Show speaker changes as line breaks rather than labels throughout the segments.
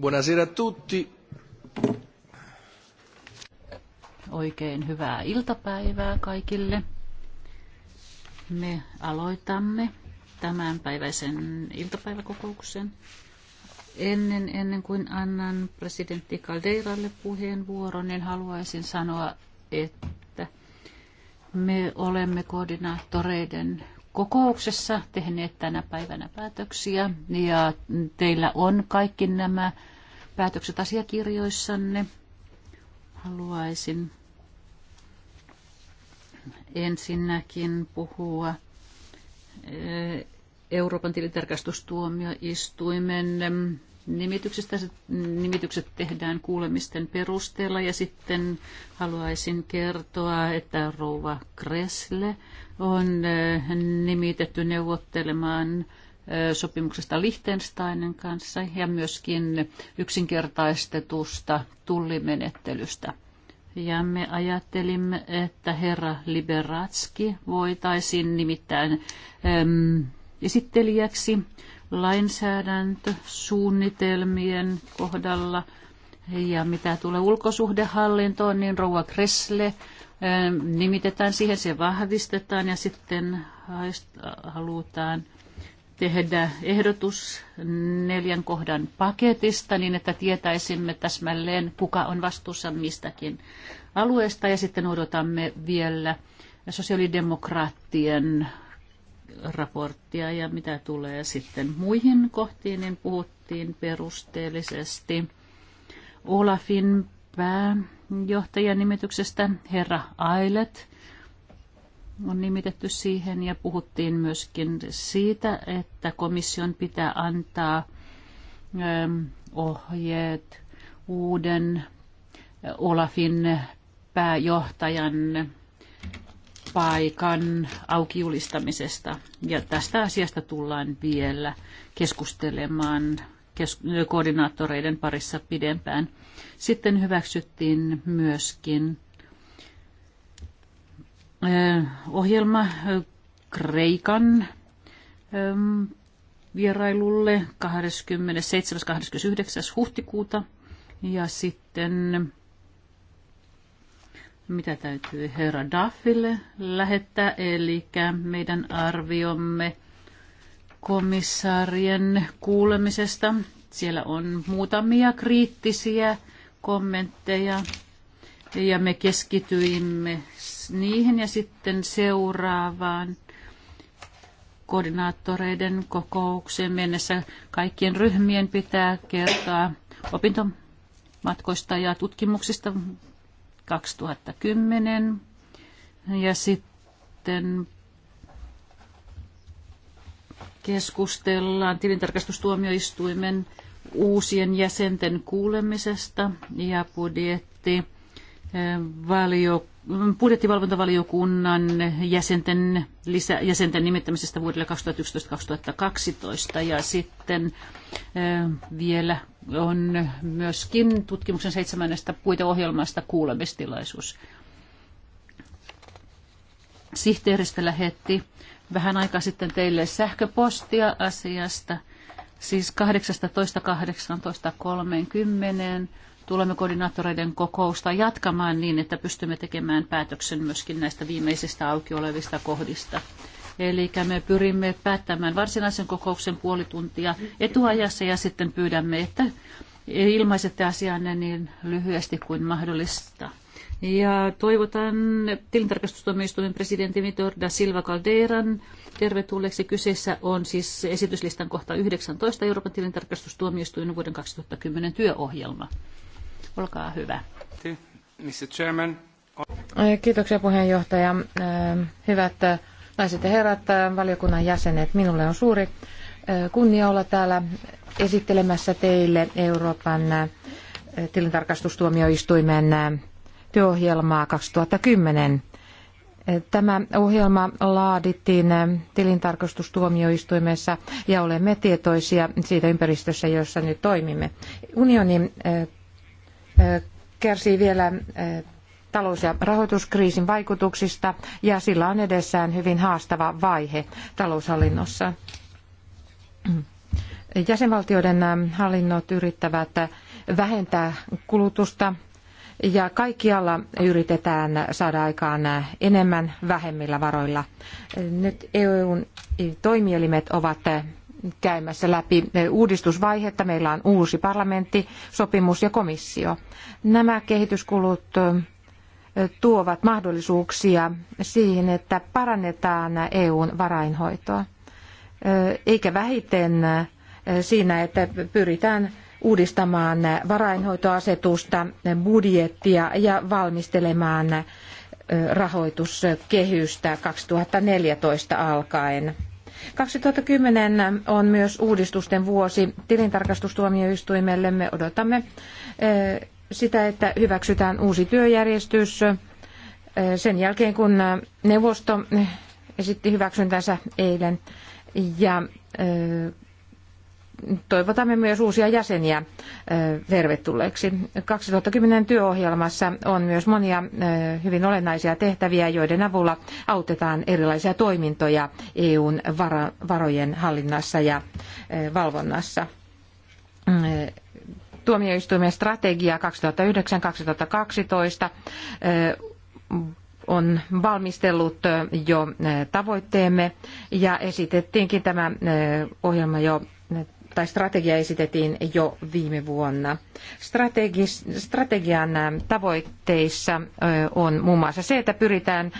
Buonasera a tutti.
Oikein hyvää iltapäivää kaikille. Me aloitamme tämänpäiväisen iltapäiväkokouksen. Ennen, ennen kuin annan presidentti Caldeiralle puheenvuoron, niin haluaisin sanoa, että me olemme koordinaattoreiden kokouksessa tehneet tänä päivänä päätöksiä ja teillä on kaikki nämä päätökset asiakirjoissanne. Haluaisin ensinnäkin puhua eh, Euroopan tilintarkastustuomioistuimen mm, nimityksestä. Nimitykset tehdään kuulemisten perusteella ja sitten haluaisin kertoa, että rouva Kresle on äh, nimitetty neuvottelemaan äh, sopimuksesta Liechtensteinin kanssa ja myöskin yksinkertaistetusta tullimenettelystä. Ja me ajattelimme, että herra Liberatski voitaisiin nimittäin äm, esittelijäksi lainsäädäntösuunnitelmien kohdalla. Ja mitä tulee ulkosuhdehallintoon, niin rouva Kressle nimitetään siihen, se vahvistetaan ja sitten halutaan tehdä ehdotus neljän kohdan paketista niin, että tietäisimme täsmälleen, kuka on vastuussa mistäkin alueesta. Ja sitten odotamme vielä sosiaalidemokraattien raporttia ja mitä tulee sitten muihin kohtiin, niin puhuttiin perusteellisesti Olafin pääjohtajan nimityksestä. Herra Ailet on nimitetty siihen ja puhuttiin myöskin siitä, että komission pitää antaa ähm, ohjeet uuden äh, Olafin pääjohtajan paikan aukiulistamisesta. Ja tästä asiasta tullaan vielä keskustelemaan koordinaattoreiden parissa pidempään. Sitten hyväksyttiin myöskin ohjelma Kreikan vierailulle 27.–29. huhtikuuta. Ja sitten mitä täytyy herra Daffille lähettää, eli meidän arviomme komissaarien kuulemisesta. Siellä on muutamia kriittisiä kommentteja ja me keskityimme niihin ja sitten seuraavaan koordinaattoreiden kokoukseen mennessä kaikkien ryhmien pitää kertoa opintomatkoista ja tutkimuksista 2010 ja sitten keskustellaan tilintarkastustuomioistuimen uusien jäsenten kuulemisesta ja budjetti, eh, valio, budjettivalvontavaliokunnan jäsenten, lisä, jäsenten nimittämisestä vuodelle 2011-2012 ja sitten eh, vielä on myöskin tutkimuksen seitsemännestä puiteohjelmasta kuulemistilaisuus. Sihteeristä lähetti vähän aikaa sitten teille sähköpostia asiasta, siis 18.18.30 tulemme koordinaattoreiden kokousta jatkamaan niin, että pystymme tekemään päätöksen myöskin näistä viimeisistä auki olevista kohdista. Eli me pyrimme päättämään varsinaisen kokouksen puoli tuntia etuajassa ja sitten pyydämme, että ilmaisette asianne niin lyhyesti kuin mahdollista. Ja toivotan tilintarkastustuomioistuimen presidentti Vitor da Silva Calderan tervetulleeksi. Kyseessä on siis esityslistan kohta 19 Euroopan tilintarkastustuomioistuimen vuoden 2010 työohjelma. Olkaa hyvä.
Mr. Chairman.
Kiitoksia puheenjohtaja. Äh, hyvät äh, naiset ja herrat, äh, valiokunnan jäsenet, minulle on suuri kunnia olla täällä esittelemässä teille Euroopan tilintarkastustuomioistuimen työohjelmaa 2010. Tämä ohjelma laadittiin tilintarkastustuomioistuimessa ja olemme tietoisia siitä ympäristössä, jossa nyt toimimme. Unioni eh, eh, kärsii vielä eh, talous- ja rahoituskriisin vaikutuksista ja sillä on edessään hyvin haastava vaihe taloushallinnossa. Jäsenvaltioiden hallinnot yrittävät vähentää kulutusta ja kaikkialla yritetään saada aikaan enemmän vähemmillä varoilla. Nyt EUn toimielimet ovat käymässä läpi uudistusvaihetta. Meillä on uusi parlamentti, sopimus ja komissio. Nämä kehityskulut tuovat mahdollisuuksia siihen, että parannetaan EUn varainhoitoa, eikä vähiten siinä, että pyritään uudistamaan varainhoitoasetusta, budjettia ja valmistelemaan rahoituskehystä 2014 alkaen. 2010 on myös uudistusten vuosi tilintarkastustuomioistuimelle. Me odotamme sitä, että hyväksytään uusi työjärjestys sen jälkeen, kun neuvosto esitti hyväksyntänsä eilen ja toivotamme myös uusia jäseniä tervetulleeksi. 2010 työohjelmassa on myös monia hyvin olennaisia tehtäviä, joiden avulla autetaan erilaisia toimintoja EUn varojen hallinnassa ja valvonnassa mm, tuomioistuimen strategia 2009-2012 on valmistellut jo tavoitteemme ja esitettiinkin tämä ohjelma jo tai strategia esitettiin jo viime vuonna. Strategis, strategian tavoitteissa on muun muassa se, että pyritään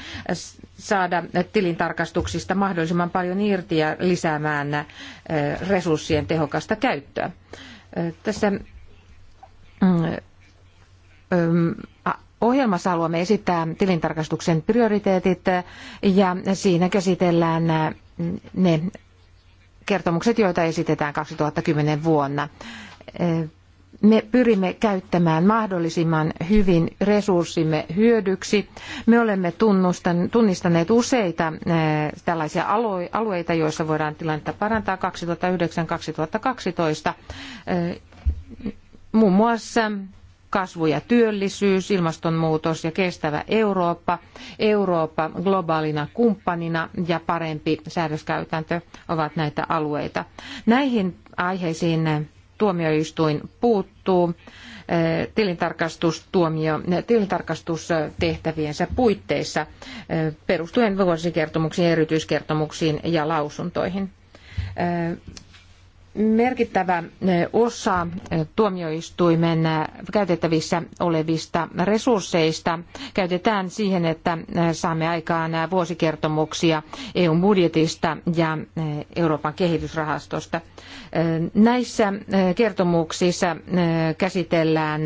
saada tilintarkastuksista mahdollisimman paljon irti ja lisäämään resurssien tehokasta käyttöä. Tässä mm, ohjelmassa haluamme esittää tilintarkastuksen prioriteetit ja siinä käsitellään ne kertomukset, joita esitetään 2010 vuonna. Me pyrimme käyttämään mahdollisimman hyvin resurssimme hyödyksi. Me olemme tunnistaneet useita tällaisia alueita, joissa voidaan tilannetta parantaa 2009-2012. Muun muassa kasvu ja työllisyys, ilmastonmuutos ja kestävä Eurooppa, Eurooppa globaalina kumppanina ja parempi säädöskäytäntö ovat näitä alueita. Näihin aiheisiin tuomioistuin puuttuu eh, tilintarkastustuomio, eh, tilintarkastustehtäviensä puitteissa eh, perustuen vuosikertomuksiin, erityiskertomuksiin ja lausuntoihin merkittävä eh, osa eh, tuomioistuimen eh, käytettävissä olevista resursseista käytetään siihen, että saamme aikaan vuosikertomuksia EUn budjetista ja Euroopan kehitysrahastosta. Näissä kertomuksissa käsitellään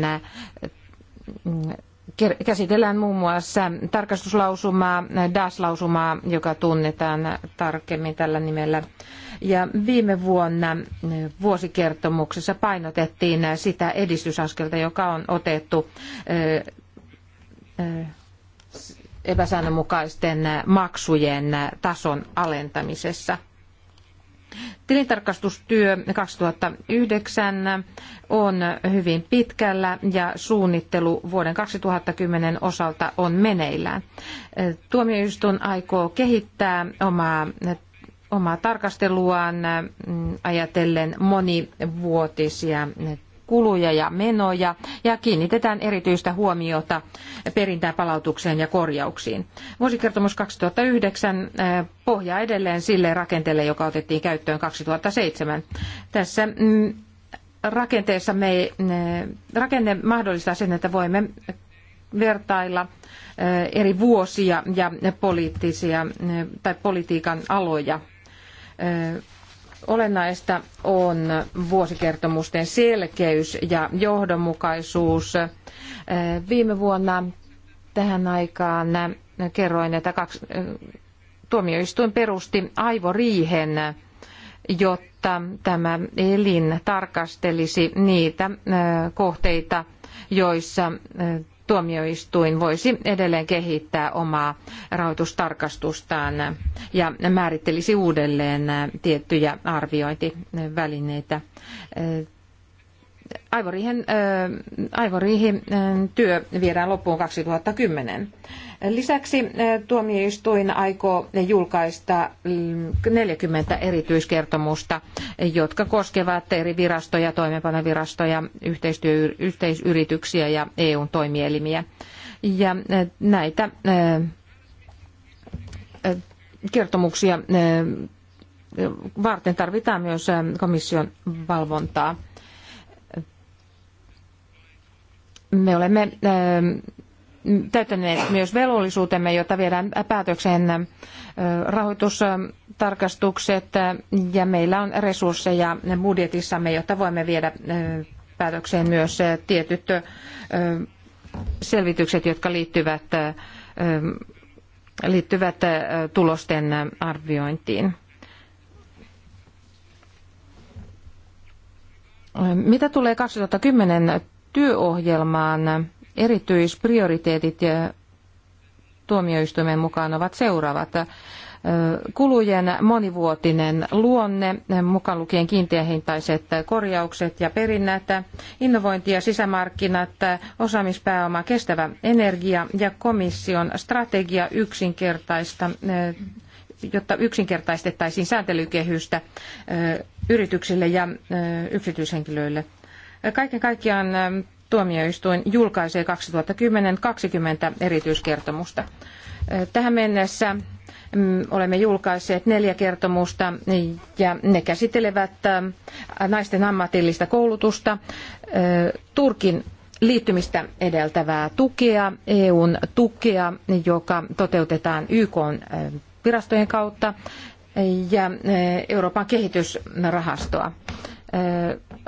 käsitellään muun muassa tarkastuslausumaa, DAS-lausumaa, joka tunnetaan tarkemmin tällä nimellä. Ja viime vuonna vuosikertomuksessa painotettiin sitä edistysaskelta, joka on otettu epäsäännönmukaisten maksujen tason alentamisessa – Tilintarkastustyö 2009 on hyvin pitkällä ja suunnittelu vuoden 2010 osalta on meneillään. Tuomioistuin aikoo kehittää omaa, omaa tarkasteluaan mm, ajatellen monivuotisia kuluja ja menoja ja kiinnitetään erityistä huomiota perintään palautukseen ja korjauksiin. Vuosikertomus 2009 eh, pohjaa edelleen sille rakenteelle, joka otettiin käyttöön 2007. Tässä mm, rakenteessa me, eh, rakenne mahdollistaa sen, että voimme vertailla eh, eri vuosia ja poliittisia tai politiikan aloja Olennaista on vuosikertomusten selkeys ja johdonmukaisuus. Äh, viime vuonna tähän aikaan kerroin, että kaksi, äh, tuomioistuin perusti aivoriihen, jotta tämä elin tarkastelisi niitä äh, kohteita, joissa tuomioistuin voisi edelleen kehittää omaa rahoitustarkastustaan ja määrittelisi uudelleen tiettyjä arviointivälineitä aivoriihen, työ viedään loppuun 2010. Lisäksi tuomioistuin aikoo julkaista 40 mm, erityiskertomusta, jotka koskevat eri virastoja, toimeenpanovirastoja, yhteisyrityksiä ja EUn toimielimiä. Ja näitä kertomuksia varten tarvitaan myös komission valvontaa me olemme ähm, täyttäneet myös velvollisuutemme, jota viedään päätökseen äh, rahoitustarkastukset äh, ja meillä on resursseja budjetissamme, jotta voimme viedä äh, päätökseen myös tietyt selvitykset, jotka liittyvät, liittyvät tulosten arviointiin. Mitä tulee 2010 työohjelmaan erityisprioriteetit ja tuomioistuimen mukaan ovat seuraavat. Kulujen monivuotinen luonne, mukaan lukien kiinteähintaiset korjaukset ja perinnät, innovointi ja sisämarkkinat, osaamispääoma, kestävä energia ja komission strategia yksinkertaista jotta yksinkertaistettaisiin sääntelykehystä yrityksille ja yksityishenkilöille. Kaiken kaikkiaan tuomioistuin julkaisee 2010 20 erityiskertomusta. Tähän mennessä mm, olemme julkaisseet neljä kertomusta ja ne käsittelevät naisten ammatillista koulutusta, Turkin liittymistä edeltävää tukea, EUn tukea, joka toteutetaan YK virastojen kautta ja Euroopan kehitysrahastoa.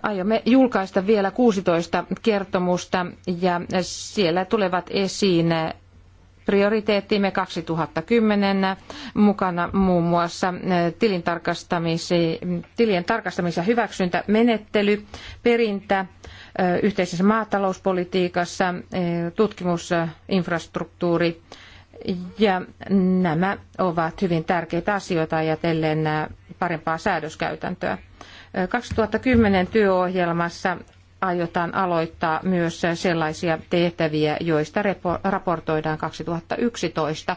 Aiomme julkaista vielä 16 kertomusta ja siellä tulevat esiin prioriteettimme 2010 mukana muun muassa tilien tarkastamis- ja hyväksyntämenettely, perintä yhteisessä maatalouspolitiikassa, tutkimusinfrastruktuuri ja nämä ovat hyvin tärkeitä asioita ajatellen parempaa säädöskäytäntöä. 2010 työohjelmassa aiotaan aloittaa myös sellaisia tehtäviä, joista raportoidaan 2011.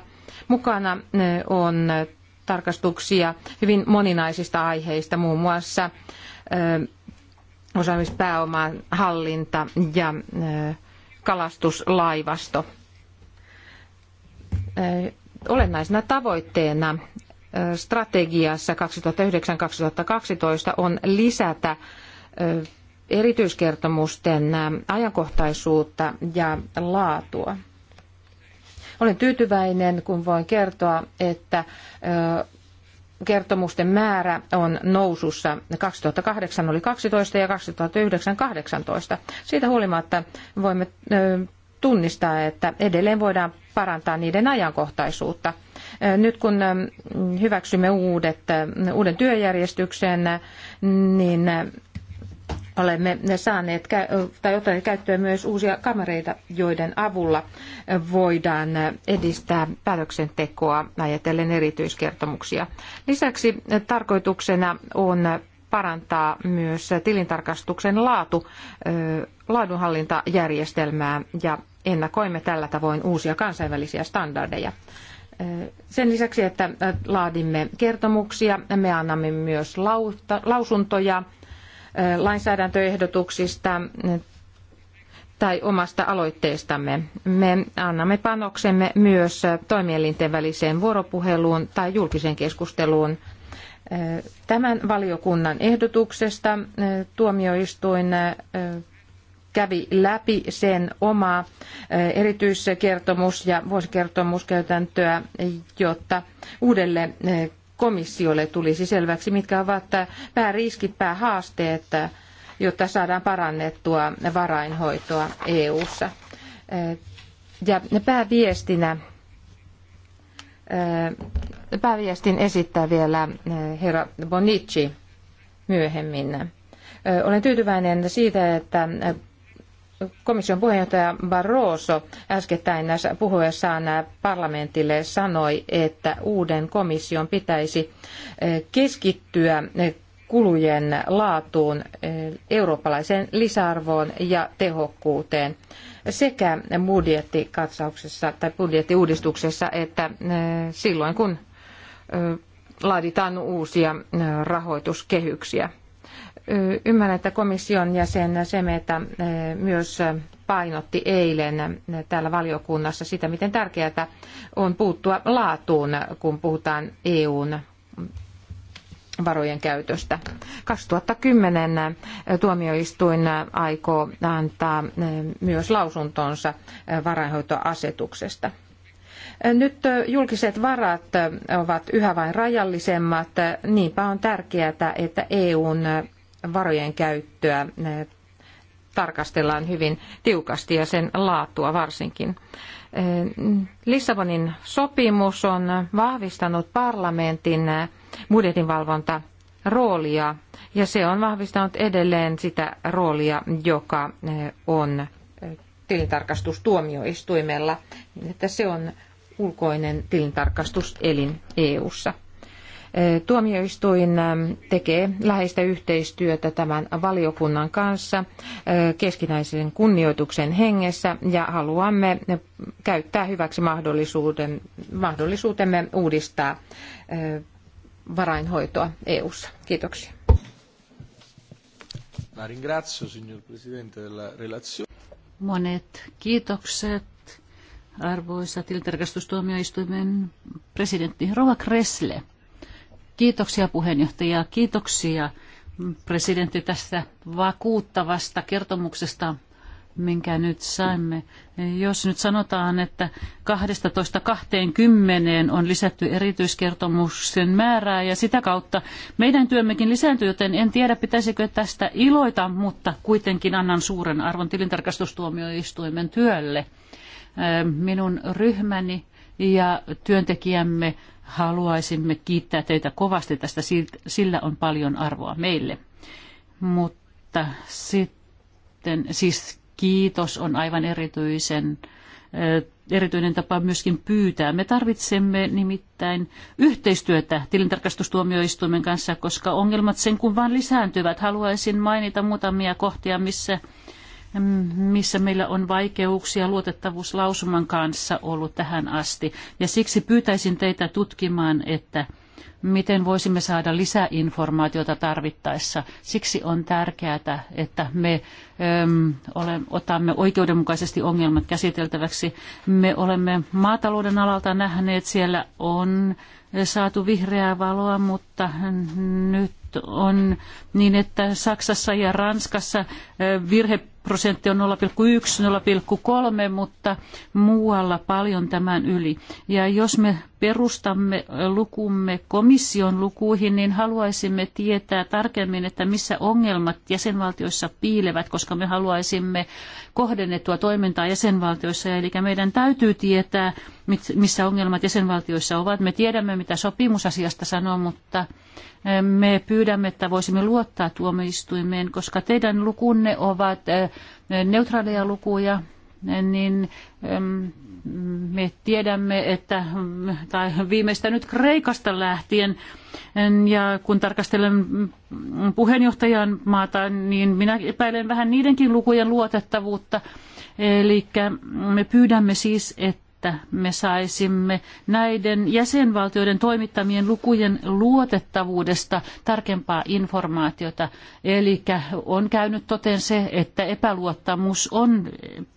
Mukana eh, on tarkastuksia hyvin moninaisista aiheista, muun muassa eh, osaamispääoman hallinta ja eh, kalastuslaivasto. Olennaisena tavoitteena strategiassa 2009-2012 on lisätä erityiskertomusten ajankohtaisuutta ja laatua. Olen tyytyväinen, kun voin kertoa, että kertomusten määrä on nousussa. 2008 oli 12 ja 2009 18. Siitä huolimatta voimme tunnistaa, että edelleen voidaan parantaa niiden ajankohtaisuutta. Nyt kun ähm, hyväksymme uudet, äh, uuden työjärjestyksen, niin äh, olemme saaneet äh, tai ottaneet käyttöön myös uusia kamereita, joiden avulla voidaan edistää päätöksentekoa ajatellen erityiskertomuksia. Lisäksi tarkoituksena on parantaa myös tilintarkastuksen laatu, laadunhallintajärjestelmää ja ennakoimme tällä tavoin uusia kansainvälisiä standardeja. Sen lisäksi, että laadimme kertomuksia, me annamme myös lausuntoja lainsäädäntöehdotuksista tai omasta aloitteestamme. Me annamme panoksemme myös toimielinten väliseen vuoropuheluun tai julkiseen keskusteluun tämän valiokunnan ehdotuksesta tuomioistuin kävi läpi sen omaa erityiskertomus- ja vuosikertomuskäytäntöä, jotta uudelle komissiolle tulisi selväksi, mitkä ovat pääriskit, päähaasteet, jotta saadaan parannettua varainhoitoa EU-ssa. Ja pääviestinä pääviestin esittää vielä herra Bonici myöhemmin. Olen tyytyväinen siitä, että komission puheenjohtaja Barroso äskettäin puhuessaan parlamentille sanoi, että uuden komission pitäisi eh, keskittyä eh, kulujen laatuun, eh, eurooppalaiseen lisäarvoon ja tehokkuuteen sekä budjettikatsauksessa tai budjettiuudistuksessa että silloin kun laaditaan uusia rahoituskehyksiä. Ymmärrän, että komission jäsen Semeta myös painotti eilen täällä valiokunnassa sitä, miten tärkeää on puuttua laatuun, kun puhutaan EUn varojen käytöstä. 2010 tuomioistuin aikoo antaa myös lausuntonsa varainhoitoasetuksesta. Nyt julkiset varat ovat yhä vain rajallisemmat, niinpä on tärkeää, että EUn varojen käyttöä tarkastellaan hyvin tiukasti ja sen laatua varsinkin. Eh, Lissabonin sopimus on vahvistanut parlamentin budjetinvalvonta roolia ja se on vahvistanut edelleen sitä roolia, joka eh, on eh, tilintarkastustuomioistuimella, niin että se on ulkoinen tilintarkastuselin EU:ssa. Tuomioistuin ähm, tekee läheistä yhteistyötä tämän valiokunnan kanssa äh, keskinäisen kunnioituksen hengessä ja haluamme käyttää hyväksi mahdollisuuden, mahdollisuutemme uudistaa äh, varainhoitoa EU:ssa. Kiitoksia. Monet kiitokset
arvoisa tilintarkastustuomioistuimen presidentti Rova Kressle. Kiitoksia puheenjohtaja, kiitoksia presidentti tästä vakuuttavasta kertomuksesta, minkä nyt saimme. Jos nyt sanotaan, että 12.20 on lisätty erityiskertomuksen määrää ja sitä kautta meidän työmmekin lisääntyy, joten en tiedä pitäisikö tästä iloita, mutta kuitenkin annan suuren arvon tilintarkastustuomioistuimen työlle. Minun ryhmäni ja työntekijämme Haluaisimme kiittää teitä kovasti tästä, sillä on paljon arvoa meille. Mutta sitten, siis kiitos on aivan erityisen erityinen tapa myöskin pyytää. Me tarvitsemme nimittäin yhteistyötä tilintarkastustuomioistuimen kanssa, koska ongelmat sen kun vain lisääntyvät. Haluaisin mainita muutamia kohtia, missä missä meillä on vaikeuksia luotettavuuslausuman kanssa ollut tähän asti. Ja siksi pyytäisin teitä tutkimaan, että miten voisimme saada lisäinformaatiota tarvittaessa. Siksi on tärkeää, että me öm, ähm, otamme oikeudenmukaisesti ongelmat käsiteltäväksi. Me olemme maatalouden alalta nähneet, siellä on saatu vihreää valoa, mutta nyt on niin, että Saksassa ja Ranskassa virheprosentti on 0,1-0,3, mutta muualla paljon tämän yli. Ja jos me perustamme lukumme komission lukuihin, niin haluaisimme tietää tarkemmin, että missä ongelmat jäsenvaltioissa piilevät, koska me haluaisimme kohdennettua toimintaa jäsenvaltioissa. Eli meidän täytyy tietää, missä ongelmat jäsenvaltioissa ovat. Me tiedämme, mitä sopimusasiasta sanoo, mutta me pyydämme, että voisimme luottaa tuomioistuimeen, koska teidän lukunne ovat eh, neutraaleja lukuja, niin me tiedämme, että tai viimeistä nyt Kreikasta lähtien, ja kun tarkastelen puheenjohtajan maata, niin minä epäilen vähän niidenkin lukujen luotettavuutta. Eli me pyydämme siis, että että me saisimme näiden jäsenvaltioiden toimittamien lukujen luotettavuudesta tarkempaa informaatiota. Eli on käynyt toteen se, että epäluottamus on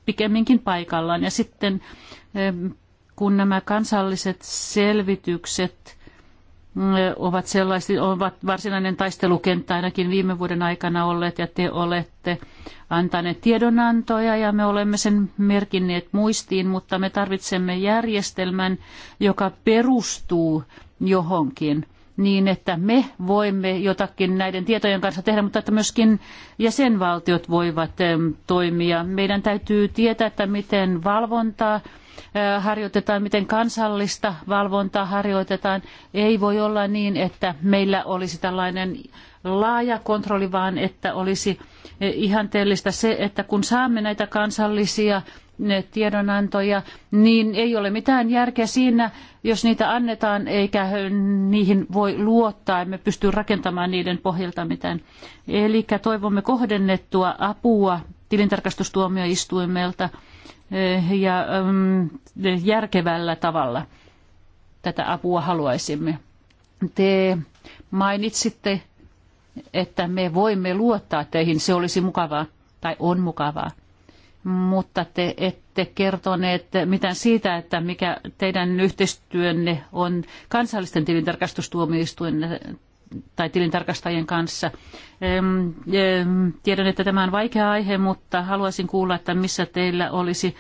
pikemminkin paikallaan. Ja sitten eh, kun nämä kansalliset selvitykset Mm, ovat sellaiset, ovat varsinainen taistelukenttä ainakin viime vuoden aikana olleet ja te olette antaneet tiedonantoja ja me olemme sen merkinneet muistiin, mutta me tarvitsemme järjestelmän, joka perustuu johonkin niin, että me voimme jotakin näiden tietojen kanssa tehdä, mutta että myöskin jäsenvaltiot voivat toimia. Meidän täytyy tietää, että miten valvontaa harjoitetaan, miten kansallista valvontaa harjoitetaan. Ei voi olla niin, että meillä olisi tällainen laaja kontrolli, vaan että olisi ihanteellista se, että kun saamme näitä kansallisia tiedonantoja, niin ei ole mitään järkeä siinä, jos niitä annetaan eikä niihin voi luottaa, emme pysty rakentamaan niiden pohjalta mitään. Eli toivomme kohdennettua apua tilintarkastustuomioistuimelta Eh, ja mm, järkevällä tavalla tätä apua haluaisimme. Te mainitsitte, että me voimme luottaa teihin, se olisi mukavaa tai on mukavaa. Mutta te ette kertoneet mitään siitä, että mikä teidän yhteistyönne on kansallisten tilintarkastustuomioistuinten tai tilintarkastajien kanssa. Tiedän, että tämä on vaikea aihe, mutta haluaisin kuulla, että missä teillä olisi,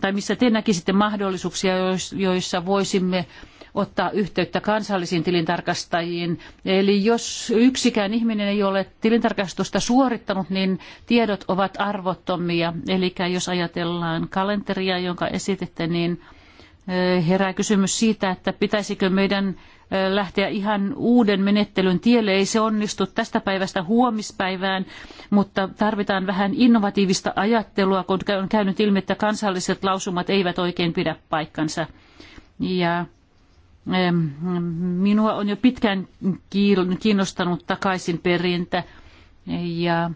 tai missä te näkisitte mahdollisuuksia, joissa voisimme ottaa yhteyttä kansallisiin tilintarkastajiin. Eli jos yksikään ihminen ei ole tilintarkastusta suorittanut, niin tiedot ovat arvottomia. Eli jos ajatellaan kalenteria, jonka esititte, niin eh, herää kysymys siitä, että pitäisikö meidän lähteä ihan uuden menettelyn tielle. Ei se onnistu tästä päivästä huomispäivään, mutta tarvitaan vähän innovatiivista ajattelua, kun on käynyt ilmi, että kansalliset lausumat eivät oikein pidä paikkansa. Ja minua on jo pitkään kiinnostanut takaisin perintä ja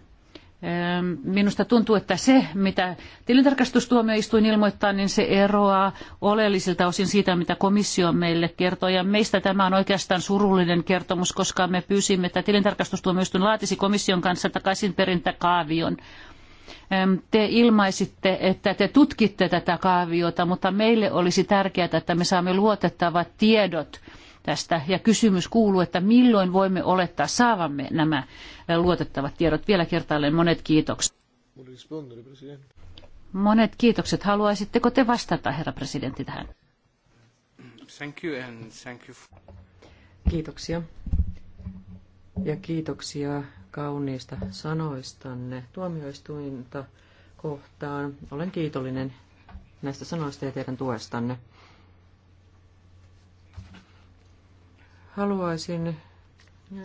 Ehm, minusta tuntuu, että se, mitä tilintarkastustuomioistuin ilmoittaa, niin se eroaa oleellisilta osin siitä, mitä komissio meille kertoo. Ja meistä tämä on oikeastaan surullinen kertomus, koska me pyysimme, että tilintarkastustuomioistuin laatisi komission kanssa takaisin perintäkaavion. Ehm, te ilmaisitte, että te tutkitte tätä kaaviota, mutta meille olisi tärkeää, että me saamme luotettavat tiedot – tästä. Ja kysymys kuuluu, että milloin voimme olettaa saavamme nämä luotettavat tiedot. Vielä kertaalleen monet kiitokset. Monet kiitokset. Haluaisitteko te vastata,
herra presidentti, tähän?
Thank you and thank you.
Kiitoksia. Ja kiitoksia kauniista sanoistanne tuomioistuinta kohtaan. Olen kiitollinen näistä sanoista ja teidän tuestanne. Haluaisin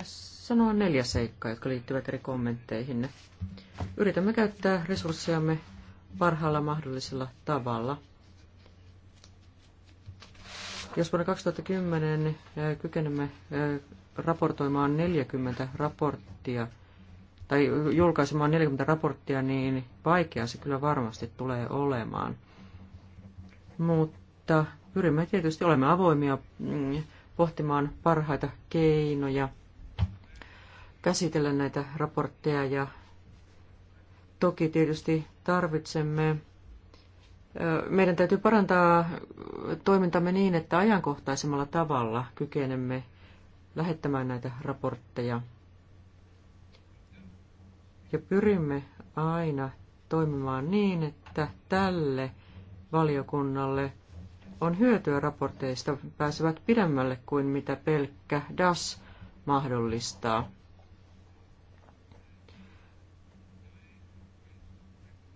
sanoa neljä seikkaa, jotka liittyvät eri kommentteihin. Yritämme käyttää resurssejamme parhaalla mahdollisella tavalla. Jos vuonna 2010 kykenemme raportoimaan 40 raporttia tai julkaisemaan 40 raporttia, niin vaikea se kyllä varmasti tulee olemaan. Mutta pyrimme tietysti, olemaan avoimia mm, pohtimaan parhaita keinoja käsitellä näitä raportteja ja toki tietysti tarvitsemme meidän täytyy parantaa toimintamme niin, että ajankohtaisemmalla tavalla kykenemme lähettämään näitä raportteja. Ja pyrimme aina toimimaan niin, että tälle valiokunnalle on hyötyä raporteista, pääsevät pidemmälle kuin mitä pelkkä DAS mahdollistaa.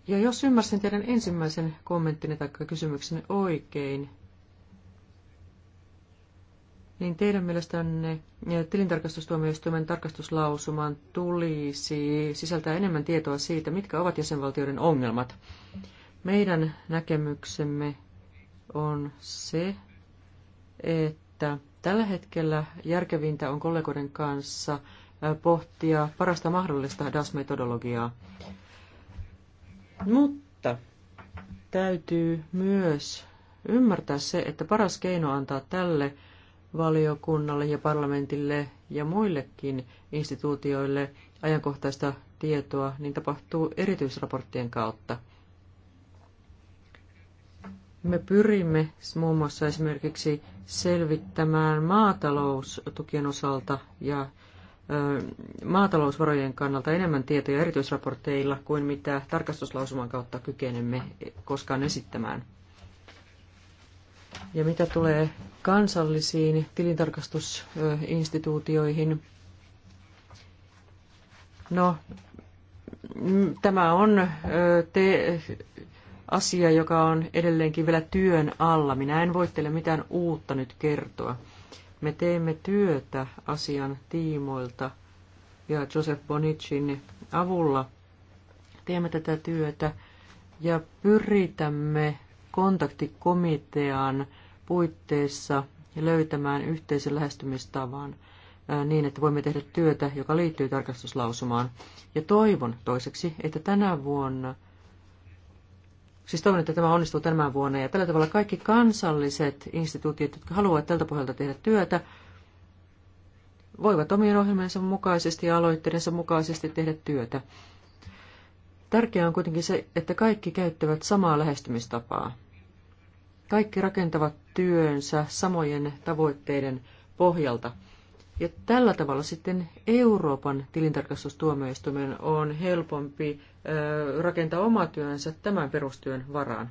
Ja jos ymmärsin teidän ensimmäisen kommenttinne tai kysymyksenne oikein, niin teidän mielestänne tilintarkastustuomioistuimen tarkastuslausuman tulisi sisältää enemmän tietoa siitä, mitkä ovat jäsenvaltioiden ongelmat. Meidän näkemyksemme on se, että tällä hetkellä järkevintä on kollegoiden kanssa pohtia parasta mahdollista DAS-metodologiaa. Mutta täytyy myös ymmärtää se, että paras keino antaa tälle valiokunnalle ja parlamentille ja muillekin instituutioille ajankohtaista tietoa, niin tapahtuu erityisraporttien kautta – me pyrimme muun muassa esimerkiksi selvittämään maataloustukien osalta ja maatalousvarojen kannalta enemmän tietoja erityisraporteilla kuin mitä tarkastuslausuman kautta kykenemme koskaan esittämään. Ja mitä tulee kansallisiin tilintarkastusinstituutioihin, no tämä on te, asia, joka on edelleenkin vielä työn alla. Minä en voi teille mitään uutta nyt kertoa. Me teemme työtä asian tiimoilta ja Joseph Bonicin avulla teemme tätä työtä ja pyritämme kontaktikomitean puitteissa löytämään yhteisen lähestymistavan niin, että voimme tehdä työtä, joka liittyy tarkastuslausumaan. Ja toivon toiseksi, että tänä vuonna – Siis toivon, että tämä onnistuu tämän vuonna. Ja tällä tavalla kaikki kansalliset instituutiot, jotka haluavat tältä pohjalta tehdä työtä, voivat omien ohjelmiensa mukaisesti ja aloitteidensa mukaisesti tehdä työtä. Tärkeää on kuitenkin se, että kaikki käyttävät samaa lähestymistapaa. Kaikki rakentavat työnsä samojen tavoitteiden pohjalta. Ja tällä tavalla sitten Euroopan tilintarkastustuomioistuimen on helpompi rakentaa oma työnsä tämän perustyön varaan.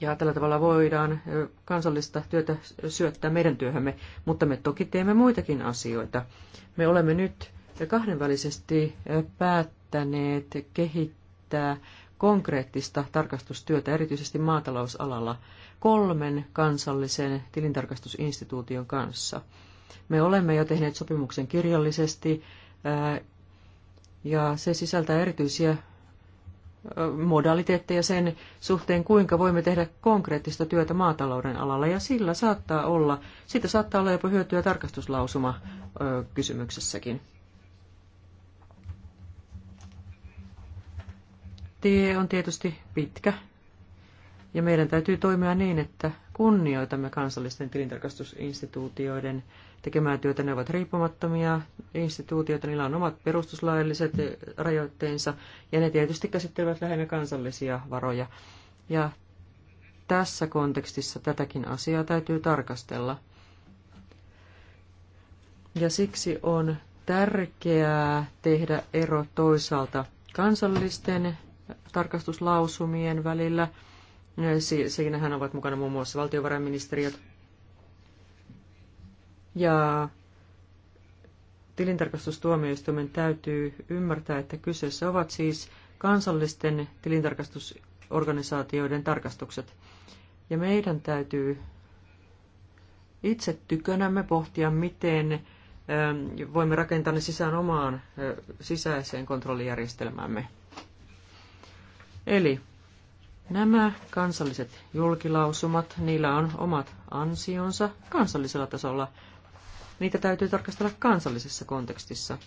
Ja tällä tavalla voidaan kansallista työtä syöttää meidän työhömme, mutta me toki teemme muitakin asioita. Me olemme nyt kahdenvälisesti päättäneet kehittää konkreettista tarkastustyötä, erityisesti maatalousalalla – kolmen kansallisen tilintarkastusinstituution kanssa. Me olemme jo tehneet sopimuksen kirjallisesti ja se sisältää erityisiä modaliteetteja sen suhteen, kuinka voimme tehdä konkreettista työtä maatalouden alalla, ja sillä saattaa olla, siitä saattaa olla jopa hyötyä tarkastuslausuma ö, kysymyksessäkin. Tie on tietysti pitkä, ja meidän täytyy toimia niin, että kunnioitamme kansallisten tilintarkastusinstituutioiden tekemää työtä. Ne ovat riippumattomia instituutioita, niillä on omat perustuslailliset rajoitteensa ja ne tietysti käsittelevät lähinnä kansallisia varoja. Ja tässä kontekstissa tätäkin asiaa täytyy tarkastella. Ja siksi on tärkeää tehdä ero toisaalta kansallisten tarkastuslausumien välillä – Siinähän ovat mukana muun muassa valtiovarainministeriöt. Ja tilintarkastustuomioistuimen täytyy ymmärtää, että kyseessä ovat siis kansallisten tilintarkastusorganisaatioiden tarkastukset. Ja meidän täytyy itse tykönämme pohtia, miten ähm, voimme rakentaa ne sisään omaan äh, sisäiseen kontrollijärjestelmäämme. Eli Nämä kansalliset julkilausumat, niillä on omat ansionsa kansallisella tasolla. Niitä täytyy tarkastella kansallisessa kontekstissa.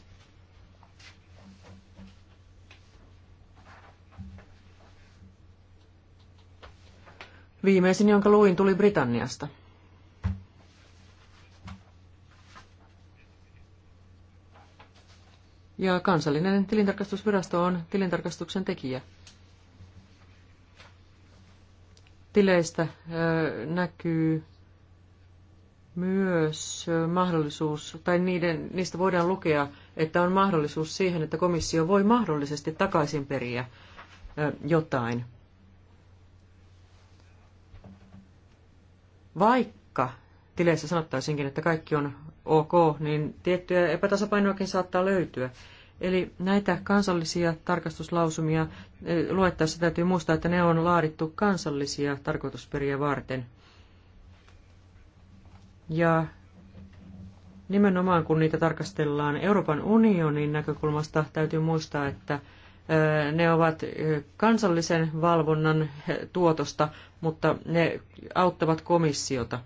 Viimeisin, jonka luin, tuli Britanniasta. Ja kansallinen tilintarkastusvirasto on tilintarkastuksen tekijä tileistä näkyy myös mahdollisuus, tai niiden, niistä voidaan lukea, että on mahdollisuus siihen, että komissio voi mahdollisesti takaisin periä jotain. Vaikka tileissä sanottaisinkin, että kaikki on ok, niin tiettyä epätasapainoakin saattaa löytyä. Eli näitä kansallisia tarkastuslausumia eh, luettaessa täytyy muistaa, että ne on laadittu kansallisia tarkoitusperiä varten. Ja nimenomaan kun niitä tarkastellaan Euroopan unionin näkökulmasta, täytyy muistaa, että eh, ne ovat eh, kansallisen valvonnan tuotosta, mutta ne auttavat komissiota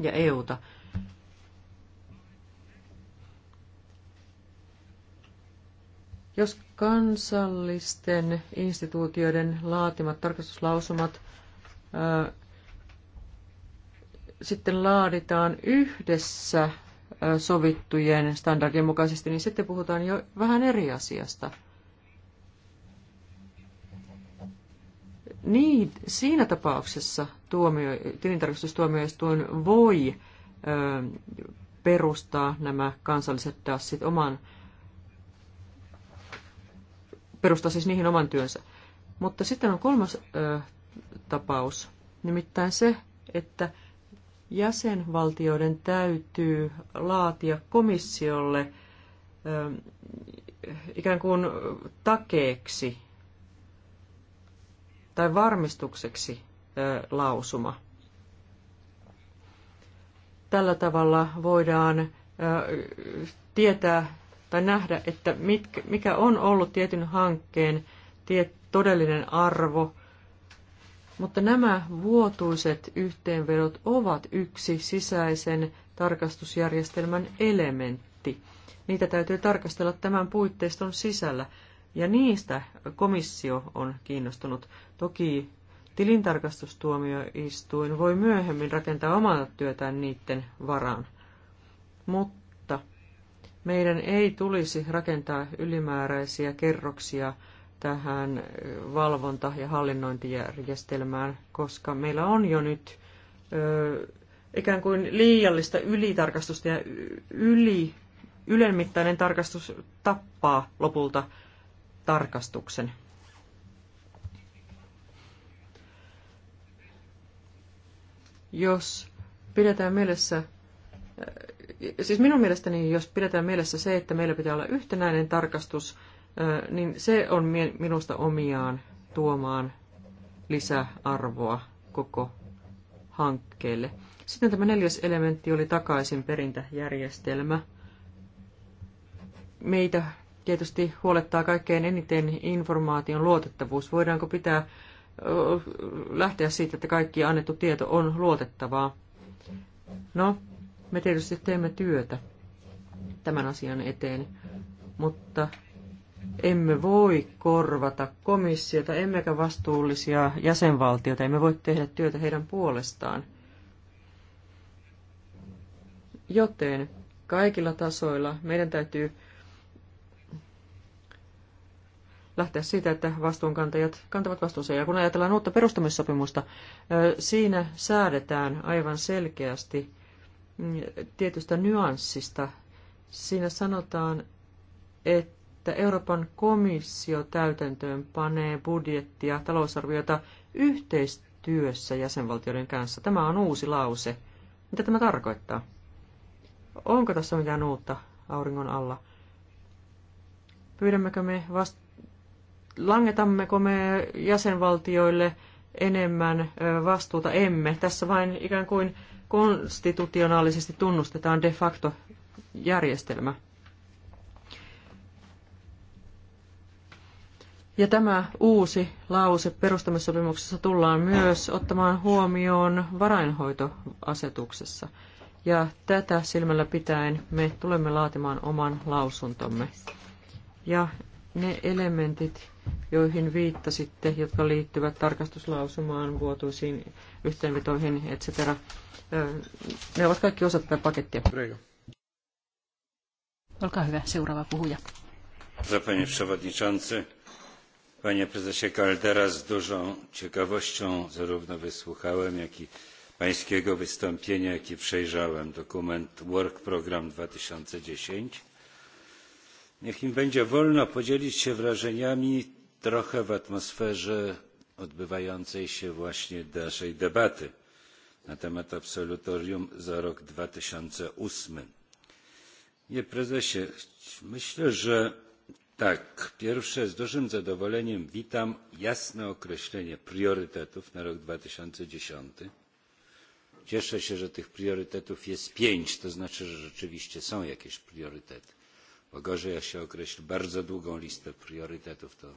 ja EUta. Jos kansallisten instituutioiden laatimat tarkastuslausumat ää, sitten laaditaan yhdessä ää, sovittujen standardien mukaisesti, niin sitten puhutaan jo vähän eri asiasta. Niin, siinä tapauksessa tuomio, tilintarkastustuomioistuin voi ö, perustaa nämä kansalliset tassit oman perustaa siis niihin oman työnsä. Mutta sitten on kolmas ö, tapaus, nimittäin se, että jäsenvaltioiden täytyy laatia komissiolle ö, ikään kuin takeeksi tai varmistukseksi ö, lausuma. Tällä tavalla voidaan tietää tai nähdä, että mitkä, mikä on ollut tietyn hankkeen tiet, todellinen arvo. Mutta nämä vuotuiset yhteenvedot ovat yksi sisäisen tarkastusjärjestelmän elementti. Niitä täytyy tarkastella tämän puitteiston sisällä, ja niistä komissio on kiinnostunut. Toki tilintarkastustuomioistuin voi myöhemmin rakentaa omaa työtään niiden varaan. Mutta meidän ei tulisi rakentaa ylimääräisiä kerroksia tähän valvonta- ja hallinnointijärjestelmään, koska meillä on jo nyt ö, ikään kuin liiallista ylitarkastusta ja yli, ylenmittainen tarkastus tappaa lopulta tarkastuksen. Jos pidetään mielessä siis minun mielestäni, jos pidetään mielessä se, että meillä pitää olla yhtenäinen tarkastus, niin se on minusta omiaan tuomaan lisäarvoa koko hankkeelle. Sitten tämä neljäs elementti oli takaisin perintäjärjestelmä. Meitä tietysti huolettaa kaikkein eniten informaation luotettavuus. Voidaanko pitää lähteä siitä, että kaikki annettu tieto on luotettavaa? No, me tietysti teemme työtä tämän asian eteen, mutta emme voi korvata komissiota, emmekä vastuullisia jäsenvaltioita, emme voi tehdä työtä heidän puolestaan. Joten kaikilla tasoilla meidän täytyy lähteä siitä, että vastuunkantajat kantavat vastuunsa. Ja kun ajatellaan uutta perustamissopimusta, siinä säädetään aivan selkeästi tietystä nyanssista. Siinä sanotaan, että Euroopan komissio täytäntöön panee budjettia, talousarviota yhteistyössä jäsenvaltioiden kanssa. Tämä on uusi lause. Mitä tämä tarkoittaa? Onko tässä mitään uutta auringon alla? Pyydämmekö me vast... langetammeko me jäsenvaltioille enemmän vastuuta? Emme. Tässä vain ikään kuin konstitutionaalisesti tunnustetaan de facto järjestelmä. Ja tämä uusi lause perustamissopimuksessa tullaan myös ottamaan huomioon varainhoitoasetuksessa. Ja tätä silmällä pitäen me tulemme laatimaan oman lausuntomme. Ja ne elementit, joihin viittasitte, jotka liittyvät tarkastuslausumaan, vuotuisiin yhteenvetoihin, etc. Ne ovat kaikki osa tätä pakettia. Olkaa hyvä, seuraava puhuja.
Panie przewodniczący, panie prezesie Kaldera, z dużą ciekawością zarówno wysłuchałem, jak i pańskiego wystąpienia, jak i przejrzałem dokument Work Program 2010 niech mi będzie wolno podzielić się wrażeniami trochę w atmosferze odbywającej się właśnie naszej debaty na temat absolutorium za rok. dwa tysiące osiem panie prezesie myślę że tak pierwsze z dużym zadowoleniem witam jasne określenie priorytetów na rok. dwa tysiące dziesięć cieszę się że tych priorytetów jest pięć to znaczy że rzeczywiście są jakieś priorytety bo Gorzej, jak się określi bardzo długą listę priorytetów, to,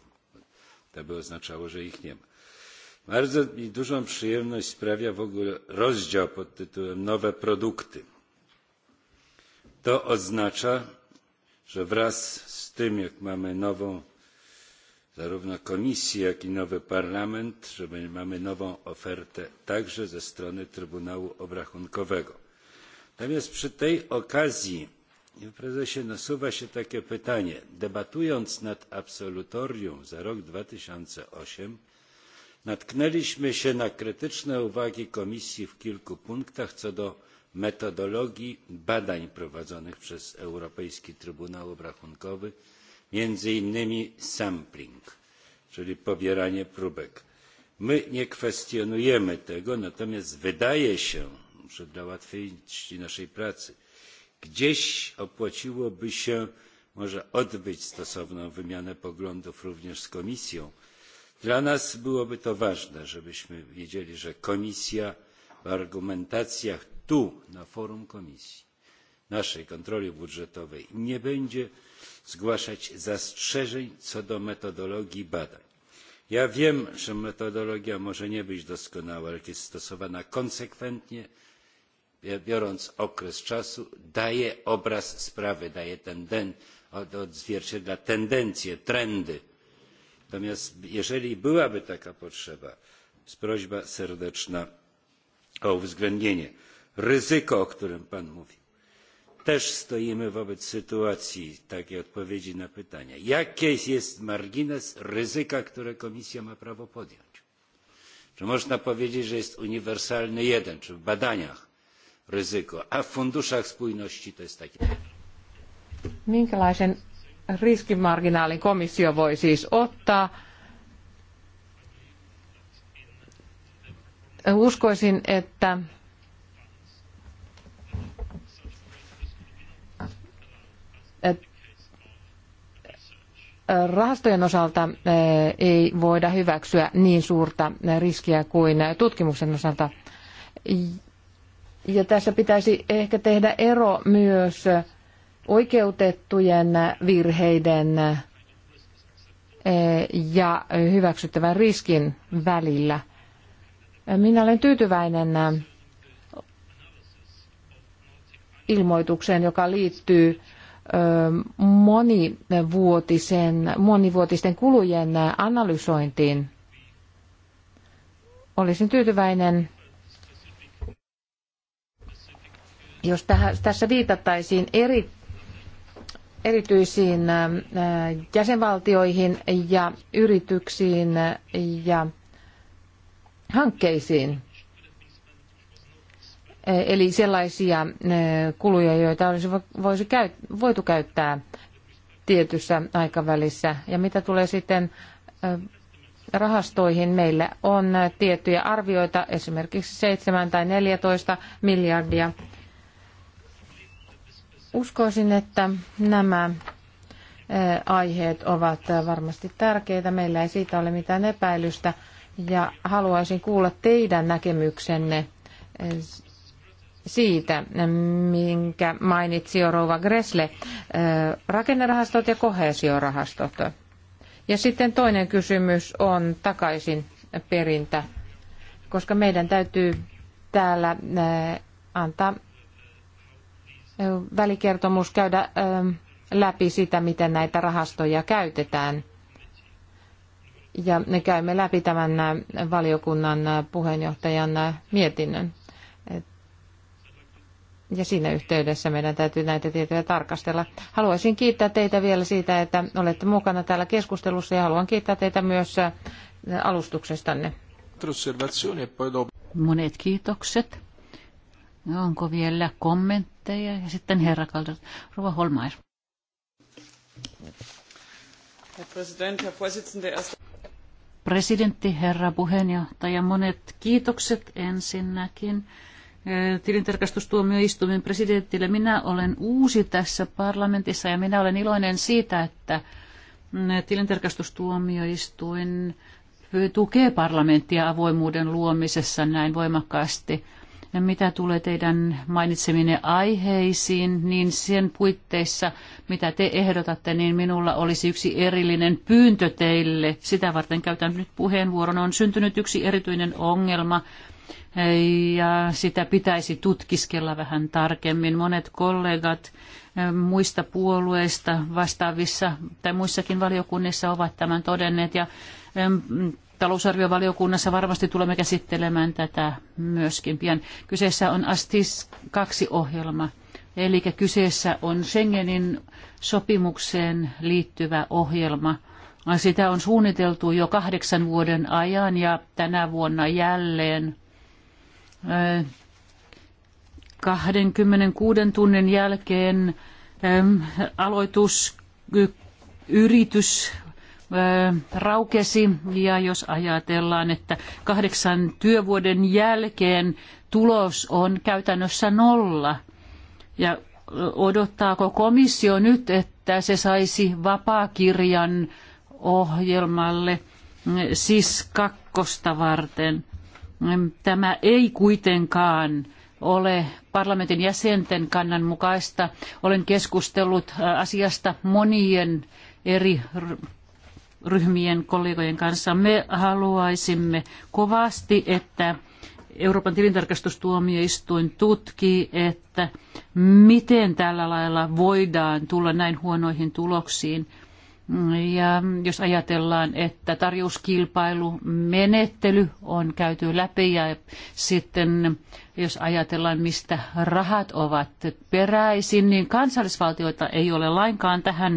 to by oznaczało, że ich nie ma. Bardzo mi dużą przyjemność sprawia w ogóle rozdział pod tytułem Nowe produkty. To oznacza, że wraz z tym, jak mamy nową zarówno komisję, jak i nowy parlament, że mamy nową ofertę także ze strony Trybunału Obrachunkowego. Natomiast przy tej okazji Panie prezesie, nasuwa się takie pytanie. Debatując nad absolutorium za rok dwa tysiące osiem natknęliśmy się na krytyczne uwagi Komisji w kilku punktach co do metodologii badań prowadzonych przez Europejski Trybunał Obrachunkowy, między innymi sampling, czyli pobieranie próbek. My nie kwestionujemy tego, natomiast wydaje się, że dla łatwiejści naszej pracy gdzieś opłaciłoby się może odbyć stosowną wymianę poglądów również z komisją. dla nas byłoby to ważne żebyśmy wiedzieli że komisja w argumentacjach tu na forum komisji naszej kontroli budżetowej nie będzie zgłaszać zastrzeżeń co do metodologii badań. ja wiem że metodologia może nie być doskonała ale jest stosowana konsekwentnie E, biorąc okres czasu daje obraz sprawy daje tenden, odzwierciedla tendencje trendy. natomiast jeżeli byłaby taka potrzeba jest prośba serdeczna o uwzględnienie ryzyko o którym pan mówił też stoimy wobec sytuacji takiej odpowiedzi na pytania. jaki jest margines ryzyka które komisja ma prawo podjąć? czy można powiedzieć że jest uniwersalny jeden czy w badaniach ryzyko. A w funduszach spójności to jest takie.
Minkälaisen riskimarginaalin komissio voi siis ottaa? Uskoisin, että rahastojen osalta e, ei voida hyväksyä niin suurta riskiä kuin tutkimuksen osalta. Ja tässä pitäisi ehkä tehdä ero myös oikeutettujen virheiden eh, ja hyväksyttävän riskin välillä. Minä olen tyytyväinen ilmoitukseen, joka liittyy monivuotisen, monivuotisten kulujen analysointiin. Olisin tyytyväinen, Jos tähän, tässä viitattaisiin eri, erityisiin jäsenvaltioihin ja yrityksiin ja hankkeisiin, eli sellaisia kuluja, joita olisi voisi käyt, voitu käyttää tietyssä aikavälissä. Ja mitä tulee sitten rahastoihin, meillä on tiettyjä arvioita, esimerkiksi 7 tai 14 miljardia Uskoisin, että nämä aiheet ovat varmasti tärkeitä. Meillä ei siitä ole mitään epäilystä ja haluaisin kuulla teidän näkemyksenne siitä, minkä mainitsi jo Rouva Gresle, rakennerahastot ja kohesiorahastot. Ja sitten toinen kysymys on takaisin perintä, koska meidän täytyy täällä antaa välikertomus käydä läpi sitä, miten näitä rahastoja käytetään. Ja me käymme läpi tämän valiokunnan puheenjohtajan mietinnön. Ja siinä yhteydessä meidän täytyy näitä tietoja tarkastella. Haluaisin kiittää teitä vielä siitä, että olette mukana täällä keskustelussa ja haluan kiittää teitä myös alustuksestanne. E Monet kiitokset. No, onko vielä kommentteja? Ja
sitten herra Kaldas, Rova Holmair. Presidentti, herra puheenjohtaja, monet kiitokset ensinnäkin eh, tilintarkastustuomioistuimen presidentille. Minä olen uusi tässä parlamentissa ja minä olen iloinen siitä, että mm, tilintarkastustuomioistuin tukee parlamenttia avoimuuden luomisessa näin voimakkaasti – ja mitä tulee teidän mainitseminen aiheisiin, niin sen puitteissa, mitä te ehdotatte, niin minulla olisi yksi erillinen pyyntö teille. Sitä varten käytän nyt puheenvuoron. On syntynyt yksi erityinen ongelma, ja sitä pitäisi tutkiskella vähän tarkemmin. Monet kollegat eh, muista puolueista vastaavissa tai muissakin valiokunnissa ovat tämän todenneet ja talousarviovaliokunnassa varmasti tulemme käsittelemään tätä myöskin pian. Kyseessä on ASTIS 2-ohjelma, eli kyseessä on Schengenin sopimukseen liittyvä ohjelma. Sitä on suunniteltu jo kahdeksan vuoden ajan ja tänä vuonna jälleen 26 tunnin jälkeen äm, aloitusyritys raukesi ja jos ajatellaan, että kahdeksan työvuoden jälkeen tulos on käytännössä nolla ja odottaako komissio nyt, että se saisi vapaakirjan ohjelmalle, mm, siis kakkosta varten. Mm, tämä ei kuitenkaan ole parlamentin jäsenten kannan mukaista. Olen keskustellut asiasta monien eri ryhmien kollegojen kanssa. Me haluaisimme kovasti, että Euroopan tilintarkastustuomioistuin tutkii, että miten tällä lailla voidaan tulla näin huonoihin tuloksiin. Ja jos ajatellaan, että tarjouskilpailumenettely on käyty läpi ja sitten jos ajatellaan, mistä rahat ovat peräisin, niin kansallisvaltioita ei ole lainkaan tähän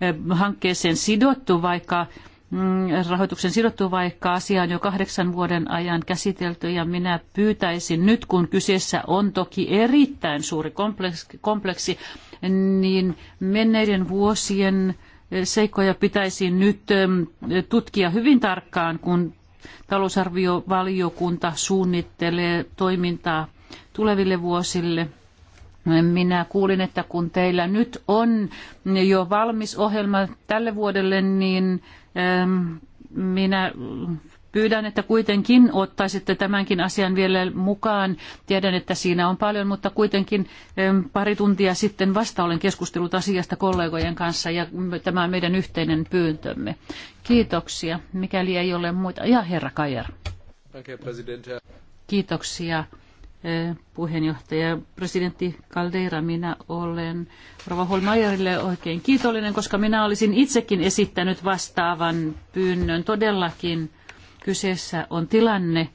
eh, hankkeeseen sidottu, vaikka mm, rahoituksen sidottu, vaikka asia on jo kahdeksan vuoden ajan käsitelty ja minä pyytäisin nyt, kun kyseessä on toki erittäin suuri kompleksi, niin menneiden vuosien eh, seikkoja pitäisi nyt eh, tutkia hyvin tarkkaan, kun Talousarviovaliokunta suunnittelee toimintaa tuleville vuosille. Minä kuulin, että kun teillä nyt on jo valmis ohjelma tälle vuodelle, niin ähm, minä Pyydän, että kuitenkin ottaisitte tämänkin asian vielä mukaan. Tiedän, että siinä on paljon, mutta kuitenkin pari tuntia sitten vasta olen keskustellut asiasta kollegojen kanssa ja tämä on meidän yhteinen pyyntömme. Kiitoksia, mikäli ei ole muita. Ja herra Kajer. Kiitoksia e, puheenjohtaja, presidentti Caldeira, minä olen Rova Holmajerille oikein kiitollinen, koska minä olisin itsekin esittänyt vastaavan pyynnön todellakin. Kyseessä on tilanne,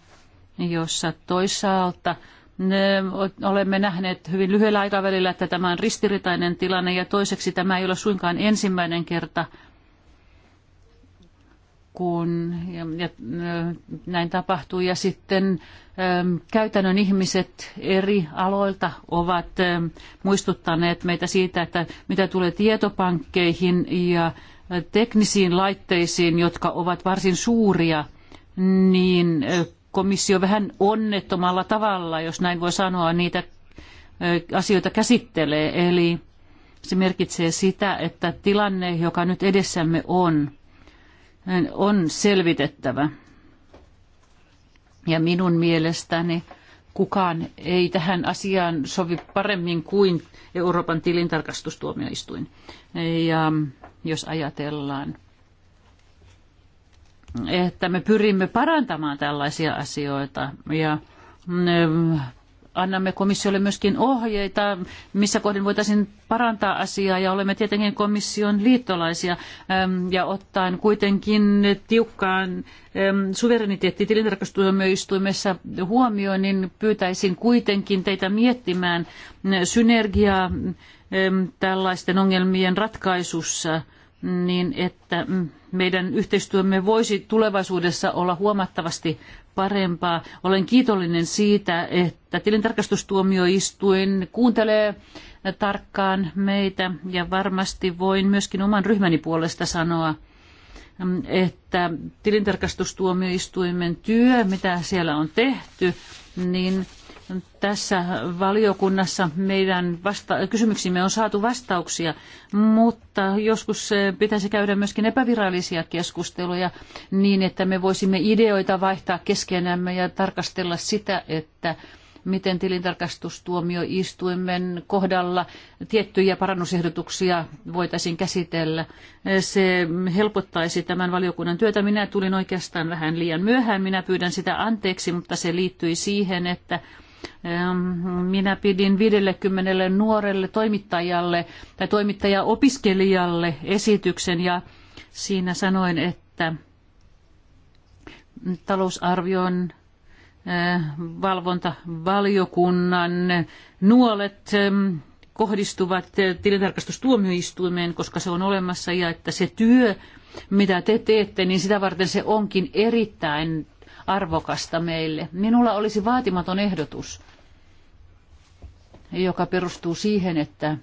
jossa toisaalta olemme nähneet hyvin lyhyellä aikavälillä, että tämä on ristiriitainen tilanne ja toiseksi tämä ei ole suinkaan ensimmäinen kerta, kun ja, ja, näin tapahtuu. Ja sitten ä, ähm, käytännön ihmiset eri aloilta ovat ä, ähm, muistuttaneet meitä siitä, että mitä tulee tietopankkeihin ja äh, teknisiin laitteisiin, jotka ovat varsin suuria – niin komissio vähän onnettomalla tavalla, jos näin voi sanoa, niitä asioita käsittelee. Eli se merkitsee sitä, että tilanne, joka nyt edessämme on, on selvitettävä. Ja minun mielestäni kukaan ei tähän asiaan sovi paremmin kuin Euroopan tilintarkastustuomioistuin. Ja jos ajatellaan että me pyrimme parantamaan tällaisia asioita ja mm, annamme komissiolle myöskin ohjeita, missä kohdin voitaisiin parantaa asiaa ja olemme tietenkin komission liittolaisia ja ottaen kuitenkin tiukkaan suvereniteetti tilintarkastustuomioistuimessa huomioon, niin pyytäisin kuitenkin teitä miettimään synergiaa tällaisten ongelmien ratkaisussa – niin että mm, meidän yhteistyömme voisi tulevaisuudessa olla huomattavasti parempaa. Olen kiitollinen siitä, että tilintarkastustuomioistuin kuuntelee tarkkaan meitä ja varmasti voin myöskin oman ryhmäni puolesta sanoa, mm, että tilintarkastustuomioistuimen työ, mitä siellä on tehty, niin tässä valiokunnassa meidän vasta- on saatu vastauksia, mutta joskus eh, pitäisi käydä myöskin epävirallisia keskusteluja niin, että me voisimme ideoita vaihtaa keskenämme ja tarkastella sitä, että miten tilintarkastustuomioistuimen kohdalla tiettyjä parannusehdotuksia voitaisiin käsitellä. Eh, se helpottaisi tämän valiokunnan työtä. Minä tulin oikeastaan vähän liian myöhään. Minä pyydän sitä anteeksi, mutta se liittyi siihen, että Ähm, minä pidin 50 nuorelle toimittajalle tai toimittajaopiskelijalle esityksen ja siinä sanoin, että talousarvion äh, valvontavaliokunnan nuolet ähm, kohdistuvat tilintarkastustuomioistuimeen, koska se on olemassa ja että se työ, mitä te teette, niin sitä varten se onkin erittäin arvokasta meille. Minulla olisi vaatimaton ehdotus, joka perustuu siihen, että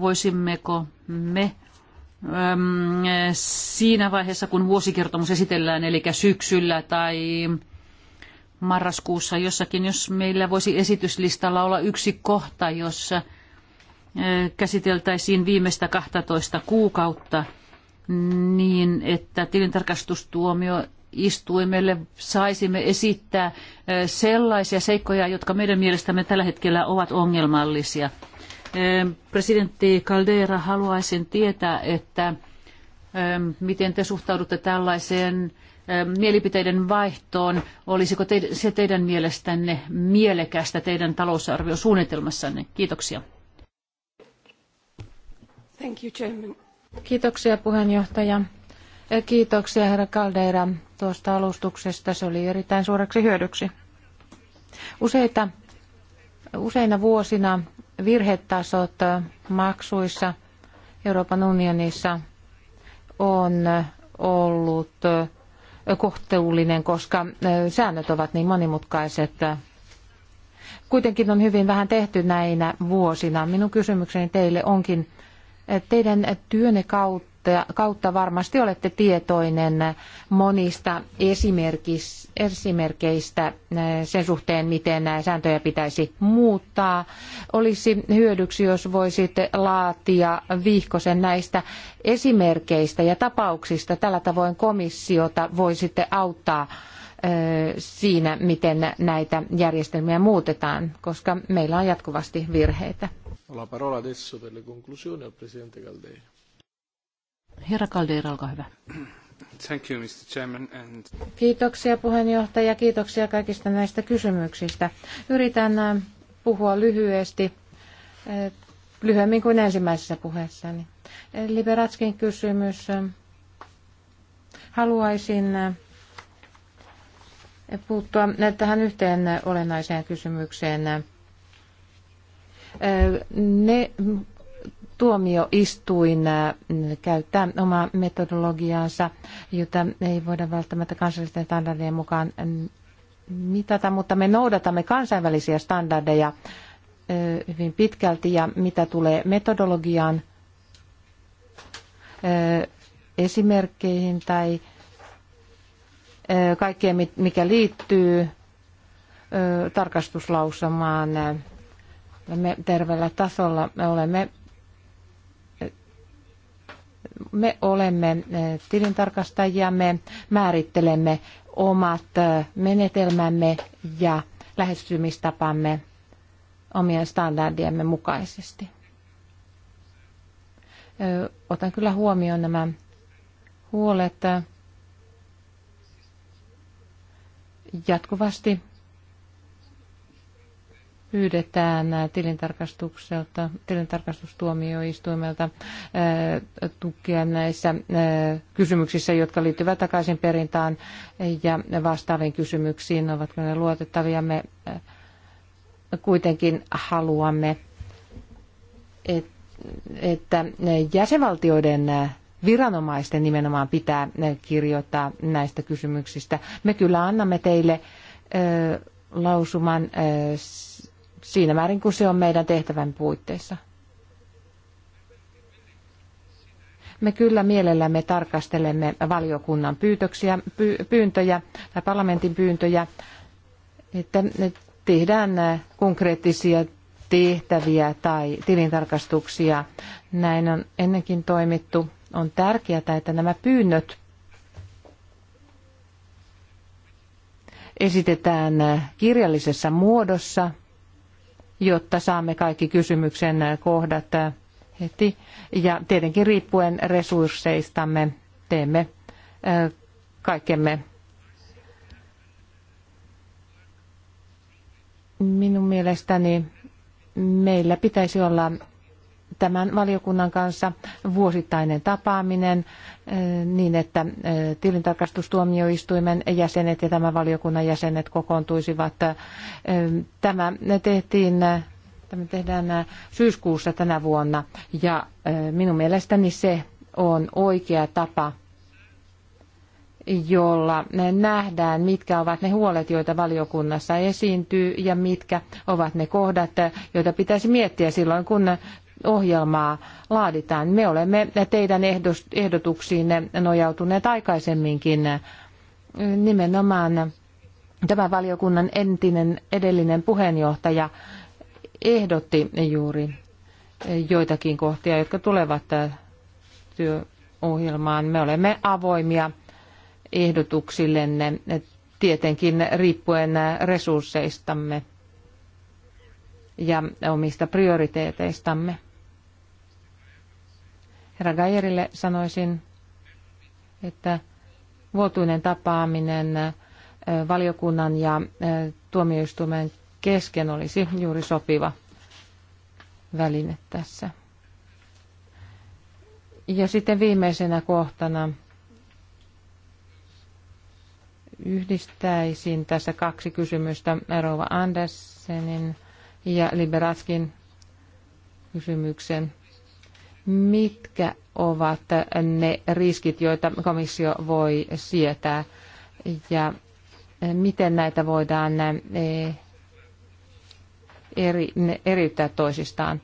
voisimmeko me siinä vaiheessa, kun vuosikertomus esitellään, eli syksyllä tai marraskuussa jossakin, jos meillä voisi esityslistalla olla yksi kohta, jossa käsiteltäisiin viimeistä 12 kuukautta – niin, että tilintarkastustuomio istuimelle saisimme esittää sellaisia seikkoja, jotka meidän mielestämme tällä hetkellä ovat ongelmallisia. Presidentti Caldera, haluaisin tietää, että miten te suhtaudutte tällaiseen mielipiteiden vaihtoon. Olisiko se teidän mielestänne mielekästä teidän talousarviosuunnitelmassanne? Kiitoksia.
Thank you, Chairman. Kiitoksia puheenjohtaja. Kiitoksia herra Caldeira tuosta alustuksesta. Se oli erittäin suureksi hyödyksi. Useita, useina vuosina virhetasot maksuissa Euroopan unionissa on ollut kohtuullinen, koska säännöt ovat niin monimutkaiset. Kuitenkin on hyvin vähän tehty näinä vuosina. Minun kysymykseni teille onkin, Teidän työnne kautta, kautta varmasti olette tietoinen monista esimerkkeistä eh, sen suhteen, miten näitä sääntöjä pitäisi muuttaa. Olisi hyödyksi, jos voisitte laatia vihkosen näistä esimerkkeistä ja tapauksista. Tällä tavoin komissiota voisitte auttaa eh, siinä, miten näitä järjestelmiä muutetaan, koska meillä on jatkuvasti virheitä.
La parola adesso per le conclusioni al Presidente Caldeira.
Herra Caldeira, olkaa hyvä.
Thank you, Mr. Chairman, and...
Kiitoksia puheenjohtaja, kiitoksia kaikista näistä kysymyksistä. Yritän äh, puhua lyhyesti, äh, lyhyemmin kuin ensimmäisessä puheessani. Liberatskin kysymys. Haluaisin äh, puuttua tähän yhteen olennaiseen kysymykseen ne tuomioistuin käyttää omaa metodologiaansa, jota ei voida välttämättä kansallisten standardien mukaan mitata, mutta me noudatamme kansainvälisiä standardeja hyvin pitkälti ja mitä tulee metodologiaan, esimerkkeihin tai kaikkeen, mikä liittyy tarkastuslausamaan olemme terveellä tasolla. Me olemme, me olemme eh, tilintarkastajia, me määrittelemme omat eh, menetelmämme ja lähestymistapamme omien standardiemme mukaisesti. Eh, otan kyllä huomioon nämä huolet jatkuvasti pyydetään tilintarkastukselta, tilintarkastustuomioistuimelta tukea näissä kysymyksissä, jotka liittyvät takaisin perintään ja vastaaviin kysymyksiin, ovatko ne luotettavia. Me kuitenkin haluamme, että jäsenvaltioiden viranomaisten nimenomaan pitää kirjoittaa näistä kysymyksistä. Me kyllä annamme teille lausuman siinä määrin, kuin se on meidän tehtävän puitteissa. Me kyllä mielellämme tarkastelemme valiokunnan pyytöksiä, pyyntöjä tai parlamentin pyyntöjä, että tehdään konkreettisia tehtäviä tai tilintarkastuksia. Näin on ennenkin toimittu. On tärkeää, että nämä pyynnöt esitetään kirjallisessa muodossa – jotta saamme kaikki kysymyksen kohdat heti. Ja tietenkin riippuen resursseistamme teemme kaikemme. Minun mielestäni meillä pitäisi olla tämän valiokunnan kanssa vuosittainen tapaaminen eh, niin, että eh, tilintarkastustuomioistuimen jäsenet ja tämän valiokunnan jäsenet kokoontuisivat. Eh, tämä tehtiin Tämä tehdään syyskuussa tänä vuonna ja minun mielestäni se on oikea tapa jolla nähdään, mitkä ovat ne huolet, joita valiokunnassa esiintyy ja mitkä ovat ne kohdat, joita pitäisi miettiä silloin, kun ohjelmaa laaditaan. Me olemme teidän ehdotuksiinne nojautuneet aikaisemminkin nimenomaan tämän valiokunnan entinen edellinen puheenjohtaja ehdotti juuri joitakin kohtia, jotka tulevat työohjelmaan. Me olemme avoimia ehdotuksillenne, tietenkin riippuen resursseistamme ja omista prioriteeteistamme. Herra Gajerille sanoisin, että vuotuinen tapaaminen valiokunnan ja tuomioistuimen kesken olisi juuri sopiva väline tässä. Ja sitten viimeisenä kohtana yhdistäisin tässä kaksi kysymystä Rova Andersenin ja Liberatskin kysymyksen mitkä ovat ne riskit, joita komissio voi sietää ja miten näitä voidaan eh, eri, eriyttää toisistaan.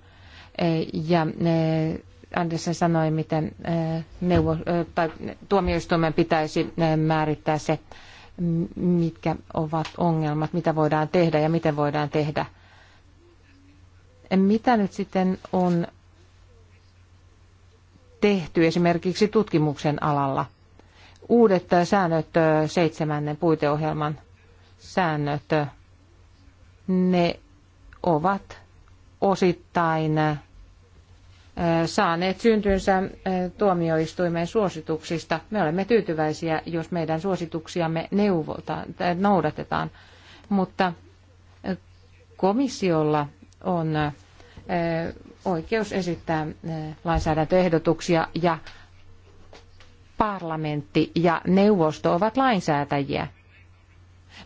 Eh, ja eh, Andersen sanoi, miten neuvo, tai tuomioistuimen pitäisi määrittää se, mitkä ovat ongelmat, mitä voidaan tehdä ja miten voidaan tehdä. Mitä nyt sitten on tehty esimerkiksi tutkimuksen alalla. Uudet säännöt, seitsemännen puiteohjelman säännöt, ne ovat osittain saaneet syntynsä tuomioistuimen suosituksista. Me olemme tyytyväisiä, jos meidän suosituksiamme neuvotaan, noudatetaan, mutta komissiolla on oikeus esittää eh, lainsäädäntöehdotuksia ja parlamentti ja neuvosto ovat lainsäätäjiä.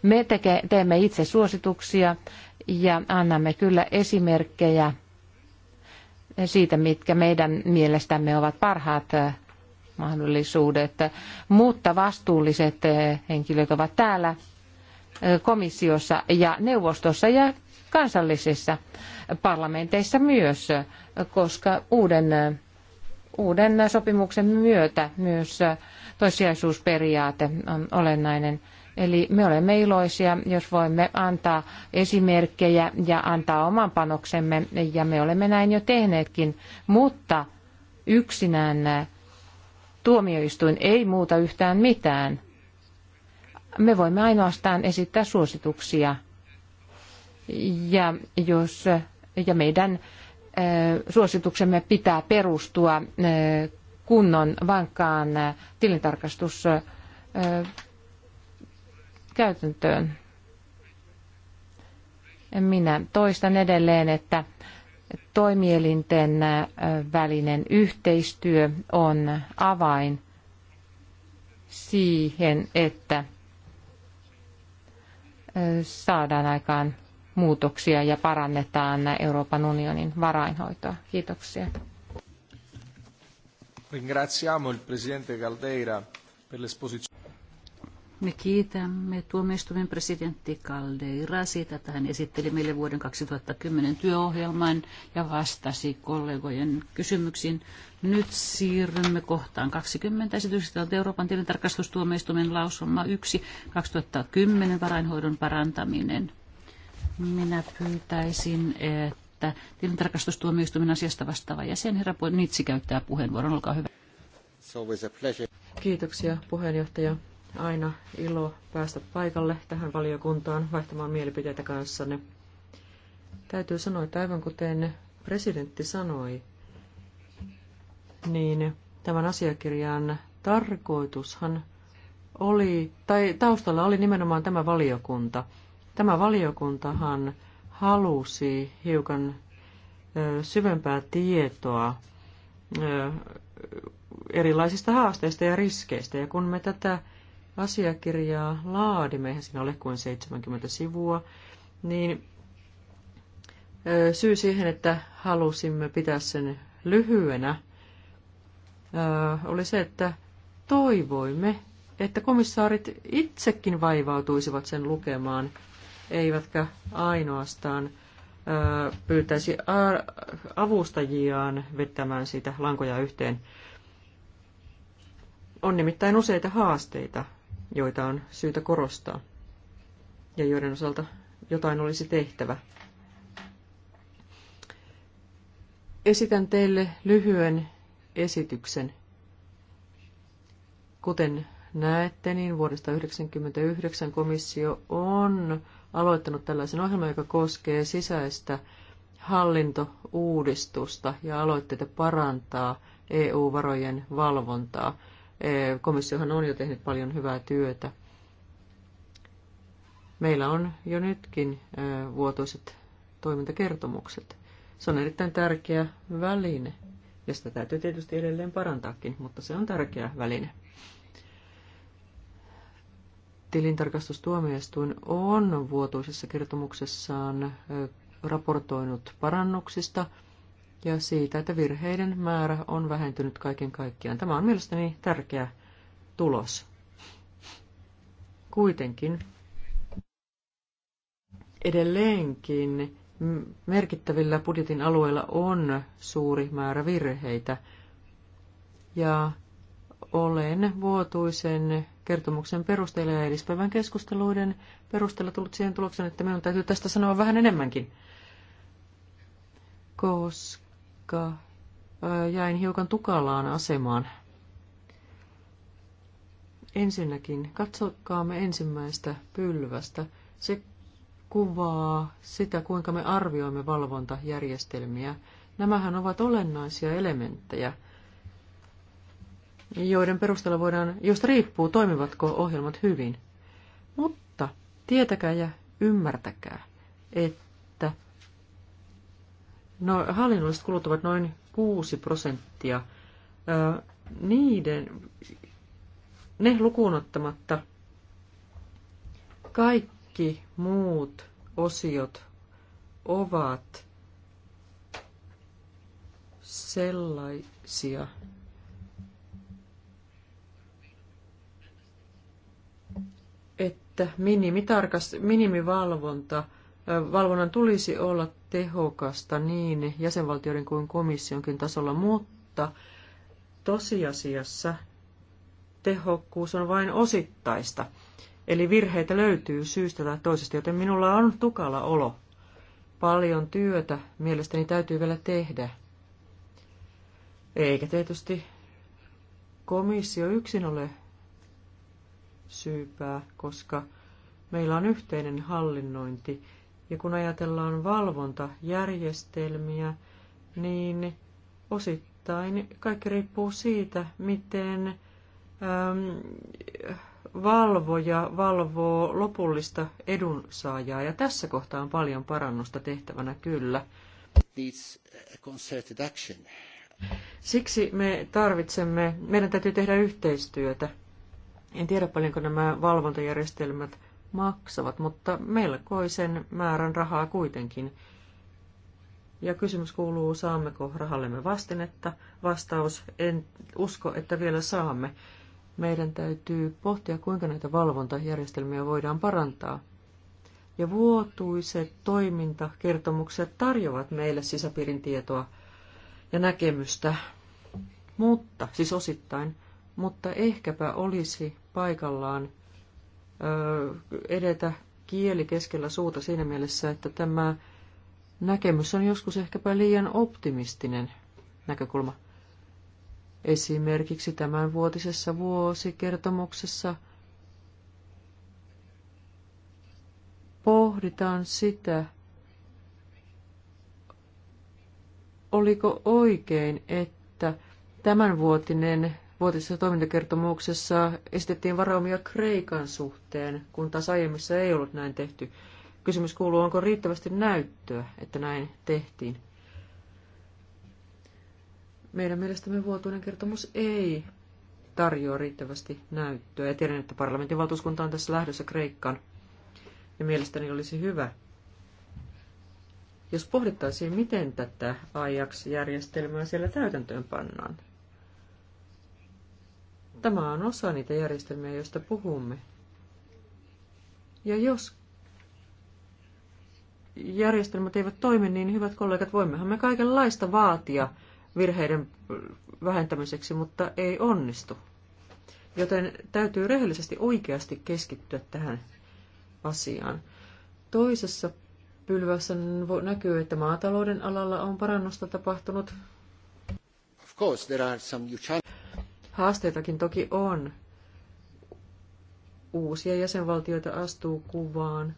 Me teke, teemme itse suosituksia ja annamme kyllä esimerkkejä siitä, mitkä meidän mielestämme ovat parhaat eh, mahdollisuudet, mutta vastuulliset eh, henkilöt ovat täällä komissiossa ja neuvostossa ja kansallisissa parlamenteissa myös, koska uuden, uuden sopimuksen myötä myös toissijaisuusperiaate on olennainen. Eli me olemme iloisia, jos voimme antaa esimerkkejä ja antaa oman panoksemme, ja me olemme näin jo tehneetkin, mutta yksinään tuomioistuin ei muuta yhtään mitään. Me voimme ainoastaan esittää suosituksia ja, jos, ja meidän suosituksemme pitää perustua kunnon vankkaan tilintarkastuskäytäntöön. Minä toistan edelleen, että toimielinten välinen yhteistyö on avain siihen, että saadaan aikaan muutoksia ja parannetaan Euroopan unionin varainhoitoa. Kiitoksia. Ringraziamo il presidente Caldeira per l'esposizione. Me
kiitämme tuomioistuimen presidentti Caldeira siitä, että hän esitteli meille vuoden 2010 työohjelman ja vastasi kollegojen kysymyksiin. Nyt siirrymme kohtaan 20 esityksestä Euroopan tilintarkastustuomioistuimen lauselma 1 2010 varainhoidon parantaminen. Minä pyytäisin, että tilintarkastustuomioistuimen asiasta vastaava jäsen herra Nitsi käyttää puheenvuoron. Olkaa
hyvä. Kiitoksia puheenjohtaja. Aina ilo päästä paikalle tähän valiokuntaan vaihtamaan mielipiteitä kanssanne. Täytyy sanoa, että aivan kuten presidentti sanoi, niin tämän asiakirjan tarkoitushan oli, tai taustalla oli nimenomaan tämä valiokunta – Tämä valiokuntahan halusi hiukan syvempää tietoa erilaisista haasteista ja riskeistä. Ja kun me tätä asiakirjaa laadimme, eihän siinä ole kuin 70 sivua, niin syy siihen, että halusimme pitää sen lyhyenä, oli se, että toivoimme, että komissaarit itsekin vaivautuisivat sen lukemaan eivätkä ainoastaan pyytäisi avustajiaan vetämään siitä lankoja yhteen. On nimittäin useita haasteita, joita on syytä korostaa ja joiden osalta jotain olisi tehtävä. Esitän teille lyhyen esityksen. Kuten näette, niin vuodesta 1999 komissio on aloittanut tällaisen ohjelman, joka koskee sisäistä hallintouudistusta ja aloitteita parantaa EU-varojen valvontaa. E, komissiohan on jo tehnyt paljon hyvää työtä. Meillä on jo nytkin e, vuotuiset toimintakertomukset. Se on erittäin tärkeä väline, ja sitä täytyy tietysti edelleen parantaakin, mutta se on tärkeä väline. Tilintarkastustuomioistuin on vuotuisessa kertomuksessaan raportoinut parannuksista ja siitä, että virheiden määrä on vähentynyt kaiken kaikkiaan. Tämä on mielestäni tärkeä tulos. Kuitenkin edelleenkin merkittävillä budjetin alueilla on suuri määrä virheitä. Ja olen vuotuisen kertomuksen perusteella ja edispäivän keskusteluiden perusteella tullut siihen tulokseen, että minun täytyy tästä sanoa vähän enemmänkin, koska jäin hiukan tukalaan asemaan. Ensinnäkin, katsokaamme ensimmäistä pylvästä. Se kuvaa sitä, kuinka me arvioimme valvontajärjestelmiä. Nämähän ovat olennaisia elementtejä – joiden perusteella voidaan, josta riippuu, toimivatko ohjelmat hyvin. Mutta tietäkää ja ymmärtäkää, että no, hallinnolliset kulut ovat noin 6 prosenttia. Ö, niiden, ne lukuun ottamatta kaikki muut osiot ovat sellaisia, että minimitarkas, minimivalvonta, valvonnan tulisi olla tehokasta niin jäsenvaltioiden kuin komissionkin tasolla, mutta tosiasiassa tehokkuus on vain osittaista. Eli virheitä löytyy syystä tai toisesta, joten minulla on tukala olo. Paljon työtä mielestäni täytyy vielä tehdä. Eikä tietysti komissio yksin ole syypää, koska meillä on yhteinen hallinnointi. Ja kun ajatellaan valvontajärjestelmiä, niin osittain kaikki riippuu siitä, miten äm, valvoja valvoo lopullista edunsaajaa. Ja tässä kohtaa on paljon parannusta tehtävänä kyllä. Uh, Siksi me tarvitsemme, meidän täytyy tehdä yhteistyötä en tiedä paljonko nämä valvontajärjestelmät maksavat, mutta melkoisen määrän rahaa kuitenkin. Ja kysymys kuuluu, saammeko rahallemme vastinetta? Vastaus, en usko, että vielä saamme. Meidän täytyy pohtia, kuinka näitä valvontajärjestelmiä voidaan parantaa. Ja vuotuiset toimintakertomukset tarjoavat meille sisäpiirin tietoa ja näkemystä, mutta, siis osittain, mutta ehkäpä olisi paikallaan edetä kieli keskellä suuta siinä mielessä, että tämä näkemys on joskus ehkäpä liian optimistinen näkökulma. Esimerkiksi tämän vuotisessa vuosikertomuksessa pohditaan sitä, oliko oikein, että tämänvuotinen vuotisessa toimintakertomuksessa esitettiin varaumia Kreikan suhteen, kun taas aiemmissa ei ollut näin tehty. Kysymys kuuluu, onko riittävästi näyttöä, että näin tehtiin? Meidän mielestämme vuotuinen kertomus ei tarjoa riittävästi näyttöä. Ja tiedän, että parlamentin valtuuskunta on tässä lähdössä Kreikkaan. Ja mielestäni olisi hyvä, jos pohdittaisiin, miten tätä ajaksi järjestelmää siellä täytäntöön pannaan. Tämä on osa niitä järjestelmiä, joista puhumme. Ja jos järjestelmät eivät toimi, niin hyvät kollegat, voimmehan me kaikenlaista vaatia virheiden vähentämiseksi, mutta ei onnistu. Joten täytyy rehellisesti oikeasti keskittyä tähän asiaan. Toisessa pylvässä näkyy, että maatalouden alalla on parannusta tapahtunut.
Of course, there are some
Haasteitakin toki on. Uusia jäsenvaltioita astuu kuvaan.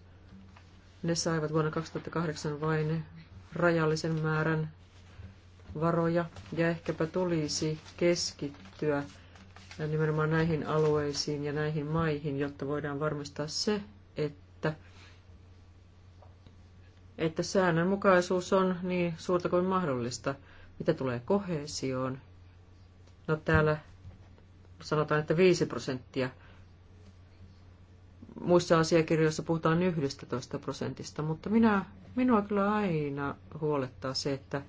Ne saivat vuonna 2008 vain rajallisen määrän varoja ja ehkäpä tulisi keskittyä nimenomaan näihin alueisiin ja näihin maihin, jotta voidaan varmistaa se, että, että säännönmukaisuus on niin suurta kuin mahdollista. Mitä tulee kohesioon? No täällä sanotaan, että 5 prosenttia. Muissa asiakirjoissa puhutaan 11 prosentista, mutta minä, minua kyllä aina huolettaa se, että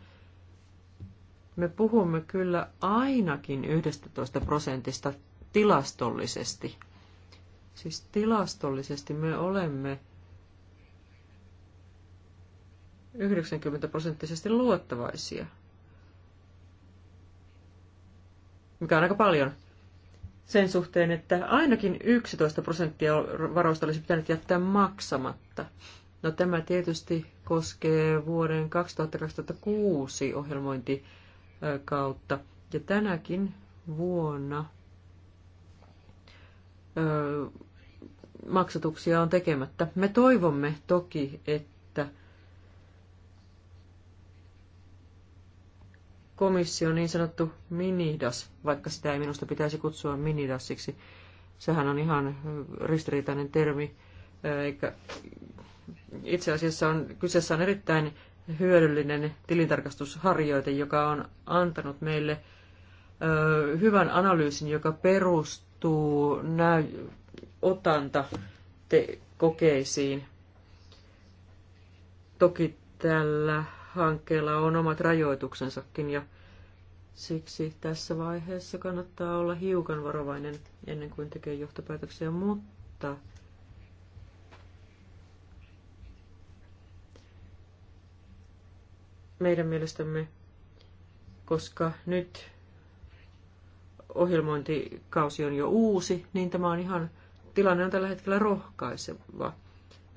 me puhumme kyllä ainakin 11 prosentista tilastollisesti. Siis tilastollisesti me olemme 90 prosenttisesti luottavaisia. Mikä on aika paljon sen suhteen, että ainakin 11 prosenttia varoista olisi pitänyt jättää maksamatta. No tämä tietysti koskee vuoden 2006 ohjelmointikautta. Ja tänäkin vuonna ö, maksatuksia on tekemättä. Me toivomme toki, että komissio niin sanottu minidas, vaikka sitä ei minusta pitäisi kutsua minidasiksi. Sehän on ihan ristiriitainen termi. Eikä itse asiassa on, kyseessä on erittäin hyödyllinen tilintarkastusharjoite, joka on antanut meille ö, hyvän analyysin, joka perustuu näy, otanta te, kokeisiin. Toki tällä hankkeella on omat rajoituksensakin ja siksi tässä vaiheessa kannattaa olla hiukan varovainen ennen kuin tekee johtopäätöksiä, mutta meidän mielestämme, koska nyt ohjelmointikausi on jo uusi, niin tämä on ihan, tilanne on tällä hetkellä rohkaiseva.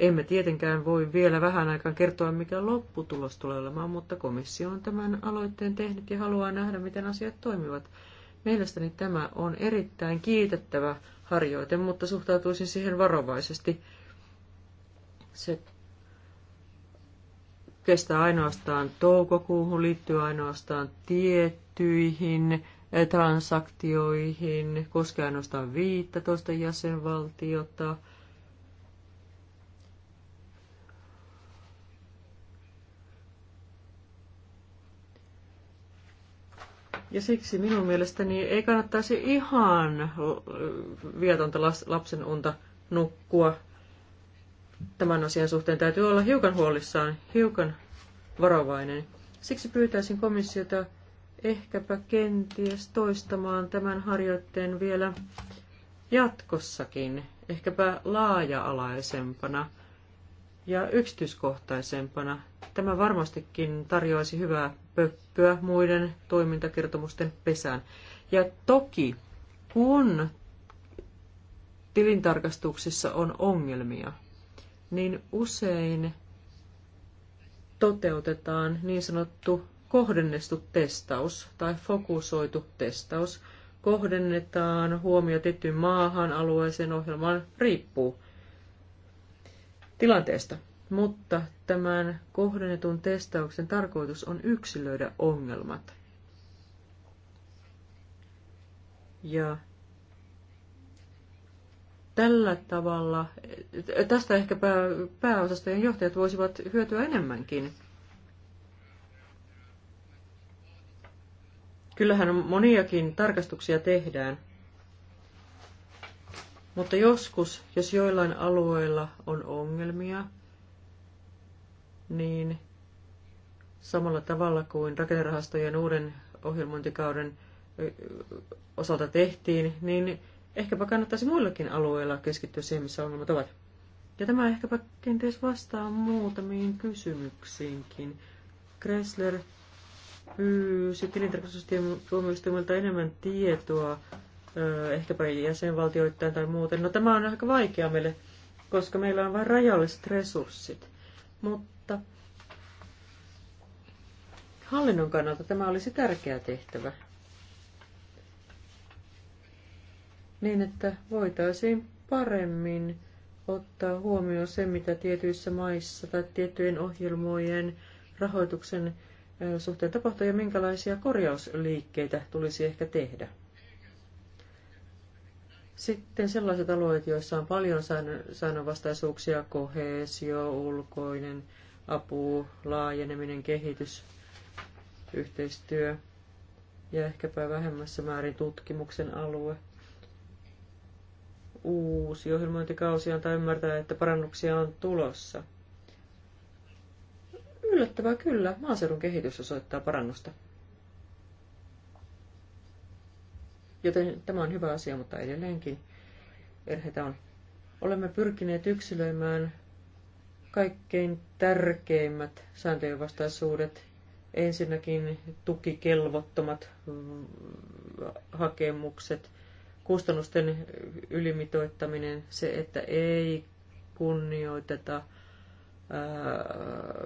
Emme tietenkään voi vielä vähän aikaa kertoa, mikä lopputulos tulee olemaan, mutta komissio on tämän aloitteen tehnyt ja haluaa nähdä, miten asiat toimivat. Mielestäni tämä on erittäin kiitettävä harjoite, mutta suhtautuisin siihen varovaisesti. Se kestää ainoastaan toukokuuhun, liittyy ainoastaan tiettyihin eh, transaktioihin, koskee ainoastaan 15 jäsenvaltiota – Ja siksi minun mielestäni ei kannattaisi ihan vietonta lapsen unta nukkua. Tämän asian suhteen täytyy olla hiukan huolissaan, hiukan varovainen. Siksi pyytäisin komissiota ehkäpä kenties toistamaan tämän harjoitteen vielä jatkossakin, ehkäpä laaja-alaisempana – ja yksityiskohtaisempana. Tämä varmastikin tarjoaisi hyvää pökköä muiden toimintakertomusten pesään. Ja toki, kun tilintarkastuksissa on ongelmia, niin usein toteutetaan niin sanottu kohdennettu testaus tai fokusoitu testaus. Kohdennetaan huomio tiettyyn maahan, alueeseen, ohjelmaan, riippuu tilanteesta. Mutta tämän kohdennetun testauksen tarkoitus on yksilöidä ongelmat. Ja tällä tavalla, tästä ehkä pää, pääosastojen johtajat voisivat hyötyä enemmänkin. Kyllähän moniakin tarkastuksia tehdään, mutta joskus, jos joillain alueilla on ongelmia, niin samalla tavalla kuin rakennerahastojen uuden ohjelmointikauden osalta tehtiin, niin ehkäpä kannattaisi muillakin alueilla keskittyä siihen, missä ongelmat ovat. Ja tämä ehkäpä kenties vastaa muutamiin kysymyksiinkin. Kressler pyysi tilintarkastustuomioistuimelta enemmän tietoa ehkäpä jäsenvaltioittain tai muuten. No tämä on aika vaikea meille, koska meillä on vain rajalliset resurssit. Mutta hallinnon kannalta tämä olisi tärkeä tehtävä. Niin, että voitaisiin paremmin ottaa huomioon se, mitä tietyissä maissa tai tiettyjen ohjelmojen rahoituksen suhteen tapahtuu ja minkälaisia korjausliikkeitä tulisi ehkä tehdä. Sitten sellaiset alueet, joissa on paljon säännönvastaisuuksia, kohesio, ulkoinen apu, laajeneminen, kehitys, yhteistyö ja ehkäpä vähemmässä määrin tutkimuksen alue. Uusi ohjelmointikausi antaa ymmärtää, että parannuksia on tulossa. Yllättävää kyllä, maaseudun kehitys osoittaa parannusta. Joten tämä on hyvä asia, mutta edelleenkin erheitä on. Olemme pyrkineet yksilöimään kaikkein tärkeimmät sääntöjenvastaisuudet. Ensinnäkin tukikelvottomat hakemukset, kustannusten ylimitoittaminen, se, että ei kunnioiteta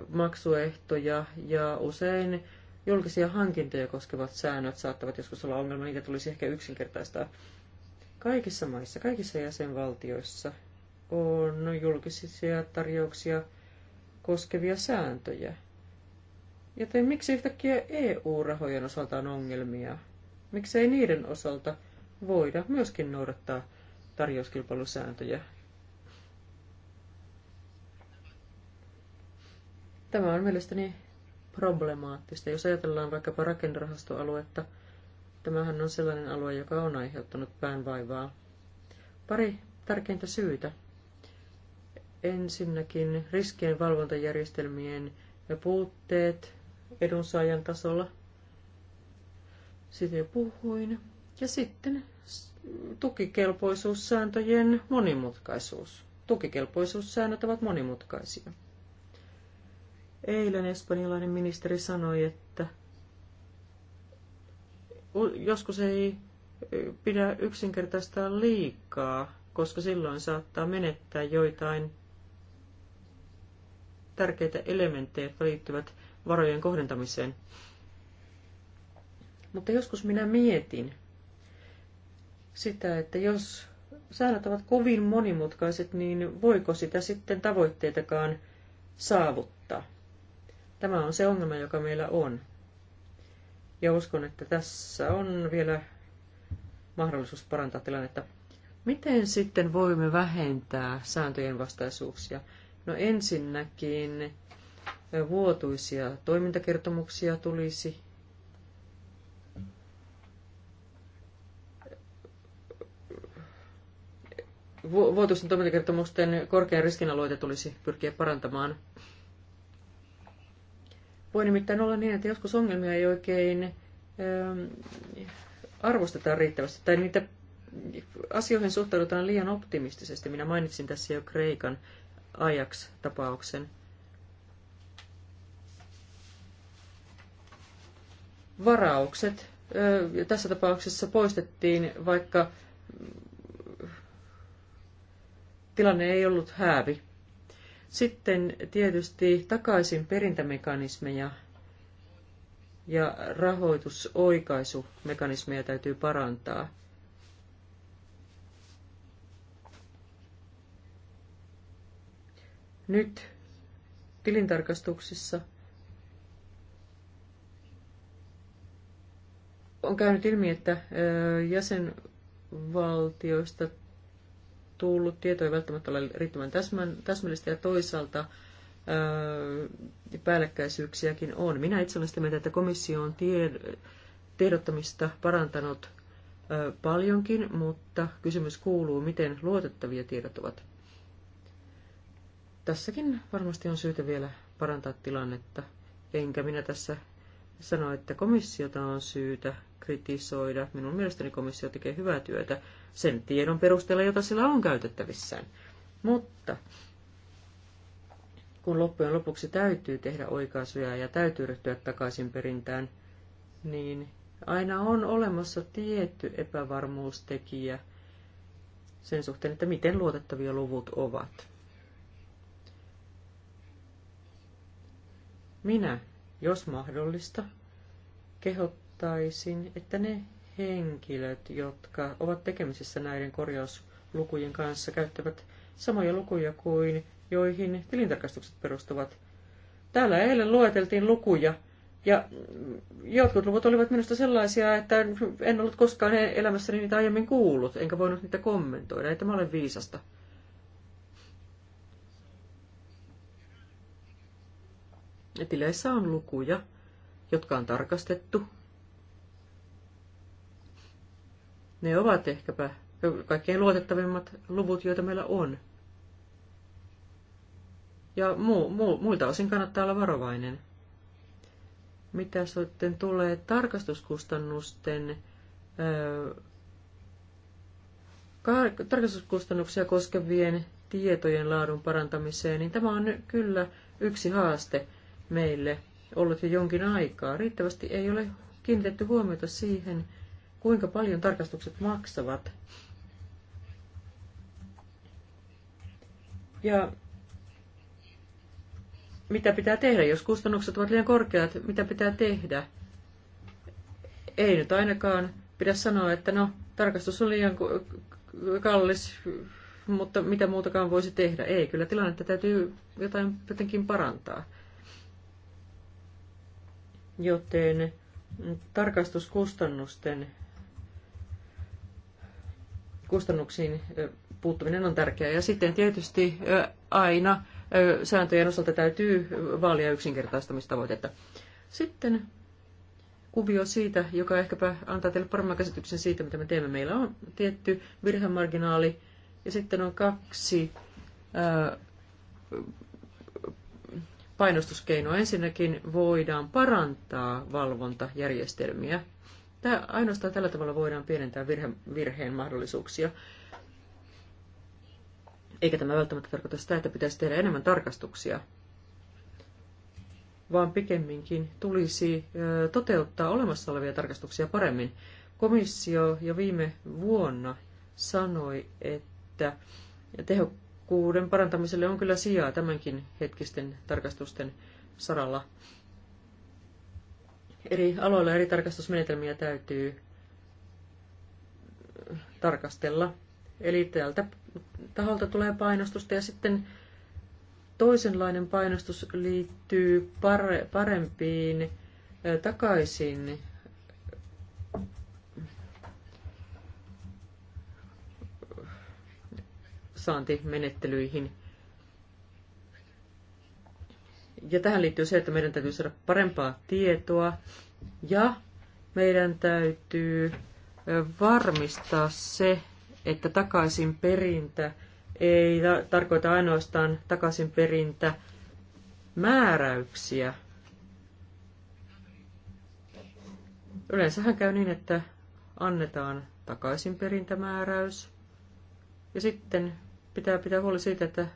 maksuehtoja ja usein Julkisia hankintoja koskevat säännöt saattavat joskus olla ongelma, niitä tulisi ehkä yksinkertaistaa. Kaikissa maissa, kaikissa jäsenvaltioissa on julkisia tarjouksia koskevia sääntöjä. Joten miksi yhtäkkiä EU-rahojen osalta on ongelmia? Miksei niiden osalta voida myöskin noudattaa tarjouskilpailusääntöjä? Tämä on mielestäni problemaattista. Jos ajatellaan vaikkapa rakennerahastoaluetta, tämähän on sellainen alue, joka on aiheuttanut päänvaivaa. Pari tärkeintä syytä. Ensinnäkin riskien valvontajärjestelmien puutteet edunsaajan tasolla. Siitä jo puhuin. Ja sitten tukikelpoisuussääntöjen monimutkaisuus. Tukikelpoisuussäännöt ovat monimutkaisia. Eilen espanjalainen ministeri sanoi, että joskus ei pidä yksinkertaistaa liikaa, koska silloin saattaa menettää joitain tärkeitä elementtejä, jotka liittyvät varojen kohdentamiseen. Mutta joskus minä mietin sitä, että jos säännöt ovat kovin monimutkaiset, niin voiko sitä sitten tavoitteitakaan saavuttaa? Tämä on se ongelma, joka meillä on. Ja uskon, että tässä on vielä mahdollisuus parantaa tilannetta. Miten sitten voimme vähentää sääntöjen vastaisuuksia? No ensinnäkin vuotuisia toimintakertomuksia tulisi vuotuisten toimintakertomusten korkean riskin alueita tulisi pyrkiä parantamaan voi nimittäin olla niin, että joskus ongelmia ei oikein ähm, arvosteta riittävästi, tai niitä asioihin suhtaudutaan liian optimistisesti. Minä mainitsin tässä jo Kreikan Ajax-tapauksen. Varaukset äh, tässä tapauksessa poistettiin, vaikka äh, tilanne ei ollut häävi. Sitten tietysti takaisin perintämekanismeja ja rahoitusoikaisumekanismeja täytyy parantaa. Nyt tilintarkastuksissa on käynyt ilmi, että jäsenvaltioista tullut. Tieto ei välttämättä ole riittävän täsmällistä ja toisaalta päällekkäisyyksiäkin on. Minä itse olen sitä mieltä, että komissio on tied- tiedottamista parantanut paljonkin, mutta kysymys kuuluu, miten luotettavia tiedot ovat. Tässäkin varmasti on syytä vielä parantaa tilannetta, enkä minä tässä sano, että komissiota on syytä kritisoida. Minun mielestäni komissio tekee hyvää työtä sen tiedon perusteella, jota sillä on käytettävissään. Mutta kun loppujen lopuksi täytyy tehdä oikaisuja ja täytyy ryhtyä takaisin perintään, niin aina on olemassa tietty epävarmuustekijä sen suhteen, että miten luotettavia luvut ovat. Minä, jos mahdollista, kehot olettaisin, että ne henkilöt, jotka ovat tekemisissä näiden korjauslukujen kanssa, käyttävät samoja lukuja kuin joihin tilintarkastukset perustuvat. Täällä eilen lueteltiin lukuja, ja jotkut luvut olivat minusta sellaisia, että en ollut koskaan elämässäni niitä aiemmin kuullut, enkä voinut niitä kommentoida, että mä olen viisasta. tileissä on lukuja, jotka on tarkastettu, Ne ovat ehkäpä kaikkein luotettavimmat luvut, joita meillä on. Ja mu, mu, muilta osin kannattaa olla varovainen. Mitä sitten tulee tarkastuskustannusten ö, tarkastuskustannuksia koskevien tietojen laadun parantamiseen, niin tämä on kyllä yksi haaste meille ollut jo jonkin aikaa. Riittävästi ei ole kiinnitetty huomiota siihen, kuinka paljon tarkastukset maksavat. Ja mitä pitää tehdä, jos kustannukset ovat liian korkeat, mitä pitää tehdä? Ei nyt ainakaan pidä sanoa, että no, tarkastus on liian kallis, mutta mitä muutakaan voisi tehdä. Ei, kyllä tilannetta täytyy jotain jotenkin parantaa. Joten tarkastuskustannusten kustannuksiin puuttuminen on tärkeää. Ja sitten tietysti aina sääntöjen osalta täytyy vaalia yksinkertaistamistavoitetta. Sitten kuvio siitä, joka ehkäpä antaa teille paremman käsityksen siitä, mitä me teemme. Meillä on tietty virhemarginaali ja sitten on kaksi painostuskeinoa. Ensinnäkin voidaan parantaa valvontajärjestelmiä Tämä, ainoastaan tällä tavalla voidaan pienentää virhe, virheen mahdollisuuksia. Eikä tämä välttämättä tarkoita sitä, että pitäisi tehdä enemmän tarkastuksia, vaan pikemminkin tulisi toteuttaa olemassa olevia tarkastuksia paremmin. Komissio jo viime vuonna sanoi, että tehokkuuden parantamiselle on kyllä sijaa tämänkin hetkisten tarkastusten saralla eri aloilla eri tarkastusmenetelmiä täytyy äh, tarkastella. Eli tältä taholta tulee painostusta ja sitten toisenlainen painostus liittyy parempiin äh, takaisin äh, saantimenettelyihin. menettelyihin ja tähän liittyy se, että meidän täytyy saada parempaa tietoa ja meidän täytyy varmistaa se, että takaisin perintä ei tarkoita ainoastaan takaisin perintä määräyksiä. Yleensähän käy niin, että annetaan takaisin perintämääräys ja sitten pitää pitää huoli siitä, että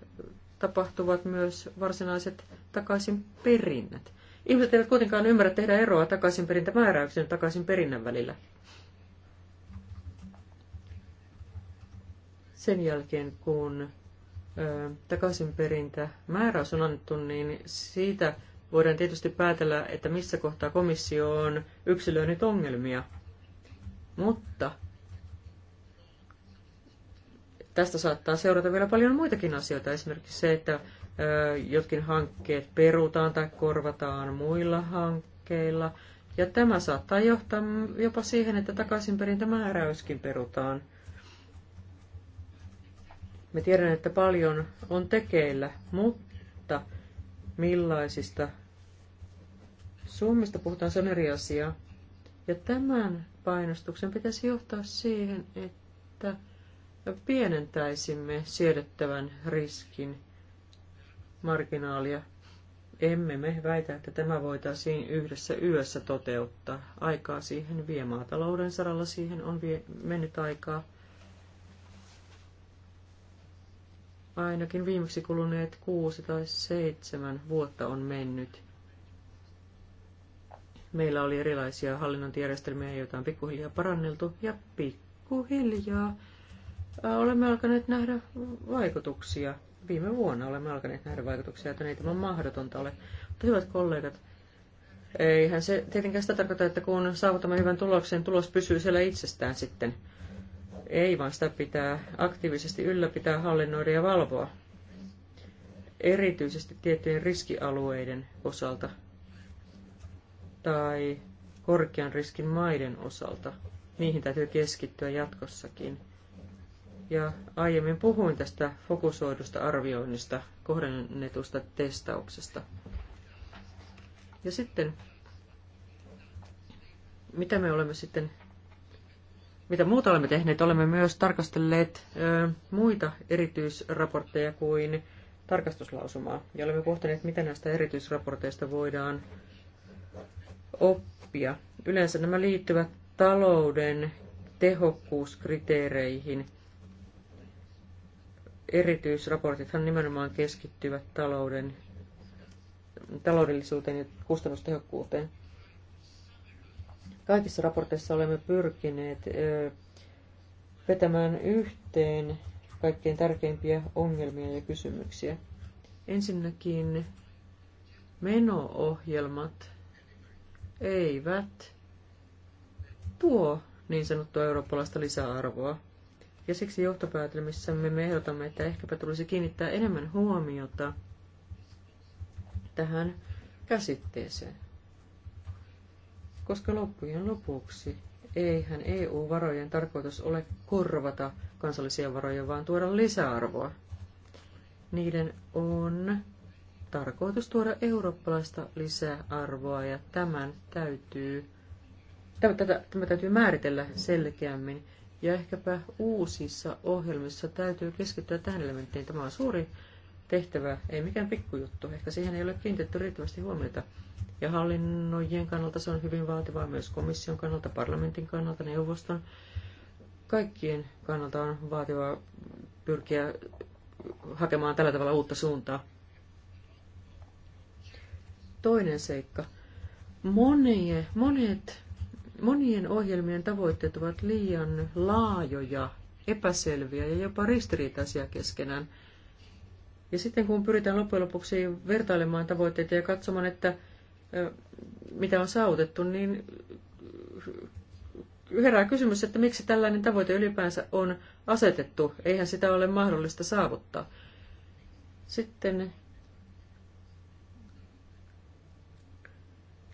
tapahtuvat myös varsinaiset takaisinperinnät. Ihmiset eivät kuitenkaan ymmärrä tehdä eroa takaisinperintämääräyksen ja takaisinperinnän välillä. Sen jälkeen, kun takaisinperintämääräys on annettu, niin siitä voidaan tietysti päätellä, että missä kohtaa komissio on yksilöinyt ongelmia. Mutta tästä saattaa seurata vielä paljon muitakin asioita, esimerkiksi se, että jotkin hankkeet perutaan tai korvataan muilla hankkeilla. Ja tämä saattaa johtaa jopa siihen, että takaisinperintämääräyskin perutaan. Me tiedän, että paljon on tekeillä, mutta millaisista summista puhutaan, se on eri asia. Ja tämän painostuksen pitäisi johtaa siihen, että pienentäisimme siedettävän riskin marginaalia. Emme me väitä, että tämä voitaisiin yhdessä yössä toteuttaa. Aikaa siihen vie maatalouden saralla, siihen on vie, mennyt aikaa. Ainakin viimeksi kuluneet kuusi tai seitsemän vuotta on mennyt. Meillä oli erilaisia hallinnointijärjestelmiä, joita on pikkuhiljaa paranneltu ja pikkuhiljaa olemme alkaneet nähdä vaikutuksia. Viime vuonna olemme alkaneet nähdä vaikutuksia, että niitä on mahdotonta ole. Mutta hyvät kollegat, eihän se tietenkään sitä tarkoita, että kun saavutamme hyvän tuloksen, tulos pysyy siellä itsestään sitten. Ei, vaan sitä pitää aktiivisesti ylläpitää, hallinnoida ja valvoa. Erityisesti tiettyjen riskialueiden osalta tai korkean riskin maiden osalta. Niihin täytyy keskittyä jatkossakin ja aiemmin puhuin tästä fokusoidusta arvioinnista, kohdennetusta testauksesta. Ja sitten, mitä me olemme sitten, mitä muuta olemme tehneet, olemme myös tarkastelleet ö, muita erityisraportteja kuin tarkastuslausumaa. Ja olemme pohtineet, mitä näistä erityisraporteista voidaan oppia. Yleensä nämä liittyvät talouden tehokkuuskriteereihin – erityisraportithan nimenomaan keskittyvät talouden, taloudellisuuteen ja kustannustehokkuuteen. Kaikissa raporteissa olemme pyrkineet vetämään yhteen kaikkein tärkeimpiä ongelmia ja kysymyksiä. Ensinnäkin menoohjelmat eivät tuo niin sanottua eurooppalaista lisäarvoa. Ja siksi johtopäätelmissämme me ehdotamme, että ehkäpä tulisi kiinnittää enemmän huomiota tähän käsitteeseen. Koska loppujen lopuksi eihän EU-varojen tarkoitus ole korvata kansallisia varoja, vaan tuoda lisäarvoa. Niiden on tarkoitus tuoda eurooppalaista lisäarvoa ja tämän täytyy, tämä, tämä täytyy määritellä selkeämmin. Ja ehkäpä uusissa ohjelmissa täytyy keskittyä tähän elementtiin. Tämä on suuri tehtävä, ei mikään pikkujuttu. Ehkä siihen ei ole kiinnitetty riittävästi huomiota. Ja hallinnojen kannalta se on hyvin vaativaa myös komission kannalta, parlamentin kannalta, neuvoston. Kaikkien kannalta on vaativaa pyrkiä hakemaan tällä tavalla uutta suuntaa. Toinen seikka. monet, monet Monien ohjelmien tavoitteet ovat liian laajoja, epäselviä ja jopa ristiriitaisia keskenään. Ja sitten kun pyritään loppujen lopuksi vertailemaan tavoitteita ja katsomaan, että mitä on saavutettu, niin herää kysymys, että miksi tällainen tavoite ylipäänsä on asetettu. Eihän sitä ole mahdollista saavuttaa. Sitten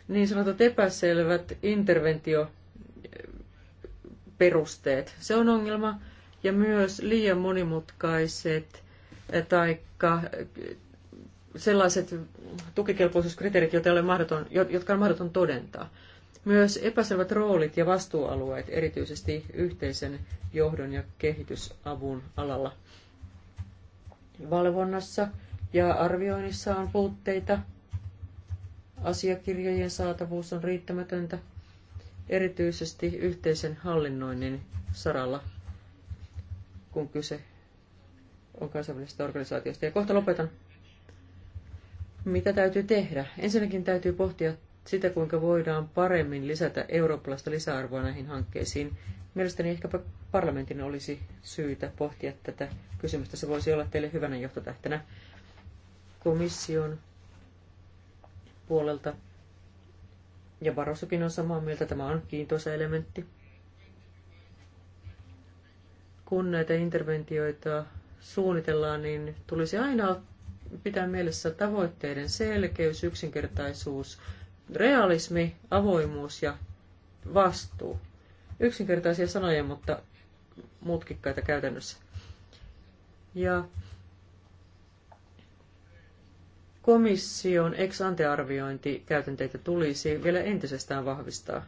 niin sanotut epäselvät interventioperusteet. Se on ongelma ja myös liian monimutkaiset eh, tai eh, sellaiset tukikelpoisuuskriteerit, joita ole mahdoton, jotka on mahdoton todentaa. Myös epäselvät roolit ja vastuualueet, erityisesti yhteisen johdon ja kehitysavun alalla. Valvonnassa ja arvioinnissa on puutteita, Asiakirjojen saatavuus on riittämätöntä, erityisesti yhteisen hallinnoinnin saralla, kun kyse on kansainvälisestä organisaatiosta. Ja kohta lopetan. Mitä täytyy tehdä? Ensinnäkin täytyy pohtia sitä, kuinka voidaan paremmin lisätä eurooppalaista lisäarvoa näihin hankkeisiin. Mielestäni ehkäpä parlamentin olisi syytä pohtia tätä kysymystä. Se voisi olla teille hyvänä johtotähtenä. Komission puolelta. Ja Barrosokin on samaa mieltä, tämä on kiintoisa elementti. Kun näitä interventioita suunnitellaan, niin tulisi aina pitää mielessä tavoitteiden selkeys, yksinkertaisuus, realismi, avoimuus ja vastuu. Yksinkertaisia sanoja, mutta mutkikkaita käytännössä. Ja komission ex ante käytänteitä tulisi vielä entisestään vahvistaa.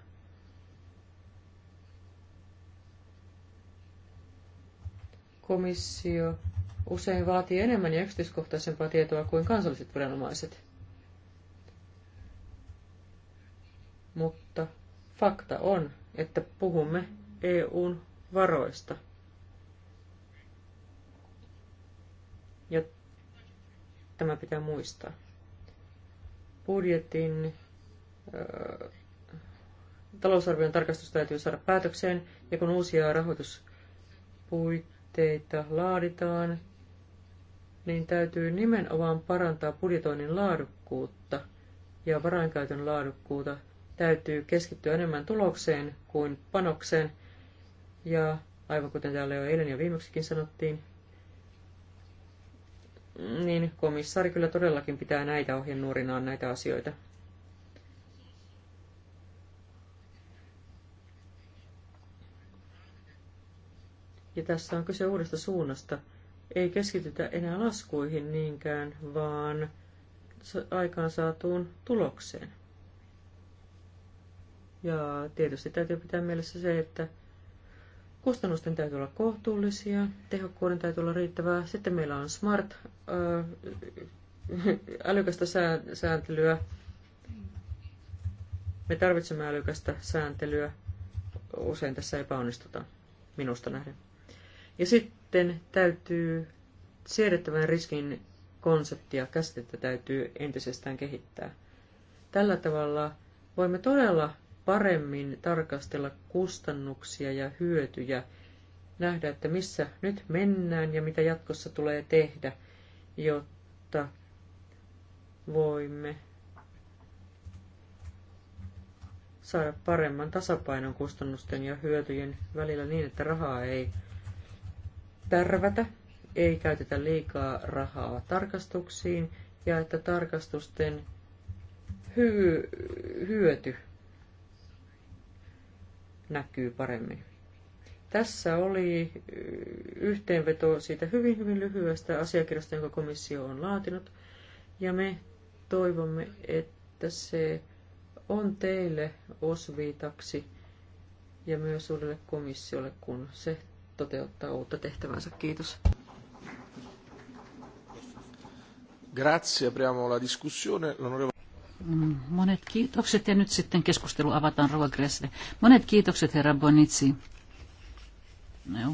Komissio usein vaatii enemmän ja yksityiskohtaisempaa tietoa kuin kansalliset viranomaiset. Mutta fakta on, että puhumme EUn varoista. Ja Tämä pitää muistaa. Budjetin ää, talousarvion tarkastus täytyy saada päätökseen, ja kun uusia rahoituspuitteita laaditaan, niin täytyy nimenomaan parantaa budjetoinnin laadukkuutta ja varainkäytön laadukkuutta. Täytyy keskittyä enemmän tulokseen kuin panokseen. Ja aivan kuten täällä jo eilen ja viimeksikin sanottiin, niin komissaari kyllä todellakin pitää näitä ohjenuorinaan näitä asioita. Ja tässä on kyse uudesta suunnasta. Ei keskitytä enää laskuihin niinkään, vaan aikaansaatuun tulokseen. Ja tietysti täytyy pitää mielessä se, että Kustannusten täytyy olla kohtuullisia, tehokkuuden täytyy olla riittävää. Sitten meillä on smart ää, älykästä sääntelyä. Me tarvitsemme älykästä sääntelyä. Usein tässä epäonnistutaan, minusta nähden. Ja sitten täytyy siedettävän riskin konseptia, käsitettä täytyy entisestään kehittää. Tällä tavalla voimme todella paremmin tarkastella kustannuksia ja hyötyjä, nähdä, että missä nyt mennään ja mitä jatkossa tulee tehdä, jotta voimme saada paremman tasapainon kustannusten ja hyötyjen välillä niin, että rahaa ei tärvätä, ei käytetä liikaa rahaa tarkastuksiin ja että tarkastusten hyöty näkyy paremmin. Tässä oli yhteenveto siitä hyvin, hyvin lyhyestä asiakirjasta, jonka komissio on laatinut. Ja me toivomme, että se on teille osviitaksi ja myös uudelle komissiolle, kun se toteuttaa uutta tehtävänsä. Kiitos.
Grazie, apriamo la discussione. Monet kiitokset ja nyt sitten keskustelu avataan Rova Monet kiitokset herra Bonitsi.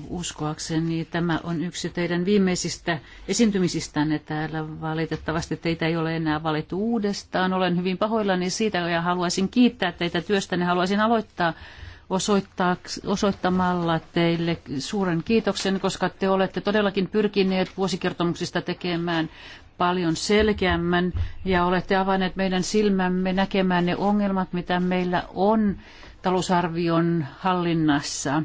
Uskoakseni tämä on yksi teidän viimeisistä esiintymisistänne täällä. Valitettavasti teitä ei ole enää valittu uudestaan. Olen hyvin pahoillani siitä ja haluaisin kiittää teitä työstänne. Haluaisin aloittaa osoittamalla teille suuren kiitoksen, koska te olette todellakin pyrkineet vuosikertomuksista tekemään paljon selkeämmän ja olette avanneet meidän silmämme näkemään ne ongelmat, mitä meillä on talousarvion hallinnassa.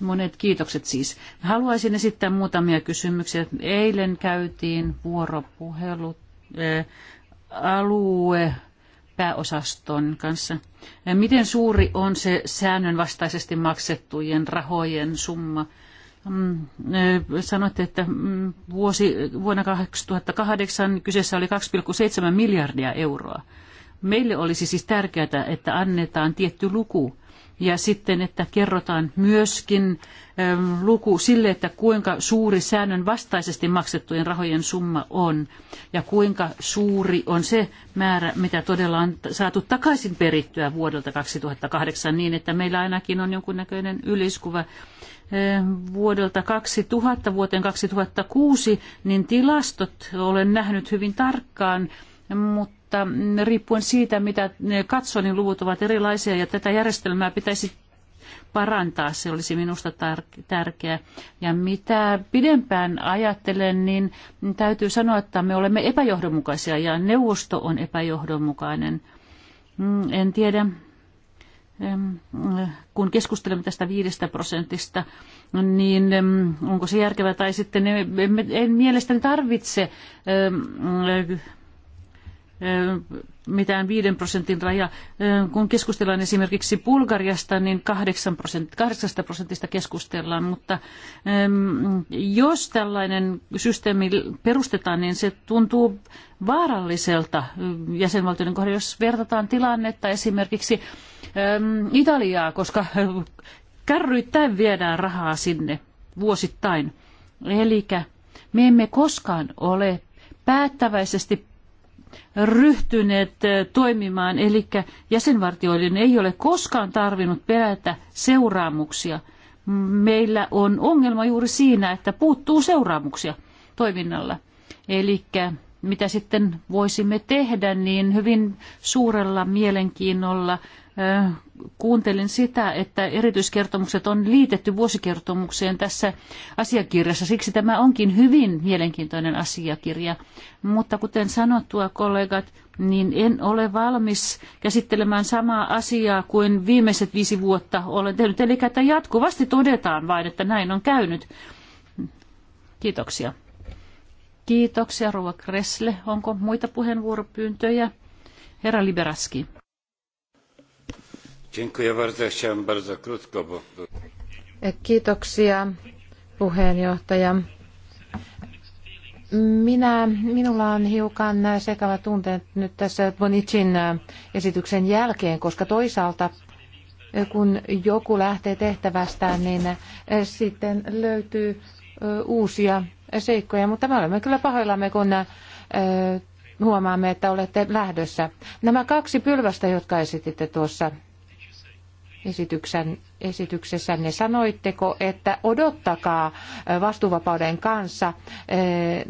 Monet kiitokset siis. Haluaisin esittää muutamia kysymyksiä. Eilen käytiin
vuoropuhelu
eh, alue pääosaston kanssa. Miten suuri on se säännönvastaisesti maksettujen rahojen summa? Mm, sanoitte, että mm, vuosi, vuonna 2008 kyseessä oli 2,7 miljardia euroa. Meille olisi siis tärkeää, että annetaan tietty luku ja sitten, että kerrotaan myöskin ähm, luku sille, että kuinka suuri säännön vastaisesti maksettujen rahojen summa on ja kuinka suuri on se määrä, mitä todella on saatu takaisin perittyä vuodelta 2008 niin, että meillä ainakin on jonkunnäköinen yliskuva äh, vuodelta 2000 vuoteen 2006, niin tilastot olen nähnyt hyvin tarkkaan mutta riippuen siitä, mitä katsoo, niin luvut ovat erilaisia ja tätä järjestelmää pitäisi parantaa, se olisi minusta tar- tärkeää. Ja mitä pidempään ajattelen, niin täytyy sanoa, että me olemme epäjohdonmukaisia ja neuvosto on epäjohdonmukainen. Mm, en tiedä, kun keskustelemme tästä viidestä prosentista, niin onko se järkevää tai sitten en mielestäni tarvitse mitään 5 prosentin raja. Kun keskustellaan esimerkiksi Bulgariasta, niin 8 prosentista keskustellaan, mutta jos tällainen systeemi perustetaan, niin se tuntuu vaaralliselta jäsenvaltioiden kohdalla, jos vertataan tilannetta esimerkiksi Italiaa, koska kärryittäin viedään rahaa sinne vuosittain. Eli me emme koskaan ole päättäväisesti ryhtyneet eh, toimimaan, eli jäsenvartioiden ei ole koskaan tarvinnut pelätä seuraamuksia. Meillä on ongelma juuri siinä, että puuttuu seuraamuksia toiminnalla. Eli mitä sitten voisimme tehdä, niin hyvin suurella mielenkiinnolla eh, kuuntelin sitä, että erityiskertomukset on liitetty vuosikertomukseen tässä asiakirjassa. Siksi tämä onkin hyvin mielenkiintoinen asiakirja. Mutta kuten sanottua, kollegat, niin en ole valmis käsittelemään samaa asiaa kuin viimeiset viisi vuotta olen tehnyt. Eli että jatkuvasti todetaan vain, että näin on käynyt. Kiitoksia. Kiitoksia, Rova Kressle. Onko muita puheenvuoropyyntöjä? Herra Liberaski.
Kiitoksia puheenjohtaja. Minä, minulla on hiukan sekava tunte nyt tässä Bonicin esityksen jälkeen, koska toisaalta kun joku lähtee tehtävästään, niin sitten löytyy uusia seikkoja, mutta me olemme kyllä pahoillamme, kun huomaamme, että olette lähdössä. Nämä kaksi pylvästä, jotka esititte tuossa esityksen, esityksessänne sanoitteko, että odottakaa vastuuvapauden kanssa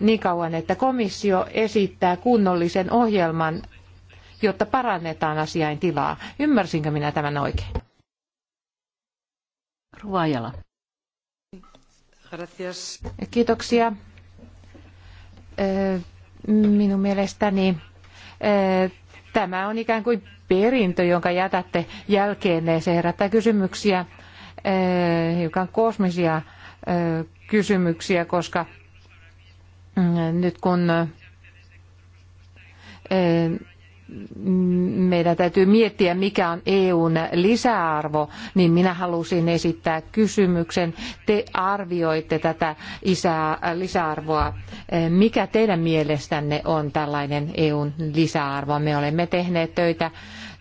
niin kauan, että komissio esittää kunnollisen ohjelman, jotta parannetaan asiain tilaa. Ymmärsinkö minä tämän oikein? Ruajala. Kiitoksia. Minun mielestäni Tämä on ikään kuin perintö, jonka jätätte jälkeenne. Se herättää kysymyksiä, eh, hiukan kosmisia eh, kysymyksiä, koska mm, nyt kun eh, Mm, meidän täytyy miettiä, mikä on EUn lisäarvo, niin minä halusin esittää kysymyksen. Te arvioitte tätä isää, lisäarvoa. Eh, mikä teidän mielestänne on tällainen EUn lisäarvo? Me olemme tehneet töitä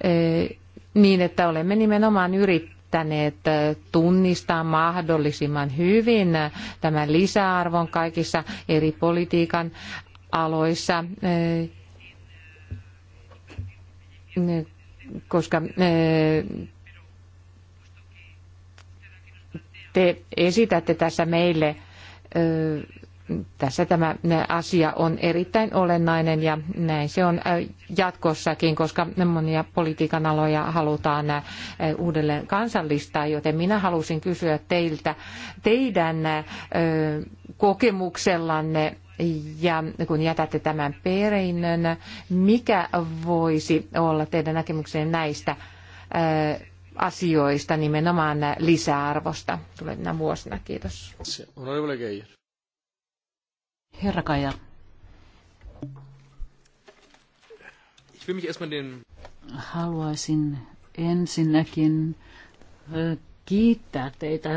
eh, niin, että olemme nimenomaan yrittäneet eh, tunnistaa mahdollisimman hyvin tämän lisäarvon kaikissa eri politiikan aloissa koska e, te esitätte tässä meille, e, tässä tämä e, asia on erittäin olennainen ja näin se on jatkossakin, koska monia politiikan aloja halutaan uudelleen kansallistaa, joten minä halusin kysyä teiltä teidän kokemuksellanne ja kun jätätte tämän perinnön, mikä voisi olla teidän näkemyksenne näistä äh, asioista, nimenomaan lisäarvosta tulevina vuosina? Kiitos. Herra Kaija.
Haluaisin ensinnäkin äh, kiittää teitä,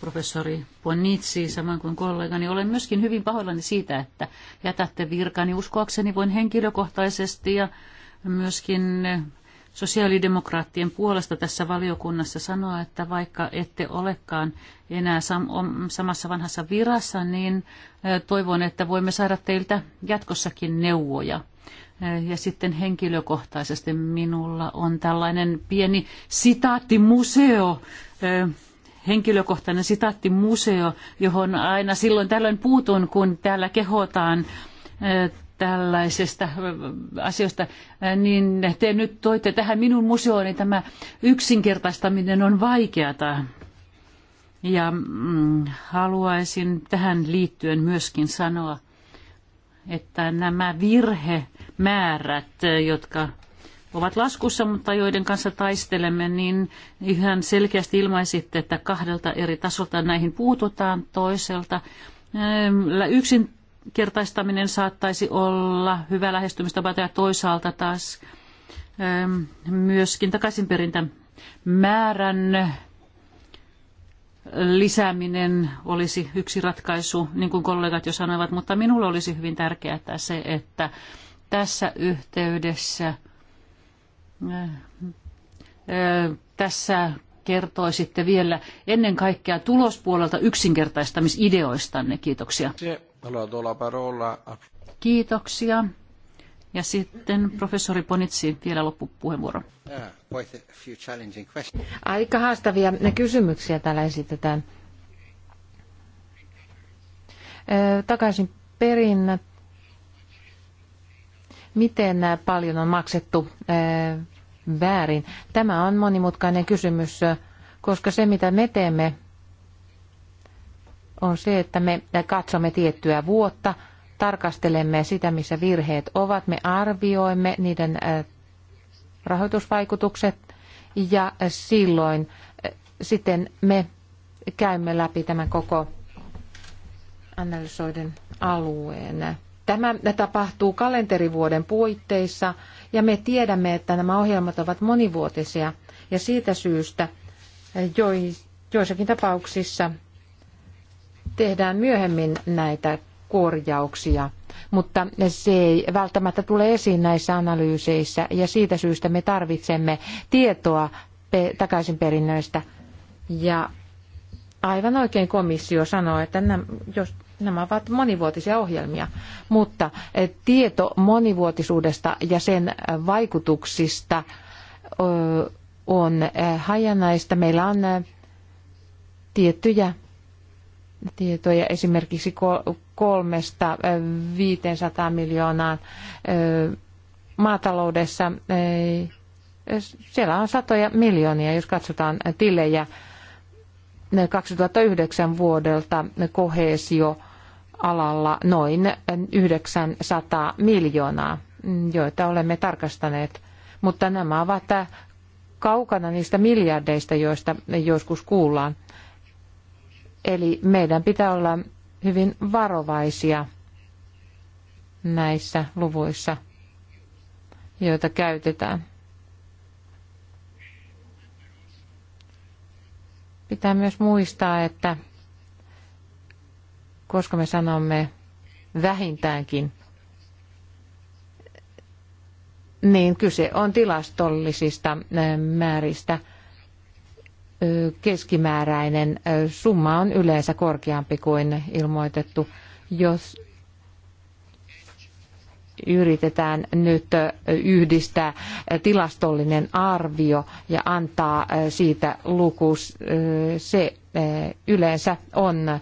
professori Ponitsi, samoin kuin kollegani. Olen myöskin hyvin pahoillani siitä, että jätätte virkani. Uskoakseni voin henkilökohtaisesti ja myöskin sosiaalidemokraattien puolesta tässä valiokunnassa sanoa, että vaikka ette olekaan enää samassa vanhassa virassa, niin toivon, että voimme saada teiltä jatkossakin neuvoja. Äh, ja sitten henkilökohtaisesti minulla on tällainen pieni sitaattimuseo, äh, henkilökohtainen sitaattimuseo, johon aina silloin tällöin puutun, kun täällä kehotaan äh, tällaisesta asioista, niin te nyt toitte tähän minun museooni, tämä yksinkertaistaminen on vaikeata. Ja mm, haluaisin tähän liittyen myöskin sanoa, että nämä virhe määrät, jotka ovat laskussa, mutta joiden kanssa taistelemme, niin ihan selkeästi ilmaisitte, että kahdelta eri tasolta näihin puututaan toiselta. Yksinkertaistaminen saattaisi olla hyvä lähestymistapa ja toisaalta taas myöskin takaisinperintä määrän lisääminen olisi yksi ratkaisu, niin kuin kollegat jo sanoivat, mutta minulle olisi hyvin tärkeää se, että tässä yhteydessä tässä kertoisitte vielä ennen kaikkea tulospuolelta yksinkertaistamisideoistanne. Kiitoksia. Kiitoksia. Ja sitten professori Ponitsi vielä loppupuheenvuoro.
Aika haastavia kysymyksiä täällä esitetään. Takaisin perinnät miten paljon on maksettu eh, väärin. Tämä on monimutkainen kysymys, koska se mitä me teemme on se, että me katsomme tiettyä vuotta, tarkastelemme sitä, missä virheet ovat, me arvioimme niiden eh, rahoitusvaikutukset ja silloin eh, sitten me käymme läpi tämän koko analysoiden alueen. Tämä tapahtuu kalenterivuoden puitteissa ja me tiedämme, että nämä ohjelmat ovat monivuotisia ja siitä syystä joissakin tapauksissa tehdään myöhemmin näitä korjauksia, mutta se ei välttämättä tule esiin näissä analyyseissä ja siitä syystä me tarvitsemme tietoa pe- takaisinperinnöistä ja aivan oikein komissio sanoo, että nämä, jos Nämä ovat monivuotisia ohjelmia, mutta eh, tieto monivuotisuudesta ja sen eh, vaikutuksista on eh, hajanaista. Meillä on tiettyjä tietoja esimerkiksi kolmesta 500 miljoonaan maataloudessa. Siellä on satoja miljoonia, jos katsotaan tilejä 2009 vuodelta kohesio alalla noin 900 miljoonaa, joita olemme tarkastaneet. Mutta nämä ovat kaukana niistä miljardeista, joista joskus kuullaan. Eli meidän pitää olla hyvin varovaisia näissä luvuissa, joita käytetään. Pitää myös muistaa, että koska me sanomme vähintäänkin, niin kyse on tilastollisista määristä. Keskimääräinen summa on yleensä korkeampi kuin ilmoitettu. Jos yritetään nyt yhdistää tilastollinen arvio ja antaa siitä luku, se yleensä on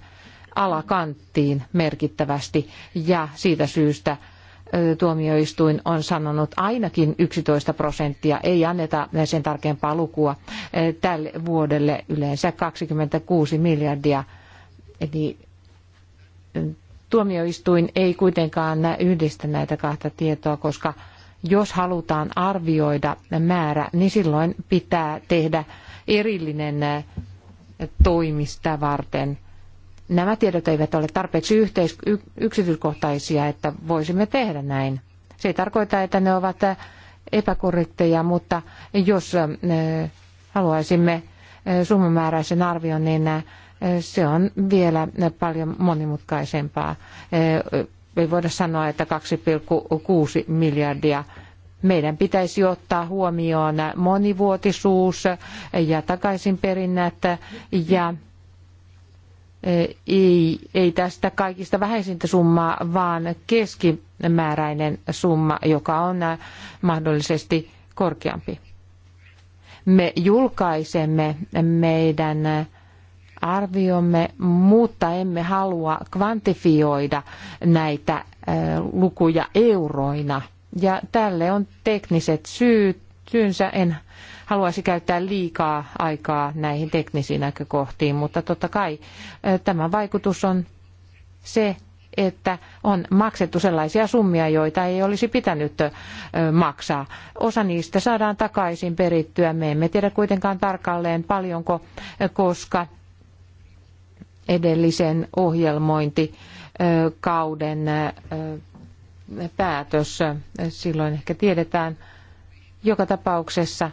alakanttiin merkittävästi ja siitä syystä tuomioistuin on sanonut ainakin 11 prosenttia, ei anneta sen tarkempaa lukua tälle vuodelle yleensä 26 miljardia. Eli tuomioistuin ei kuitenkaan yhdistä näitä kahta tietoa, koska jos halutaan arvioida määrä, niin silloin pitää tehdä erillinen toimista varten – Nämä tiedot eivät ole tarpeeksi yhteis- yksityiskohtaisia, että voisimme tehdä näin. Se ei tarkoita, että ne ovat äh, epäkorrekteja, mutta jos äh, haluaisimme äh, summamääräisen arvion, niin se on vielä paljon monimutkaisempaa. Ei voida sanoa, että 2,6 miljardia meidän pitäisi ottaa huomioon monivuotisuus ja takaisinperinnät ja ei, ei tästä kaikista vähäisintä summaa, vaan keskimääräinen summa, joka on äh, mahdollisesti korkeampi. Me julkaisemme meidän äh, arviomme, mutta emme halua kvantifioida näitä äh, lukuja euroina. Ja tälle on tekniset syyt, syynsä. En haluaisi käyttää liikaa aikaa näihin teknisiin näkökohtiin, mutta totta kai tämä vaikutus on se, että on maksettu sellaisia summia, joita ei olisi pitänyt maksaa. Osa niistä saadaan takaisin perittyä. Me emme tiedä kuitenkaan tarkalleen paljonko, koska edellisen ohjelmointikauden päätös silloin ehkä tiedetään joka tapauksessa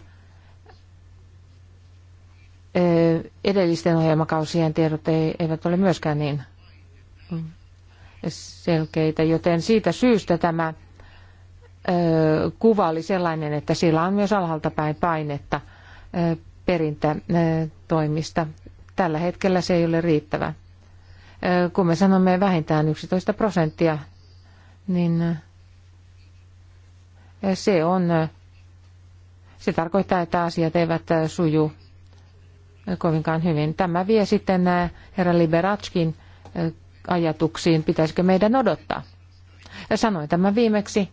edellisten ohjelmakausien tiedot eivät ole myöskään niin selkeitä, joten siitä syystä tämä kuva oli sellainen, että sillä on myös alhaalta päin painetta perintätoimista. Tällä hetkellä se ei ole riittävä. Kun me sanomme vähintään 11 prosenttia, niin se on, se tarkoittaa, että asiat eivät suju kovinkaan hyvin. Tämä vie sitten herra Liberatskin ajatuksiin, pitäisikö meidän odottaa. Sanoin tämän viimeksi.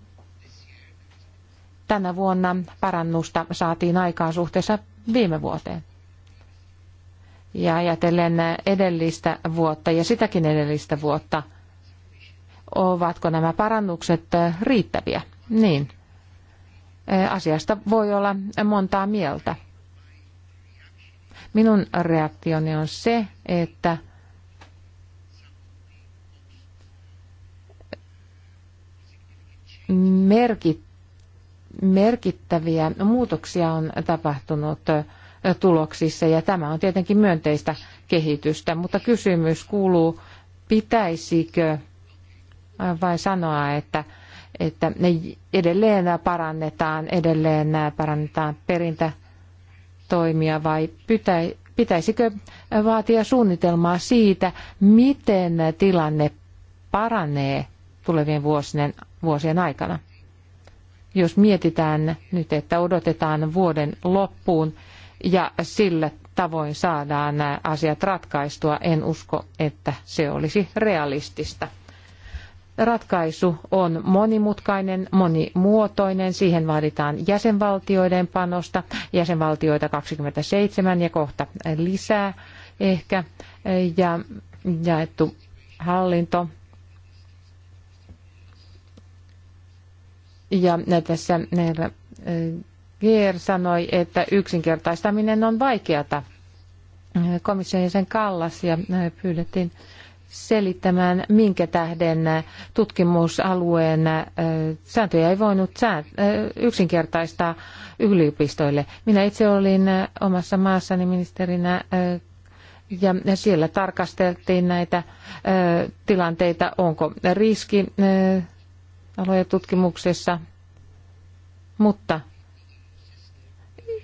Tänä vuonna parannusta saatiin aikaan suhteessa viime vuoteen. Ja ajatellen edellistä vuotta ja sitäkin edellistä vuotta, ovatko nämä parannukset riittäviä? Niin. Asiasta voi olla montaa mieltä Minun reaktioni on se, että merkit, merkittäviä muutoksia on tapahtunut tuloksissa ja tämä on tietenkin myönteistä kehitystä, mutta kysymys kuuluu, pitäisikö vain sanoa, että, että ne edelleen parannetaan, edelleen parannetaan perintä toimia vai pitäisikö vaatia suunnitelmaa siitä, miten tilanne paranee tulevien vuosien, vuosien aikana? Jos mietitään nyt, että odotetaan vuoden loppuun ja sillä tavoin saadaan nämä asiat ratkaistua, en usko, että se olisi realistista. Ratkaisu on monimutkainen, monimuotoinen. Siihen vaaditaan jäsenvaltioiden panosta, jäsenvaltioita 27 ja kohta lisää ehkä, ja jaettu hallinto. Ja tässä äh, Geer sanoi, että yksinkertaistaminen on vaikeata. Komission jäsen Kallas ja äh, pyydettiin selittämään, minkä tähden tutkimusalueen sääntöjä ei voinut yksinkertaistaa yliopistoille. Minä itse olin omassa maassani ministerinä ja siellä tarkasteltiin näitä tilanteita, onko riski alojen tutkimuksessa, mutta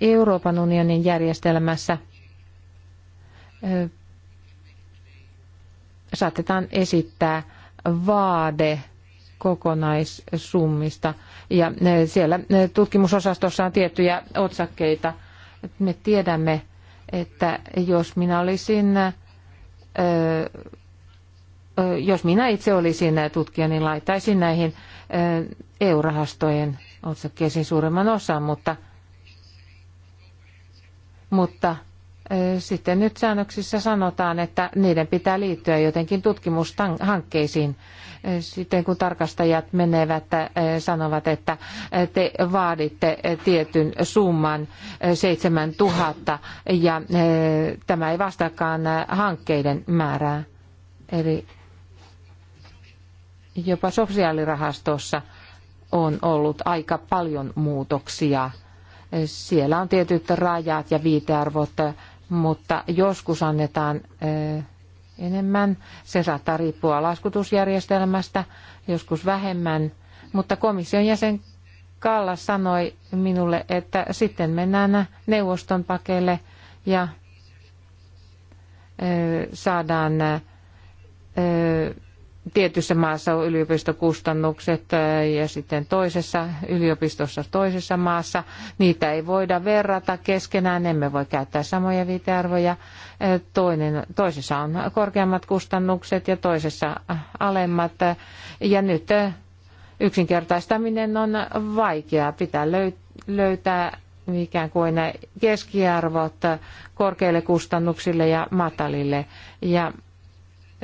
Euroopan unionin järjestelmässä saatetaan esittää vaade kokonaissummista. Ja e, siellä e, tutkimusosastossa on tiettyjä otsakkeita. Me tiedämme, että jos minä olisin, e, jos minä itse olisin tutkija, niin laittaisin näihin EU-rahastojen otsakkeisiin suuremman osan, mutta, mutta sitten nyt säännöksissä sanotaan, että niiden pitää liittyä jotenkin tutkimushankkeisiin. Sitten kun tarkastajat menevät, sanovat, että te vaaditte tietyn summan 7000 ja tämä ei vastaakaan hankkeiden määrää. Eli jopa sosiaalirahastossa on ollut aika paljon muutoksia siellä on tietyt rajat ja viitearvot mutta joskus annetaan enemmän. Se saattaa riippua laskutusjärjestelmästä, joskus vähemmän. Mutta komission jäsen Kallas sanoi minulle, että sitten mennään neuvoston pakeille ja saadaan tietyssä maassa on yliopistokustannukset äh, ja sitten toisessa yliopistossa toisessa maassa. Niitä ei voida verrata keskenään, emme voi käyttää samoja viitearvoja. Äh, toinen, toisessa on korkeammat kustannukset ja toisessa äh, alemmat. Ja nyt yksinkertaistaminen on vaikeaa. Pitää löytää ikään kuin keskiarvot korkeille kustannuksille ja matalille. Ja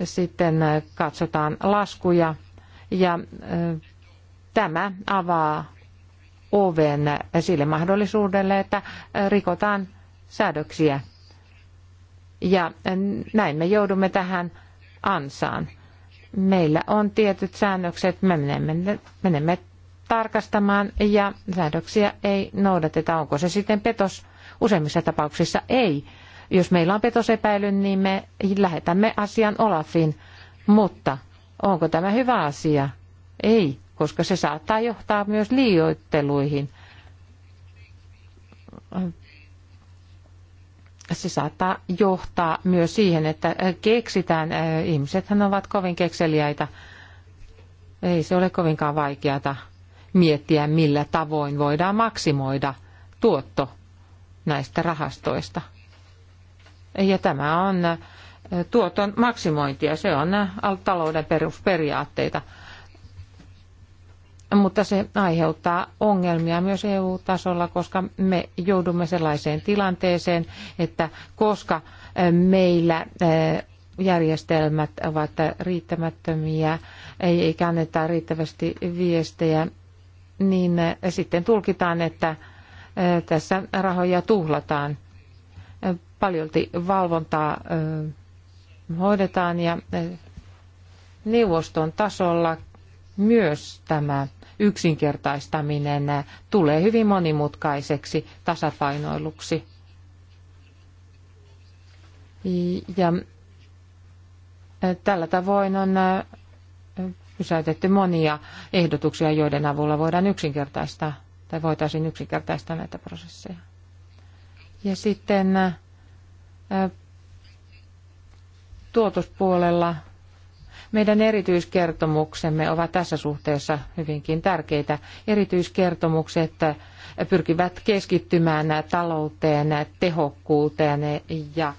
sitten äh, katsotaan laskuja ja äh, tämä avaa oven sille mahdollisuudelle, että äh, rikotaan säädöksiä. Ja näin me joudumme tähän ansaan. Meillä on tietyt säännökset, me menemme, menemme tarkastamaan ja säädöksiä ei noudateta. Onko se sitten petos? Useimmissa tapauksissa ei. Jos meillä on petosepäily, niin me lähetämme asian Olafiin. Mutta onko tämä hyvä asia? Ei, koska se saattaa johtaa myös liioitteluihin. Se saattaa johtaa myös siihen, että keksitään, ihmisethän ovat kovin kekseliäitä, ei se ole kovinkaan vaikeata miettiä, millä tavoin voidaan maksimoida tuotto näistä rahastoista. Ja tämä on tuoton maksimointia, se on talouden perusperiaatteita. Mutta se aiheuttaa ongelmia myös EU-tasolla, koska me joudumme sellaiseen tilanteeseen, että koska meillä järjestelmät ovat riittämättömiä, ei anneta riittävästi viestejä, niin sitten tulkitaan, että tässä rahoja tuhlataan – paljolti valvontaa hoidetaan ja neuvoston tasolla myös tämä yksinkertaistaminen tulee hyvin monimutkaiseksi tasapainoiluksi. Ja tällä tavoin on pysäytetty monia ehdotuksia, joiden avulla voidaan yksinkertaistaa tai voitaisiin yksinkertaistaa näitä prosesseja. Ja sitten tuotospuolella meidän erityiskertomuksemme ovat tässä suhteessa hyvinkin tärkeitä. Erityiskertomukset pyrkivät keskittymään talouteen, tehokkuuteen ja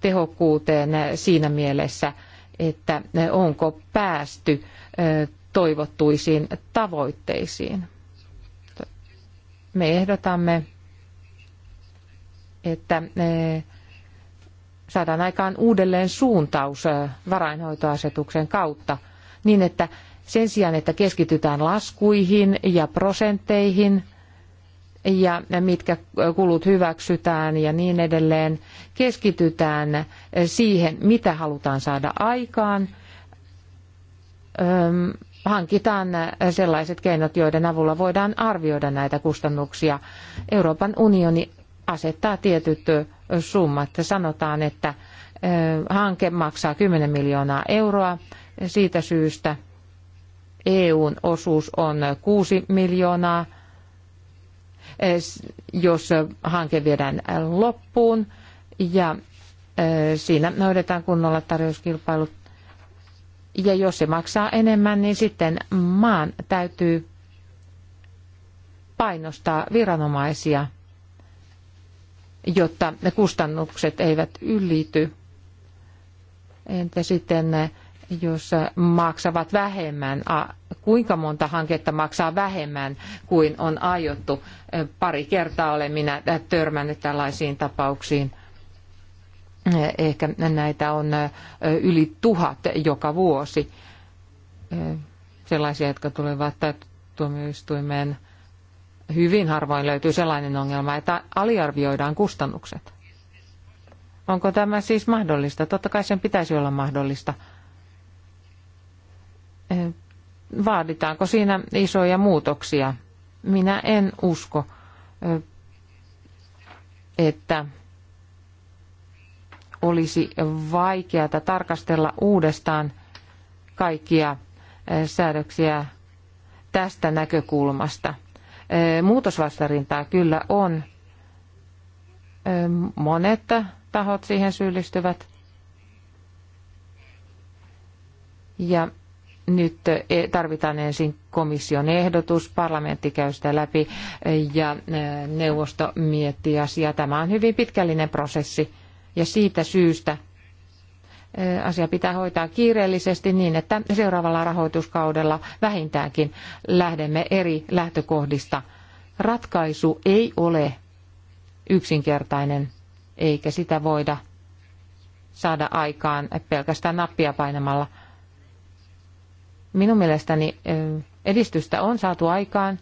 tehokkuuteen siinä mielessä, että onko päästy toivottuisiin tavoitteisiin. Me ehdotamme että eh, saadaan aikaan uudelleen suuntaus eh, varainhoitoasetuksen kautta niin, että sen sijaan, että keskitytään laskuihin ja prosentteihin ja mitkä kulut hyväksytään ja niin edelleen, keskitytään eh, siihen, mitä halutaan saada aikaan. Ehm, hankitaan sellaiset keinot, joiden avulla voidaan arvioida näitä kustannuksia. Euroopan unioni asettaa tietyt summat. Sanotaan, että hanke maksaa 10 miljoonaa euroa. Siitä syystä EUn osuus on 6 miljoonaa. Jos hanke viedään loppuun ja siinä hoidetaan kunnolla tarjouskilpailut. Ja jos se maksaa enemmän, niin sitten maan täytyy painostaa viranomaisia – jotta kustannukset eivät ylity. Entä sitten, jos maksavat vähemmän, kuinka monta hanketta maksaa vähemmän kuin on aiottu? E, pari kertaa olen minä törmännyt tällaisiin tapauksiin. E, ehkä näitä on e, yli tuhat joka vuosi. Sellaisia, jotka tulevat tuomioistuimeen hyvin harvoin löytyy sellainen ongelma, että aliarvioidaan kustannukset. Onko tämä siis mahdollista? Totta kai sen pitäisi olla mahdollista. E, vaaditaanko siinä isoja muutoksia? Minä en usko, e, että olisi vaikeata tarkastella uudestaan kaikkia e, säädöksiä tästä näkökulmasta. Muutosvastarintaa kyllä on. Monet tahot siihen syyllistyvät. Ja nyt e, tarvitaan ensin komission ehdotus, parlamentti käy sitä läpi ja neuvosto miettii asiaa. Tämä on hyvin pitkällinen prosessi ja siitä syystä asia pitää hoitaa kiireellisesti niin, että seuraavalla rahoituskaudella vähintäänkin lähdemme eri lähtökohdista. Ratkaisu ei ole yksinkertainen, eikä sitä voida saada aikaan pelkästään nappia painamalla. Minun mielestäni edistystä on saatu aikaan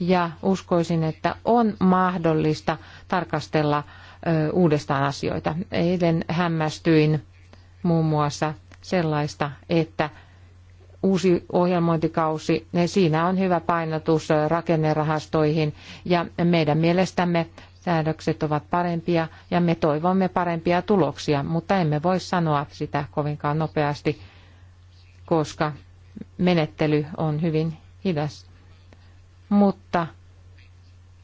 ja uskoisin, että on mahdollista tarkastella uudestaan asioita. Eilen hämmästyin muun muassa sellaista, että uusi ohjelmointikausi, siinä on hyvä painotus rakennerahastoihin ja meidän mielestämme säädökset ovat parempia ja me toivomme parempia tuloksia, mutta emme voi sanoa sitä kovinkaan nopeasti, koska menettely on hyvin hidas. Mutta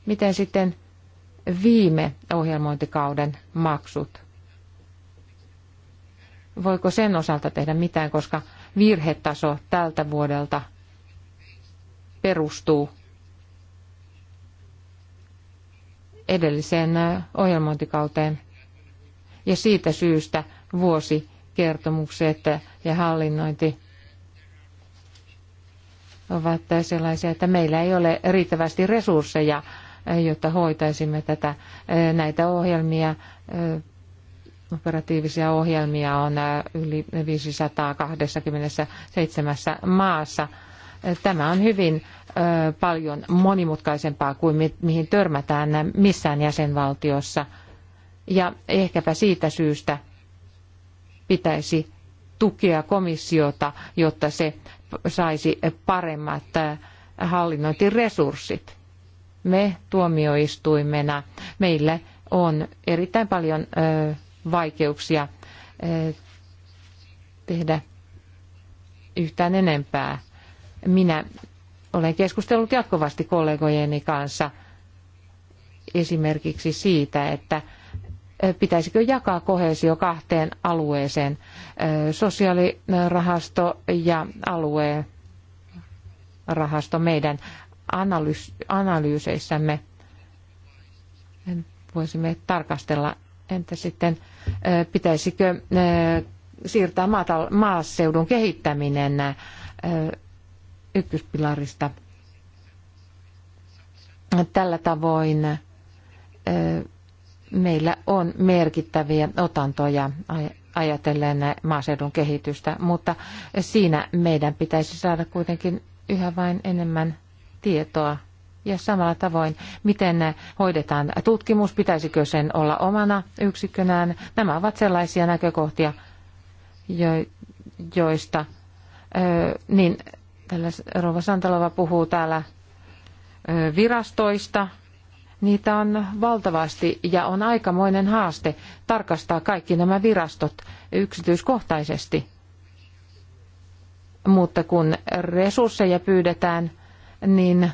miten sitten viime ohjelmointikauden maksut? voiko sen osalta tehdä mitään, koska virhetaso tältä vuodelta perustuu edelliseen ohjelmointikauteen. Ja siitä syystä vuosikertomukset ja hallinnointi ovat sellaisia, että meillä ei ole riittävästi resursseja, jotta hoitaisimme tätä, näitä ohjelmia Operatiivisia ohjelmia on äh, yli 527 maassa. Tämä on hyvin äh, paljon monimutkaisempaa kuin mihin törmätään missään jäsenvaltiossa. Ja ehkäpä siitä syystä pitäisi tukea komissiota, jotta se saisi paremmat äh, hallinnointiresurssit. Me tuomioistuimena, meillä on erittäin paljon vaikeuksia eh, tehdä yhtään enempää. Minä olen keskustellut jatkuvasti kollegojeni kanssa esimerkiksi siitä, että eh, pitäisikö jakaa kohesio kahteen alueeseen, eh, sosiaalirahasto ja aluerahasto meidän analyys, analyyseissämme. Voisimme tarkastella, entä sitten pitäisikö siirtää maaseudun kehittäminen ykköspilarista tällä tavoin meillä on merkittäviä otantoja ajatellen maaseudun kehitystä, mutta siinä meidän pitäisi saada kuitenkin yhä vain enemmän tietoa ja samalla tavoin, miten ne hoidetaan tutkimus, pitäisikö sen olla omana yksikkönään. Nämä ovat sellaisia näkökohtia, joista niin tällä Rova Santalova puhuu täällä virastoista. Niitä on valtavasti ja on aikamoinen haaste tarkastaa kaikki nämä virastot yksityiskohtaisesti. Mutta kun resursseja pyydetään, niin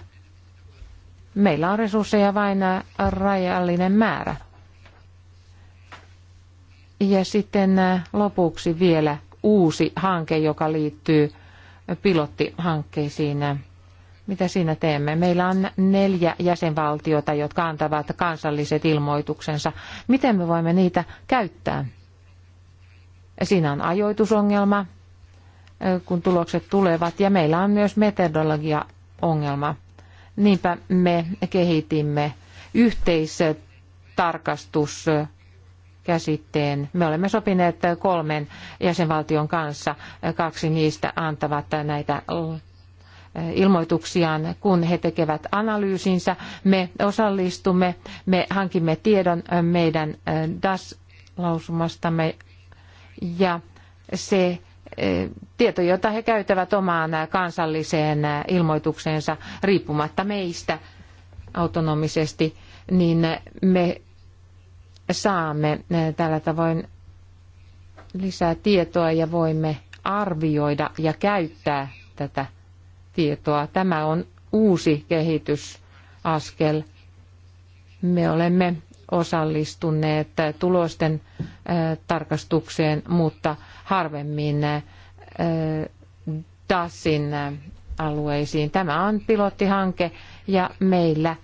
meillä on resursseja vain rajallinen määrä. Ja sitten lopuksi vielä uusi hanke, joka liittyy pilottihankkeisiin. Mitä siinä teemme? Meillä on neljä jäsenvaltiota, jotka antavat kansalliset ilmoituksensa. Miten me voimme niitä käyttää? Siinä on ajoitusongelma, kun tulokset tulevat, ja meillä on myös metodologiaongelma. Niinpä me kehitimme yhteistarkastus käsitteen. Me olemme sopineet kolmen jäsenvaltion kanssa. Kaksi niistä antavat näitä ilmoituksiaan, kun he tekevät analyysinsä. Me osallistumme, me hankimme tiedon meidän DAS-lausumastamme ja se tieto, jota he käytävät omaan kansalliseen ilmoitukseensa riippumatta meistä autonomisesti, niin me saamme tällä tavoin lisää tietoa ja voimme arvioida ja käyttää tätä tietoa. Tämä on uusi kehitysaskel. Me olemme osallistuneet tulosten tarkastukseen, mutta harvemmin DASin alueisiin. Tämä on pilottihanke ja meillä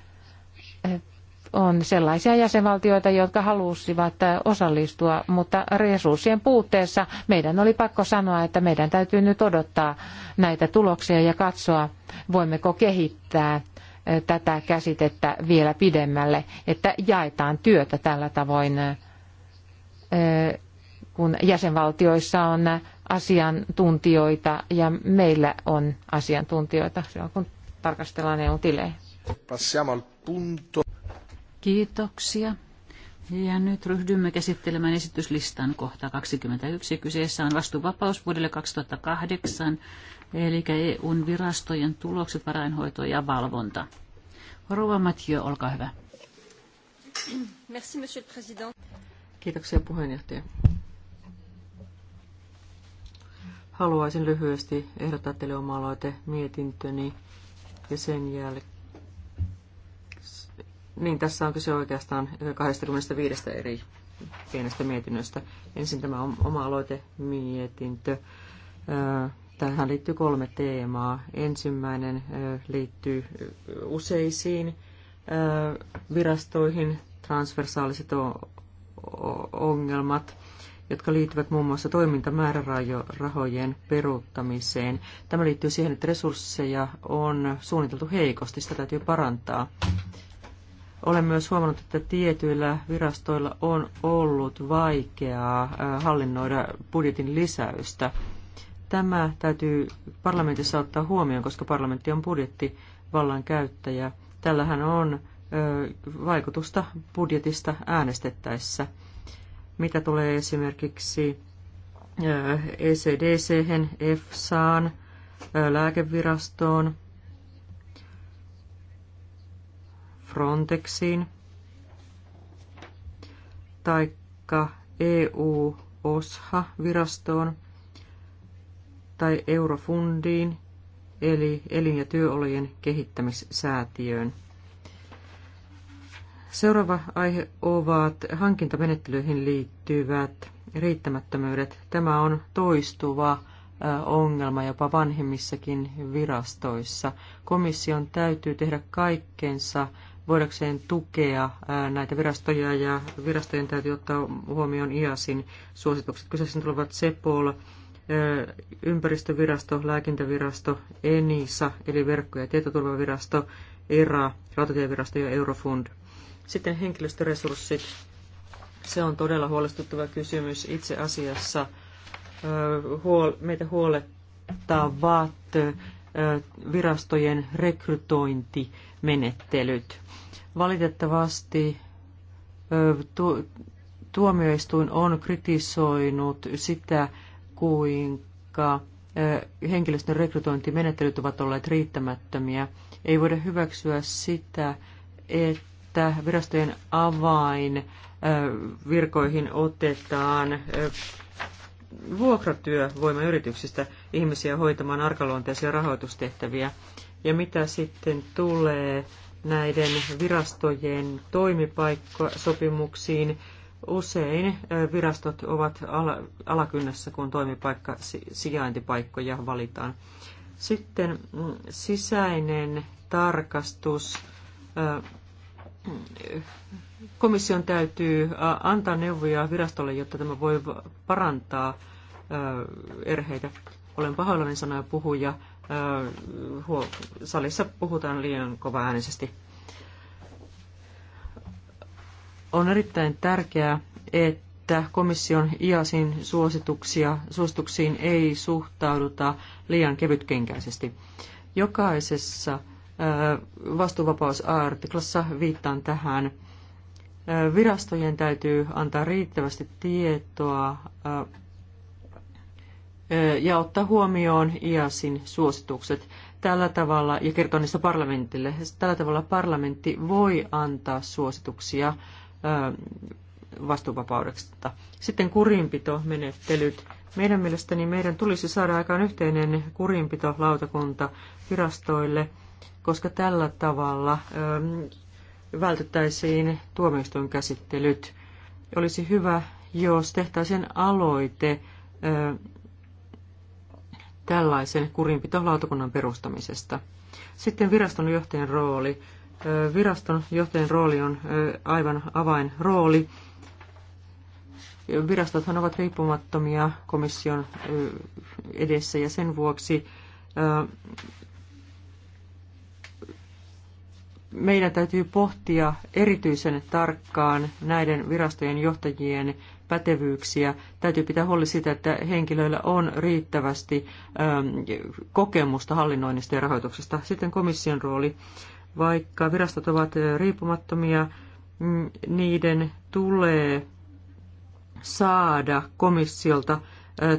on sellaisia jäsenvaltioita, jotka halusivat osallistua, mutta resurssien puutteessa meidän oli pakko sanoa, että meidän täytyy nyt odottaa näitä tuloksia ja katsoa, voimmeko kehittää tätä käsitettä vielä pidemmälle, että jaetaan työtä tällä tavoin kun jäsenvaltioissa on asiantuntijoita ja meillä on asiantuntijoita silloin, kun tarkastellaan EU-tilejä.
Kiitoksia. Ja nyt ryhdymme käsittelemään esityslistan kohta 21. Kyseessä on vastuuvapaus vuodelle 2008, eli EUn virastojen tulokset, varainhoito ja valvonta. Rouva Mathieu, olkaa hyvä.
Merci, monsieur le président. Kiitoksia puheenjohtaja. Haluaisin lyhyesti ehdottaa teille oma aloite mietintöni ja sen jälkeen. Niin, tässä on kyse oikeastaan 25 eri pienestä mietinnöstä. Ensin tämä oma aloite mietintö. Tähän liittyy kolme teemaa. Ensimmäinen liittyy useisiin virastoihin, transversaaliset ongelmat, jotka liittyvät muun muassa toimintamäärärahojen peruuttamiseen. Tämä liittyy siihen, että resursseja on suunniteltu heikosti, sitä täytyy parantaa. Olen myös huomannut, että tietyillä virastoilla on ollut vaikeaa äh, hallinnoida budjetin lisäystä. Tämä täytyy parlamentissa ottaa huomioon, koska parlamentti on budjettivallan käyttäjä. Tällähän on äh, vaikutusta budjetista äänestettäessä – mitä tulee esimerkiksi äh, ECDC, EFSAan, äh, lääkevirastoon, Frontexiin, taikka EU-OSHA-virastoon tai Eurofundiin, eli elin- ja työolojen kehittämissäätiöön. Seuraava aihe ovat hankintamenettelyihin liittyvät riittämättömyydet. Tämä on toistuva ongelma jopa vanhemmissakin virastoissa. Komission täytyy tehdä kaikkensa voidakseen tukea näitä virastoja ja virastojen täytyy ottaa huomioon IASin suositukset. Kyseessä tulevat CEPOL, ympäristövirasto, lääkintävirasto, ENISA eli verkko- ja tietoturvavirasto, ERA, rautatievirasto ja Eurofund. Sitten henkilöstöresurssit. Se on todella huolestuttava kysymys itse asiassa. Meitä huolettavat virastojen rekrytointimenettelyt. Valitettavasti tuomioistuin on kritisoinut sitä, kuinka henkilöstön rekrytointimenettelyt ovat olleet riittämättömiä. Ei voida hyväksyä sitä, että että virastojen avain virkoihin otetaan vuokratyövoimayrityksistä ihmisiä hoitamaan arkaluonteisia rahoitustehtäviä. Ja mitä sitten tulee näiden virastojen toimipaikkasopimuksiin, usein virastot ovat alakynnässä, kun toimipaikka sijaintipaikkoja valitaan. Sitten mm, sisäinen tarkastus komission täytyy antaa neuvoja virastolle, jotta tämä voi parantaa erheitä. Olen pahoillani sanoja puhuja. Salissa puhutaan liian äänisesti. On erittäin tärkeää, että komission IASin suosituksia, suosituksiin ei suhtauduta liian kevytkenkäisesti. Jokaisessa vastuuvapausartiklassa viittaan tähän. Virastojen täytyy antaa riittävästi tietoa ja ottaa huomioon IASin suositukset tällä tavalla, ja kertoa niistä parlamentille. Tällä tavalla parlamentti voi antaa suosituksia vastuuvapaudesta. Sitten kurinpitomenettelyt. Meidän mielestäni meidän tulisi saada aikaan yhteinen kurinpitolautakunta virastoille – koska tällä tavalla ähm, vältettäisiin tuomioistuinkäsittelyt. Olisi hyvä, jos tehtäisiin aloite ähm, tällaisen kurinpitolautakunnan perustamisesta. Sitten viraston johtajan rooli. Äh, viraston johtajan rooli on äh, aivan avainrooli. Virastothan ovat riippumattomia komission äh, edessä ja sen vuoksi meidän täytyy pohtia erityisen tarkkaan näiden virastojen johtajien pätevyyksiä. Täytyy pitää huoli siitä, että henkilöillä on riittävästi ähm, kokemusta hallinnoinnista ja rahoituksesta. Sitten komission rooli. Vaikka virastot ovat äh, riippumattomia, mm, niiden tulee saada komissiolta äh,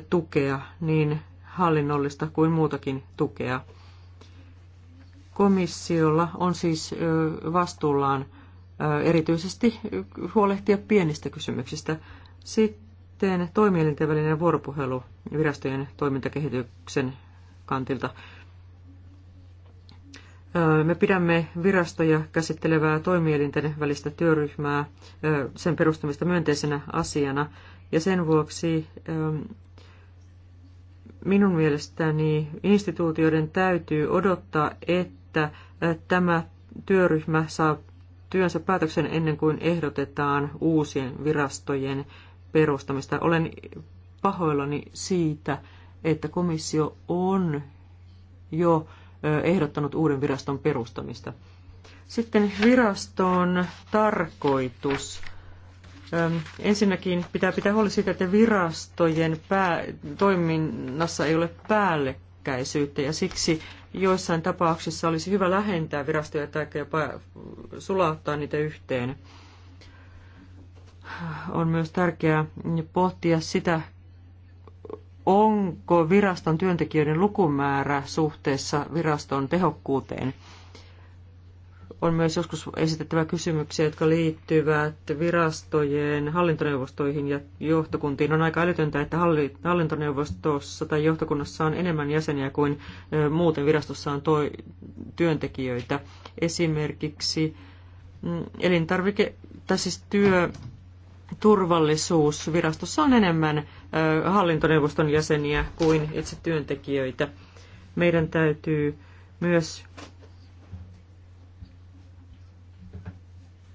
tukea, niin hallinnollista kuin muutakin tukea. Komissiolla on siis vastuullaan erityisesti huolehtia pienistä kysymyksistä. Sitten toimielinten välinen vuoropuhelu virastojen toimintakehityksen kantilta. Me pidämme virastoja käsittelevää toimielinten välistä työryhmää, sen perustamista myönteisenä asiana, ja sen vuoksi minun mielestäni instituutioiden täytyy odottaa, että että äh, tämä työryhmä saa työnsä päätöksen ennen kuin ehdotetaan uusien virastojen perustamista. Olen pahoillani siitä, että komissio on jo äh, ehdottanut uuden viraston perustamista. Sitten viraston tarkoitus. Ähm, ensinnäkin pitää pitää huoli siitä, että virastojen pää, toiminnassa ei ole päällekkäisyyttä ja siksi joissain tapauksissa olisi hyvä lähentää virastoja tai jopa sulauttaa niitä yhteen. On myös tärkeää pohtia sitä, onko viraston työntekijöiden lukumäärä suhteessa viraston tehokkuuteen – on myös joskus esitettävä kysymyksiä, jotka liittyvät virastojen hallintoneuvostoihin ja johtokuntiin. On aika älytöntä, että hallintoneuvostossa tai johtokunnassa on enemmän jäseniä kuin muuten virastossa on toi, työntekijöitä. Esimerkiksi mm, elintarvike, tai siis työ, turvallisuusvirastossa on enemmän hallintoneuvoston jäseniä kuin itse työntekijöitä. Meidän täytyy myös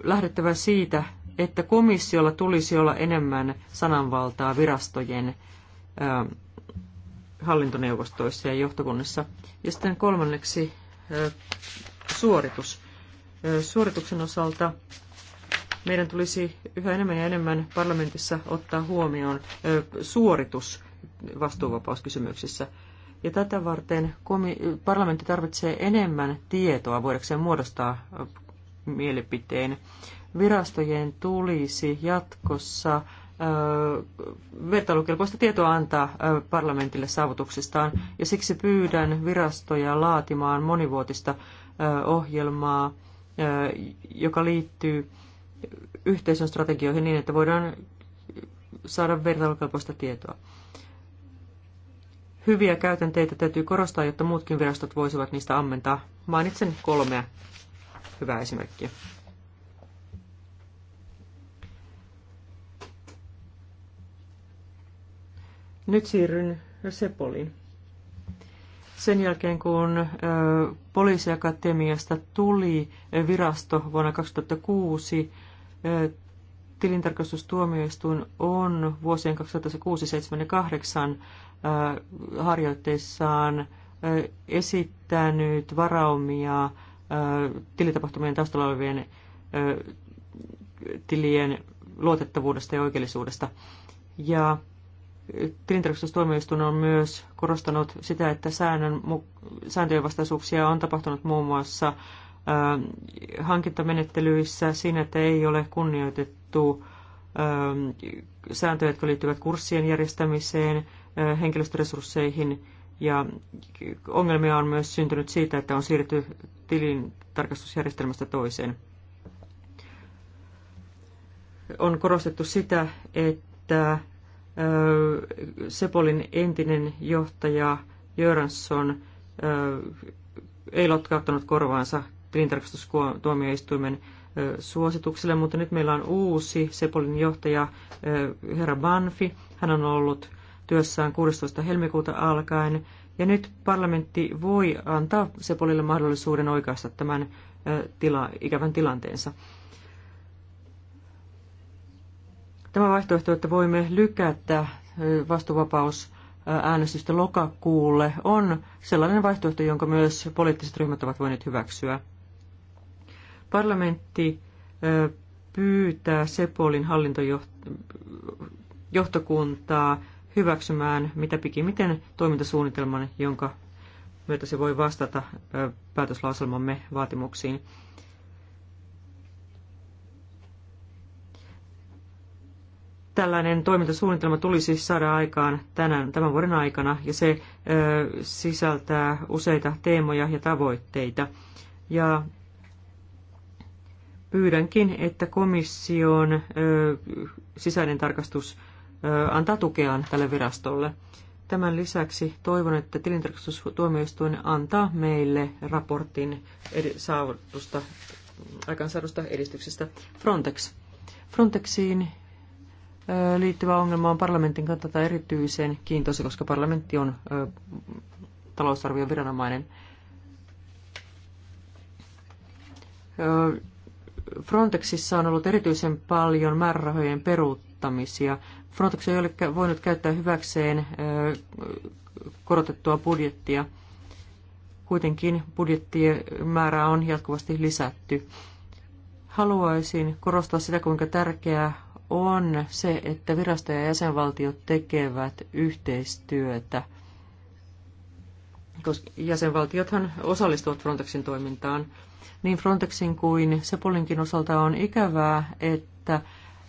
lähdettävä siitä, että komissiolla tulisi olla enemmän sananvaltaa virastojen ö, hallintoneuvostoissa ja johtokunnissa. Ja sitten kolmanneksi ö, suoritus. Ö, suorituksen osalta meidän tulisi yhä enemmän ja enemmän parlamentissa ottaa huomioon ö, suoritus vastuuvapauskysymyksissä. Ja tätä varten parlamentti tarvitsee enemmän tietoa voidakseen muodostaa mielipiteen. Virastojen tulisi jatkossa vertailukelpoista tietoa antaa parlamentille saavutuksistaan, ja siksi pyydän virastoja laatimaan monivuotista ohjelmaa, joka liittyy yhteisön strategioihin niin, että voidaan saada vertailukelpoista tietoa. Hyviä käytänteitä täytyy korostaa, jotta muutkin virastot voisivat niistä ammentaa. Mainitsen kolmea hyvä esimerkki. Nyt siirryn sepolin. Sen jälkeen kun poliisiakatemiasta tuli virasto vuonna 2006, tilintarkastustuomioistuin on vuosien 2006, 2008 harjoitteissaan esittänyt varaumia tilitapahtumien taustalla olevien tilien luotettavuudesta ja oikeellisuudesta. Ja tilintarkastustuomioistuin on myös korostanut sitä, että säännön, sääntöjen vastaisuuksia on tapahtunut muun muassa hankintamenettelyissä siinä, että ei ole kunnioitettu sääntöjä, jotka liittyvät kurssien järjestämiseen, henkilöstöresursseihin ja ongelmia on myös syntynyt siitä, että on siirrytty tilin tarkastusjärjestelmästä toiseen. On korostettu sitä, että Sepolin entinen johtaja Jöransson ei lotkauttanut korvaansa tilintarkastustuomioistuimen suositukselle, mutta nyt meillä on uusi Sepolin johtaja, herra Banfi. Hän on ollut työssään 16. helmikuuta alkaen, ja nyt parlamentti voi antaa Sepolille mahdollisuuden oikaista tämän tila, ikävän tilanteensa. Tämä vaihtoehto, että voimme lykätä vastuvapaus äänestystä lokakuulle, on sellainen vaihtoehto, jonka myös poliittiset ryhmät ovat voineet hyväksyä. Parlamentti pyytää Sepolin hallintojohtokuntaa hyväksymään mitä pikimiten toimintasuunnitelman, jonka myötä se voi vastata päätöslauselmamme vaatimuksiin. Tällainen toimintasuunnitelma tulisi saada aikaan tänään, tämän vuoden aikana ja se ö, sisältää useita teemoja ja tavoitteita. Ja pyydänkin, että komission ö, sisäinen tarkastus antaa tukeaan tälle virastolle. Tämän lisäksi toivon, että tilintarkastustuomioistuin antaa meille raportin edi- saavutusta, aikaansaadusta edistyksestä Frontex. Frontexiin liittyvä ongelma on parlamentin kannalta erityisen kiintoisa, koska parlamentti on talousarvion viranomainen. Frontexissa on ollut erityisen paljon määrärahojen peruuttamisia. Frontex ei ole voinut käyttää hyväkseen korotettua budjettia. Kuitenkin budjettien määrää on jatkuvasti lisätty. Haluaisin korostaa sitä, kuinka tärkeää on se, että virasto ja jäsenvaltiot tekevät yhteistyötä. Koska jäsenvaltiothan osallistuvat Frontexin toimintaan. Niin Frontexin kuin Sepolinkin osalta on ikävää, että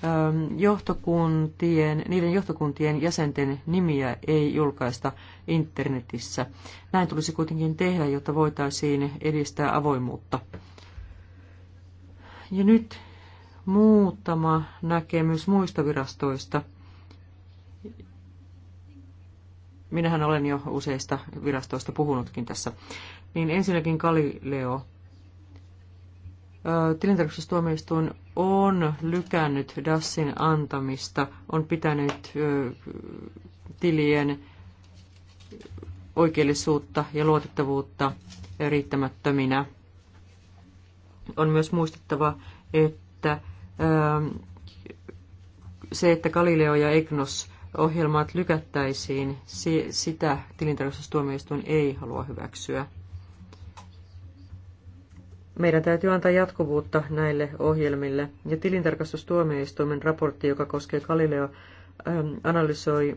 Ähm, johtokuntien, niiden johtokuntien jäsenten nimiä ei julkaista internetissä. Näin tulisi kuitenkin tehdä, jotta voitaisiin edistää avoimuutta. Ja nyt muutama näkemys muista virastoista. Minähän olen jo useista virastoista puhunutkin tässä. Niin ensinnäkin Galileo tilintarkastustuomioistuin on lykännyt DASin antamista, on pitänyt tilien oikeellisuutta ja luotettavuutta riittämättöminä. On myös muistettava, että se, että Galileo ja Egnos ohjelmat lykättäisiin, sitä tilintarkastustuomioistuin ei halua hyväksyä. Meidän täytyy antaa jatkuvuutta näille ohjelmille, ja tilintarkastustuomioistuimen raportti, joka koskee Galileo, ähm, analysoi,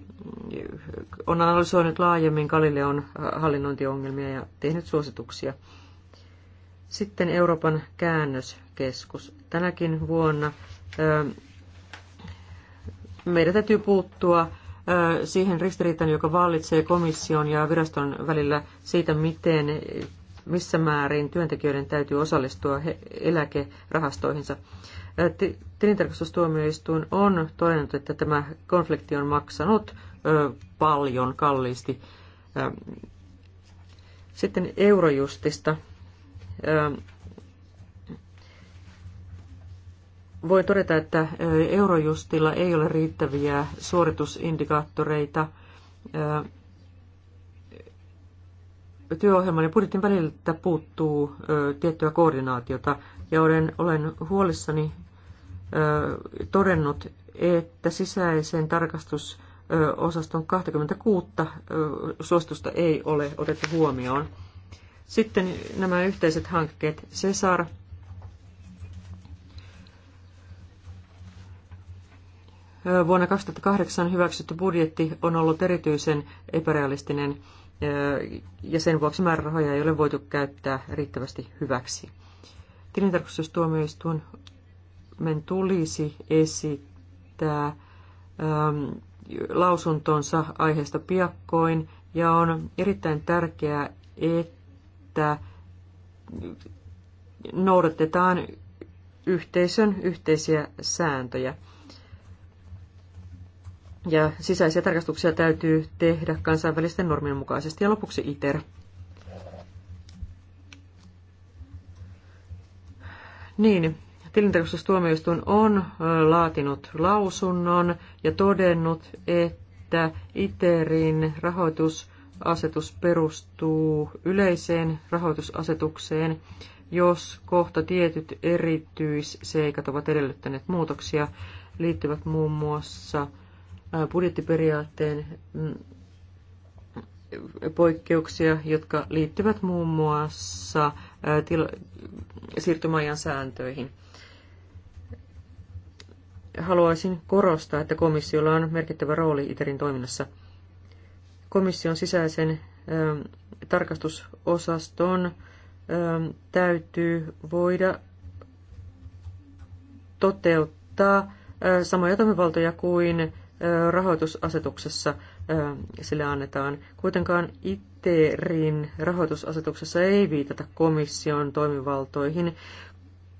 on analysoinut laajemmin Galileon äh, hallinnointiongelmia ja tehnyt suosituksia. Sitten Euroopan käännöskeskus. Tänäkin vuonna ähm, meidän täytyy puuttua äh, siihen ristiriitaan, joka vallitsee komission ja viraston välillä siitä, miten missä määrin työntekijöiden täytyy osallistua eläkerahastoihinsa. Tilintarkastustuomioistuin on todennut, että tämä konflikti on maksanut paljon kalliisti. Sitten Eurojustista. Voi todeta, että Eurojustilla ei ole riittäviä suoritusindikaattoreita työohjelman ja budjetin väliltä puuttuu ö, tiettyä koordinaatiota ja olen, olen huolissani ö, todennut, että sisäisen tarkastusosaston 26 ö, suostusta ei ole otettu huomioon. Sitten nämä yhteiset hankkeet Cesar, Vuonna 2008 hyväksytty budjetti on ollut erityisen epärealistinen ja sen vuoksi määrärahoja ei ole voitu käyttää riittävästi hyväksi. Tilintarkastustuomioistuimen tulisi esittää ähm, lausuntonsa aiheesta piakkoin, ja on erittäin tärkeää, että noudatetaan yhteisön yhteisiä sääntöjä. Ja sisäisiä tarkastuksia täytyy tehdä kansainvälisten normien mukaisesti. Ja lopuksi ITER. Niin, tilintarkastustuomioistuin on laatinut lausunnon ja todennut, että ITERin rahoitusasetus perustuu yleiseen rahoitusasetukseen, jos kohta tietyt erityisseikat ovat edellyttäneet muutoksia, liittyvät muun muassa – budjettiperiaatteen mm, poikkeuksia, jotka liittyvät muun muassa siirtymäajan sääntöihin. Haluaisin korostaa, että komissiolla on merkittävä rooli ITERin toiminnassa. Komission sisäisen tarkastusosaston täytyy voida toteuttaa samoja toimivaltoja kuin rahoitusasetuksessa sille annetaan. Kuitenkaan ITERin rahoitusasetuksessa ei viitata komission toimivaltoihin,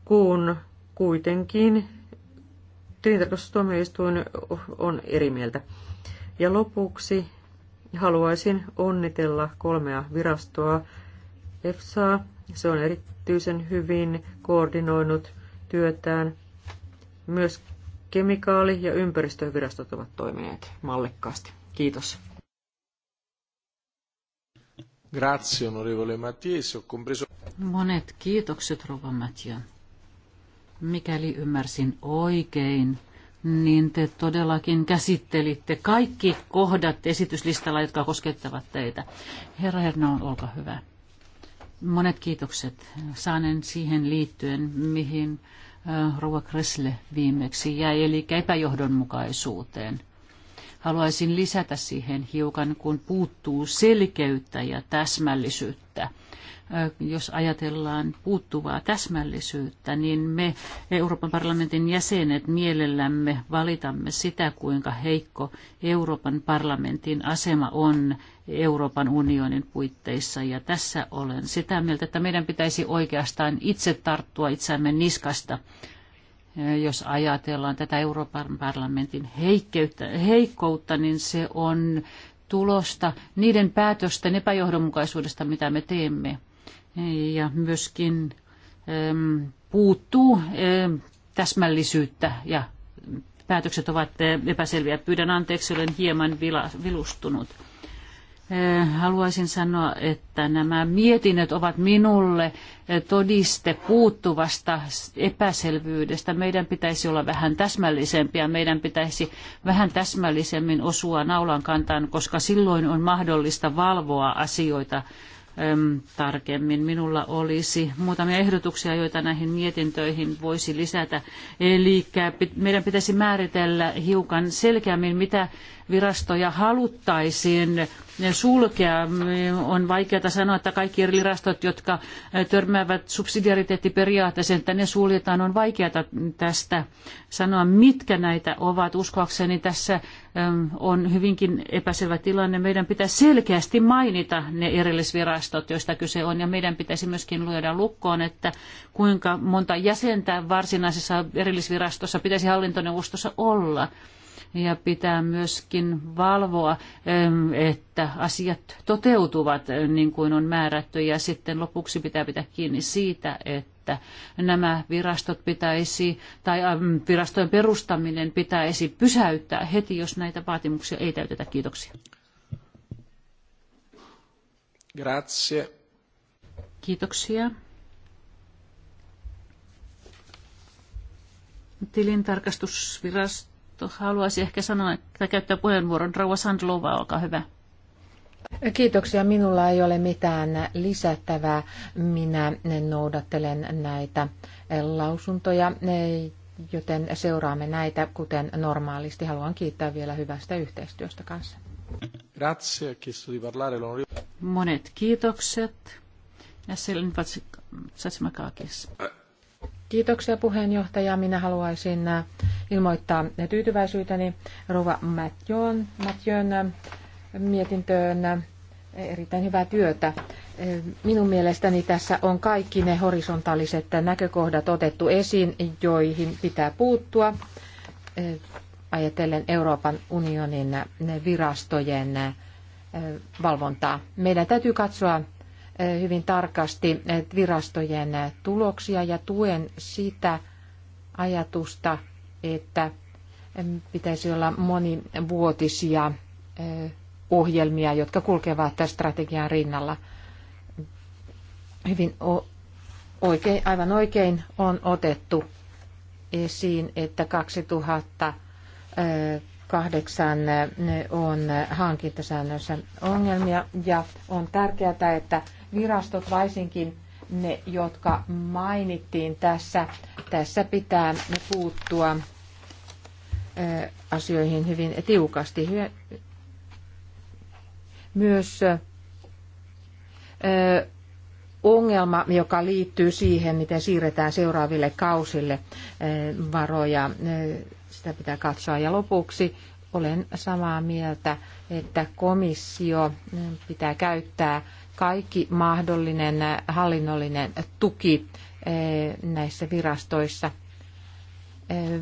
kun kuitenkin tilintarkastustuomioistuin on eri mieltä. Ja lopuksi haluaisin onnitella kolmea virastoa. EFSA se on erityisen hyvin koordinoinut työtään. Myös kemikaali- ja ympäristövirastot ovat toimineet mallikkaasti. Kiitos. Grazie, onorevole Mattiesi, compreso... Monet
kiitokset, Rova Mattia. Mikäli ymmärsin oikein, niin te todellakin käsittelitte kaikki kohdat esityslistalla, jotka koskettavat teitä. Herra Herno, olkaa hyvä. Monet kiitokset. Saanen siihen liittyen, mihin rouva Kressle viimeksi jäi, eli epäjohdonmukaisuuteen – Haluaisin lisätä siihen hiukan, kun puuttuu selkeyttä ja täsmällisyyttä jos ajatellaan puuttuvaa täsmällisyyttä, niin me Euroopan parlamentin jäsenet mielellämme valitamme sitä, kuinka heikko Euroopan parlamentin asema on Euroopan unionin puitteissa. Ja tässä olen sitä mieltä, että meidän pitäisi oikeastaan itse tarttua itseämme niskasta Eh, jos ajatellaan tätä Euroopan parlamentin heikkeyttä, heikkoutta, niin se on tulosta niiden päätösten epäjohdonmukaisuudesta, mitä me teemme. Ja myöskin äm, puuttuu äm, täsmällisyyttä ja päätökset ovat eh, epäselviä. Pyydän anteeksi, olen hieman vilustunut. Eh, haluaisin sanoa, että nämä mietinnöt ovat minulle eh, todiste puuttuvasta epäselvyydestä. Meidän pitäisi olla vähän täsmällisempiä, meidän pitäisi vähän täsmällisemmin osua naulan kantaan, koska silloin on mahdollista valvoa asioita tarkemmin. Minulla olisi muutamia ehdotuksia, joita näihin mietintöihin voisi lisätä. Eli meidän pitäisi määritellä hiukan selkeämmin, mitä virastoja haluttaisiin sulkea. On vaikeaa sanoa, että kaikki eri virastot, jotka törmäävät subsidiariteettiperiaatteeseen, että ne suljetaan. On vaikeaa tästä sanoa, mitkä näitä ovat. Uskoakseni tässä ähm, on hyvinkin epäselvä tilanne. Meidän pitää selkeästi mainita ne erillisvirastot, joista kyse on, ja meidän pitäisi myöskin luoda lukkoon, että kuinka monta jäsentä varsinaisessa erillisvirastossa pitäisi hallintoneuvostossa olla ja pitää myöskin valvoa, ähm, että asiat toteutuvat äh, niin kuin on määrätty ja sitten lopuksi pitää pitää kiinni siitä, että nämä virastot pitäisi tai ähm, virastojen perustaminen pitäisi pysäyttää heti, jos näitä vaatimuksia ei täytetä. Kiitoksia.
Grazie.
Kiitoksia. Tilintarkastusvirasto haluaisi ehkä sanoa, että käyttää puheenvuoron. Rauha Sandlova, olkaa hyvä.
Kiitoksia. Minulla ei ole mitään lisättävää. Minä noudattelen näitä lausuntoja, joten seuraamme näitä kuten normaalisti. Haluan kiittää vielä hyvästä yhteistyöstä kanssa.
Grazie, chiesto di parlare
Monet kiitokset. Ja Selin Vatsimakakis. Äh. Kiitoksia puheenjohtaja. Minä haluaisin äh, ilmoittaa tyytyväisyyteni Rova Matjön, Matjön äh, mietintöön äh, erittäin hyvää työtä. Minun mielestäni tässä on kaikki ne horisontaaliset näkökohdat otettu esiin, joihin pitää puuttua ajatellen Euroopan unionin virastojen valvontaa. Meidän täytyy katsoa hyvin tarkasti eh, virastojen eh, tuloksia ja tuen sitä ajatusta, että pitäisi olla monivuotisia eh, ohjelmia, jotka kulkevat strategian rinnalla. Hyvin oikein, aivan oikein on otettu esiin, että 2008 on hankintasäännöissä ongelmia ja on tärkeää, että virastot varsinkin ne, jotka mainittiin tässä. Tässä pitää puuttua asioihin hyvin tiukasti. Myös ongelma, joka liittyy siihen, miten siirretään seuraaville kausille varoja, sitä pitää katsoa. Ja lopuksi olen samaa mieltä, että komissio pitää käyttää kaikki mahdollinen hallinnollinen tuki eh, näissä virastoissa. Eh,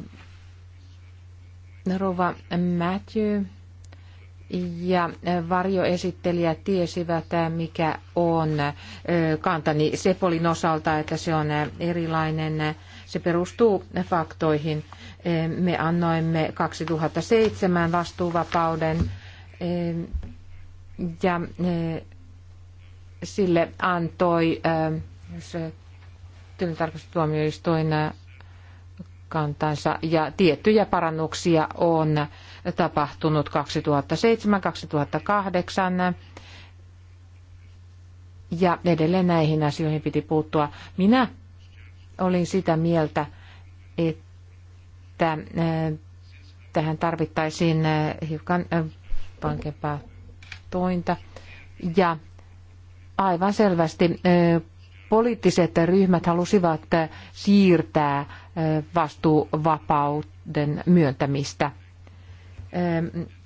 Rova Matthew ja varjoesittelijä tiesivät, eh, mikä on kantani Sepolin osalta, että se on erilainen. Se perustuu faktoihin. Me annoimme 2007 vastuuvapauden ja sille antoi ähm, äh, tilintarkastustuomioistuin äh, kantansa ja tiettyjä parannuksia on tapahtunut 2007-2008 ja edelleen näihin asioihin piti puuttua. Minä olin sitä mieltä, että äh, tähän tarvittaisiin hiukan vankempaa tointa ja aivan selvästi poliittiset ryhmät halusivat siirtää vastuuvapauden myöntämistä.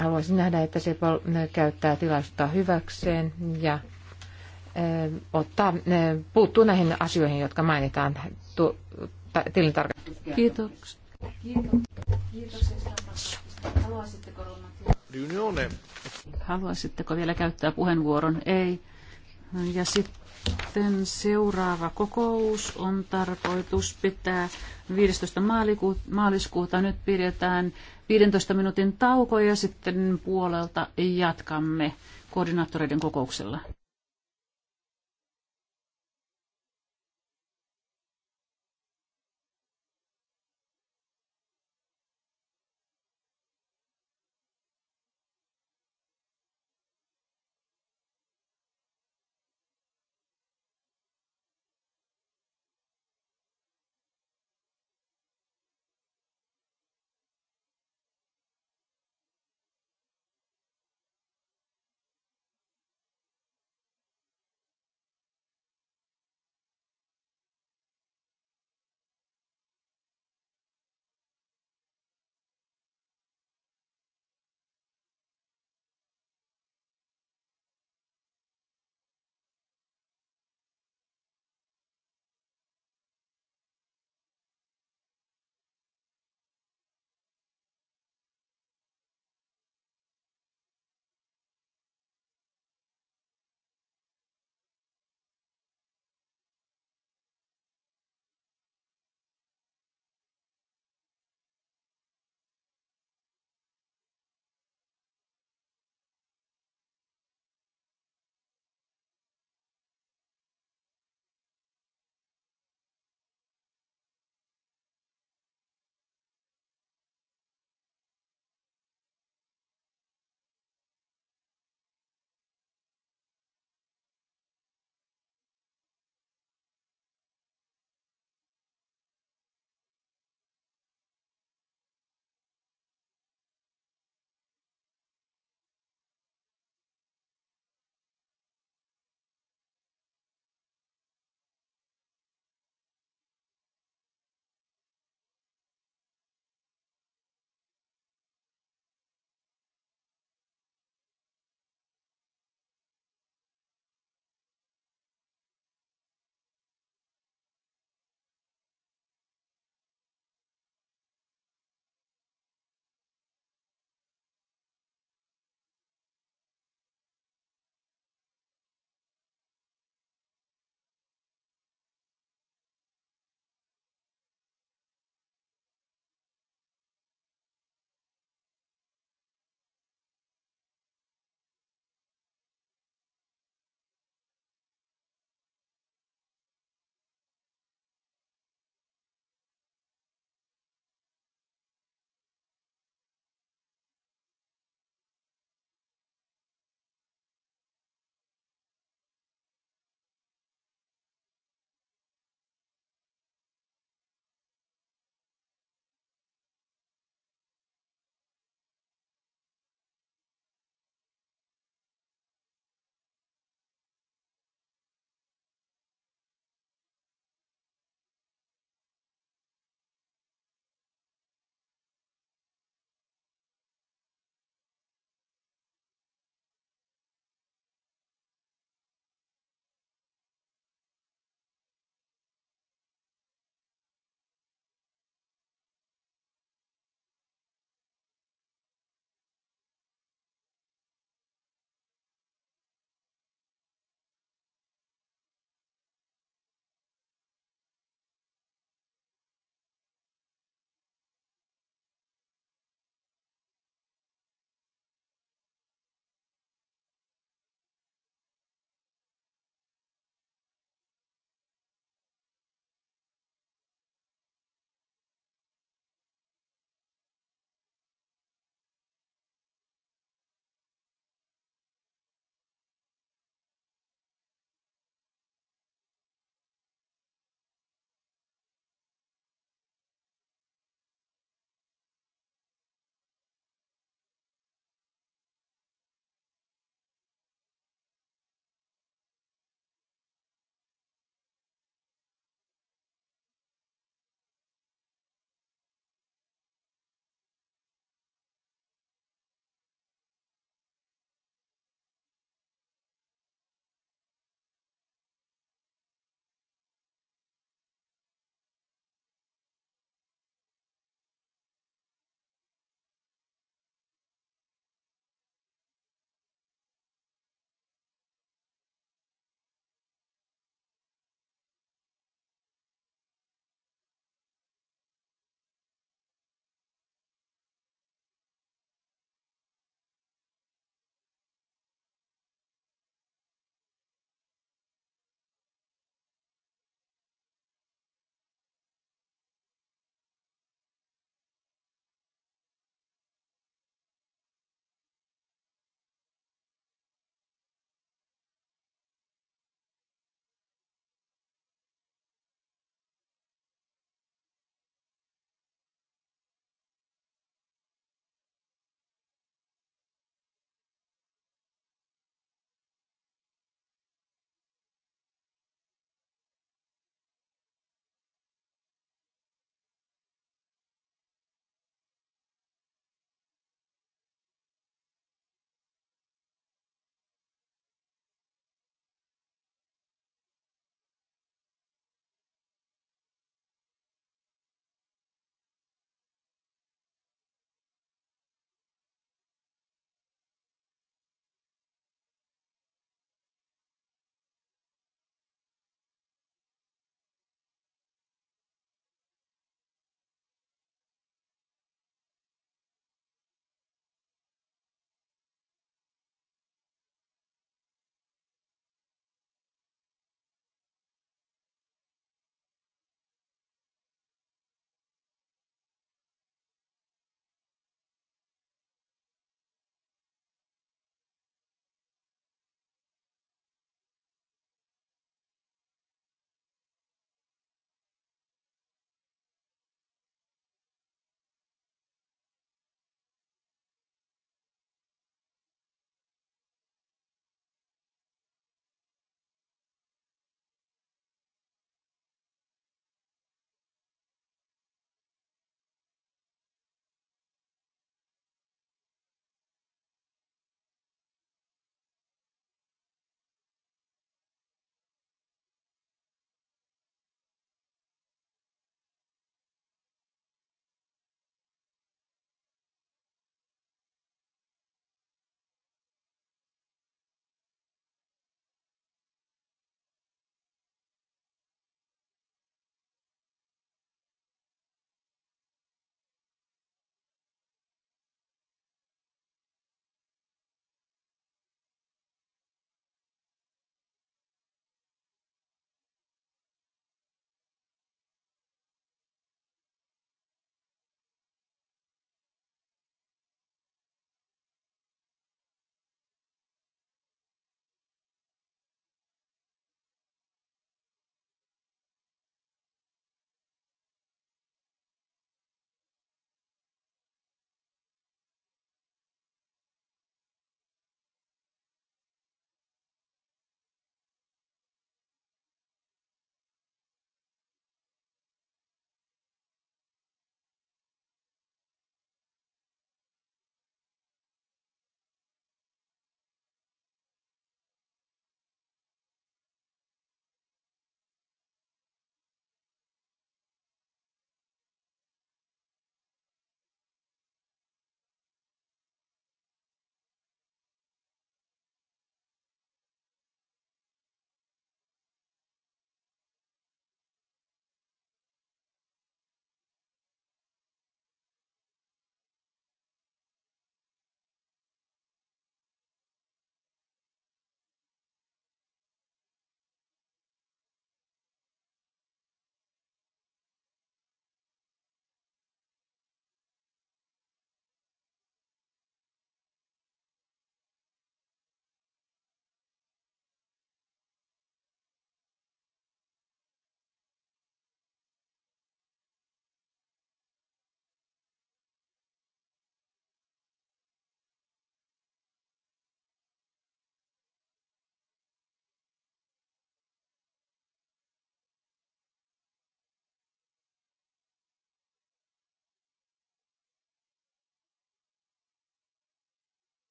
Haluaisin nähdä, että Sepol käyttää tilaisuutta hyväkseen ja ottaa, puuttuu näihin asioihin, jotka mainitaan tilintarkastuksessa. Kiitos. Kiitos. Kiitos. Haluaisitteko, Haluaisitteko vielä käyttää
puheenvuoron? Ei. Ja sitten seuraava kokous on tarkoitus pitää 15. maaliskuuta. Nyt pidetään 15 minuutin tauko ja sitten puolelta jatkamme koordinaattoreiden kokouksella.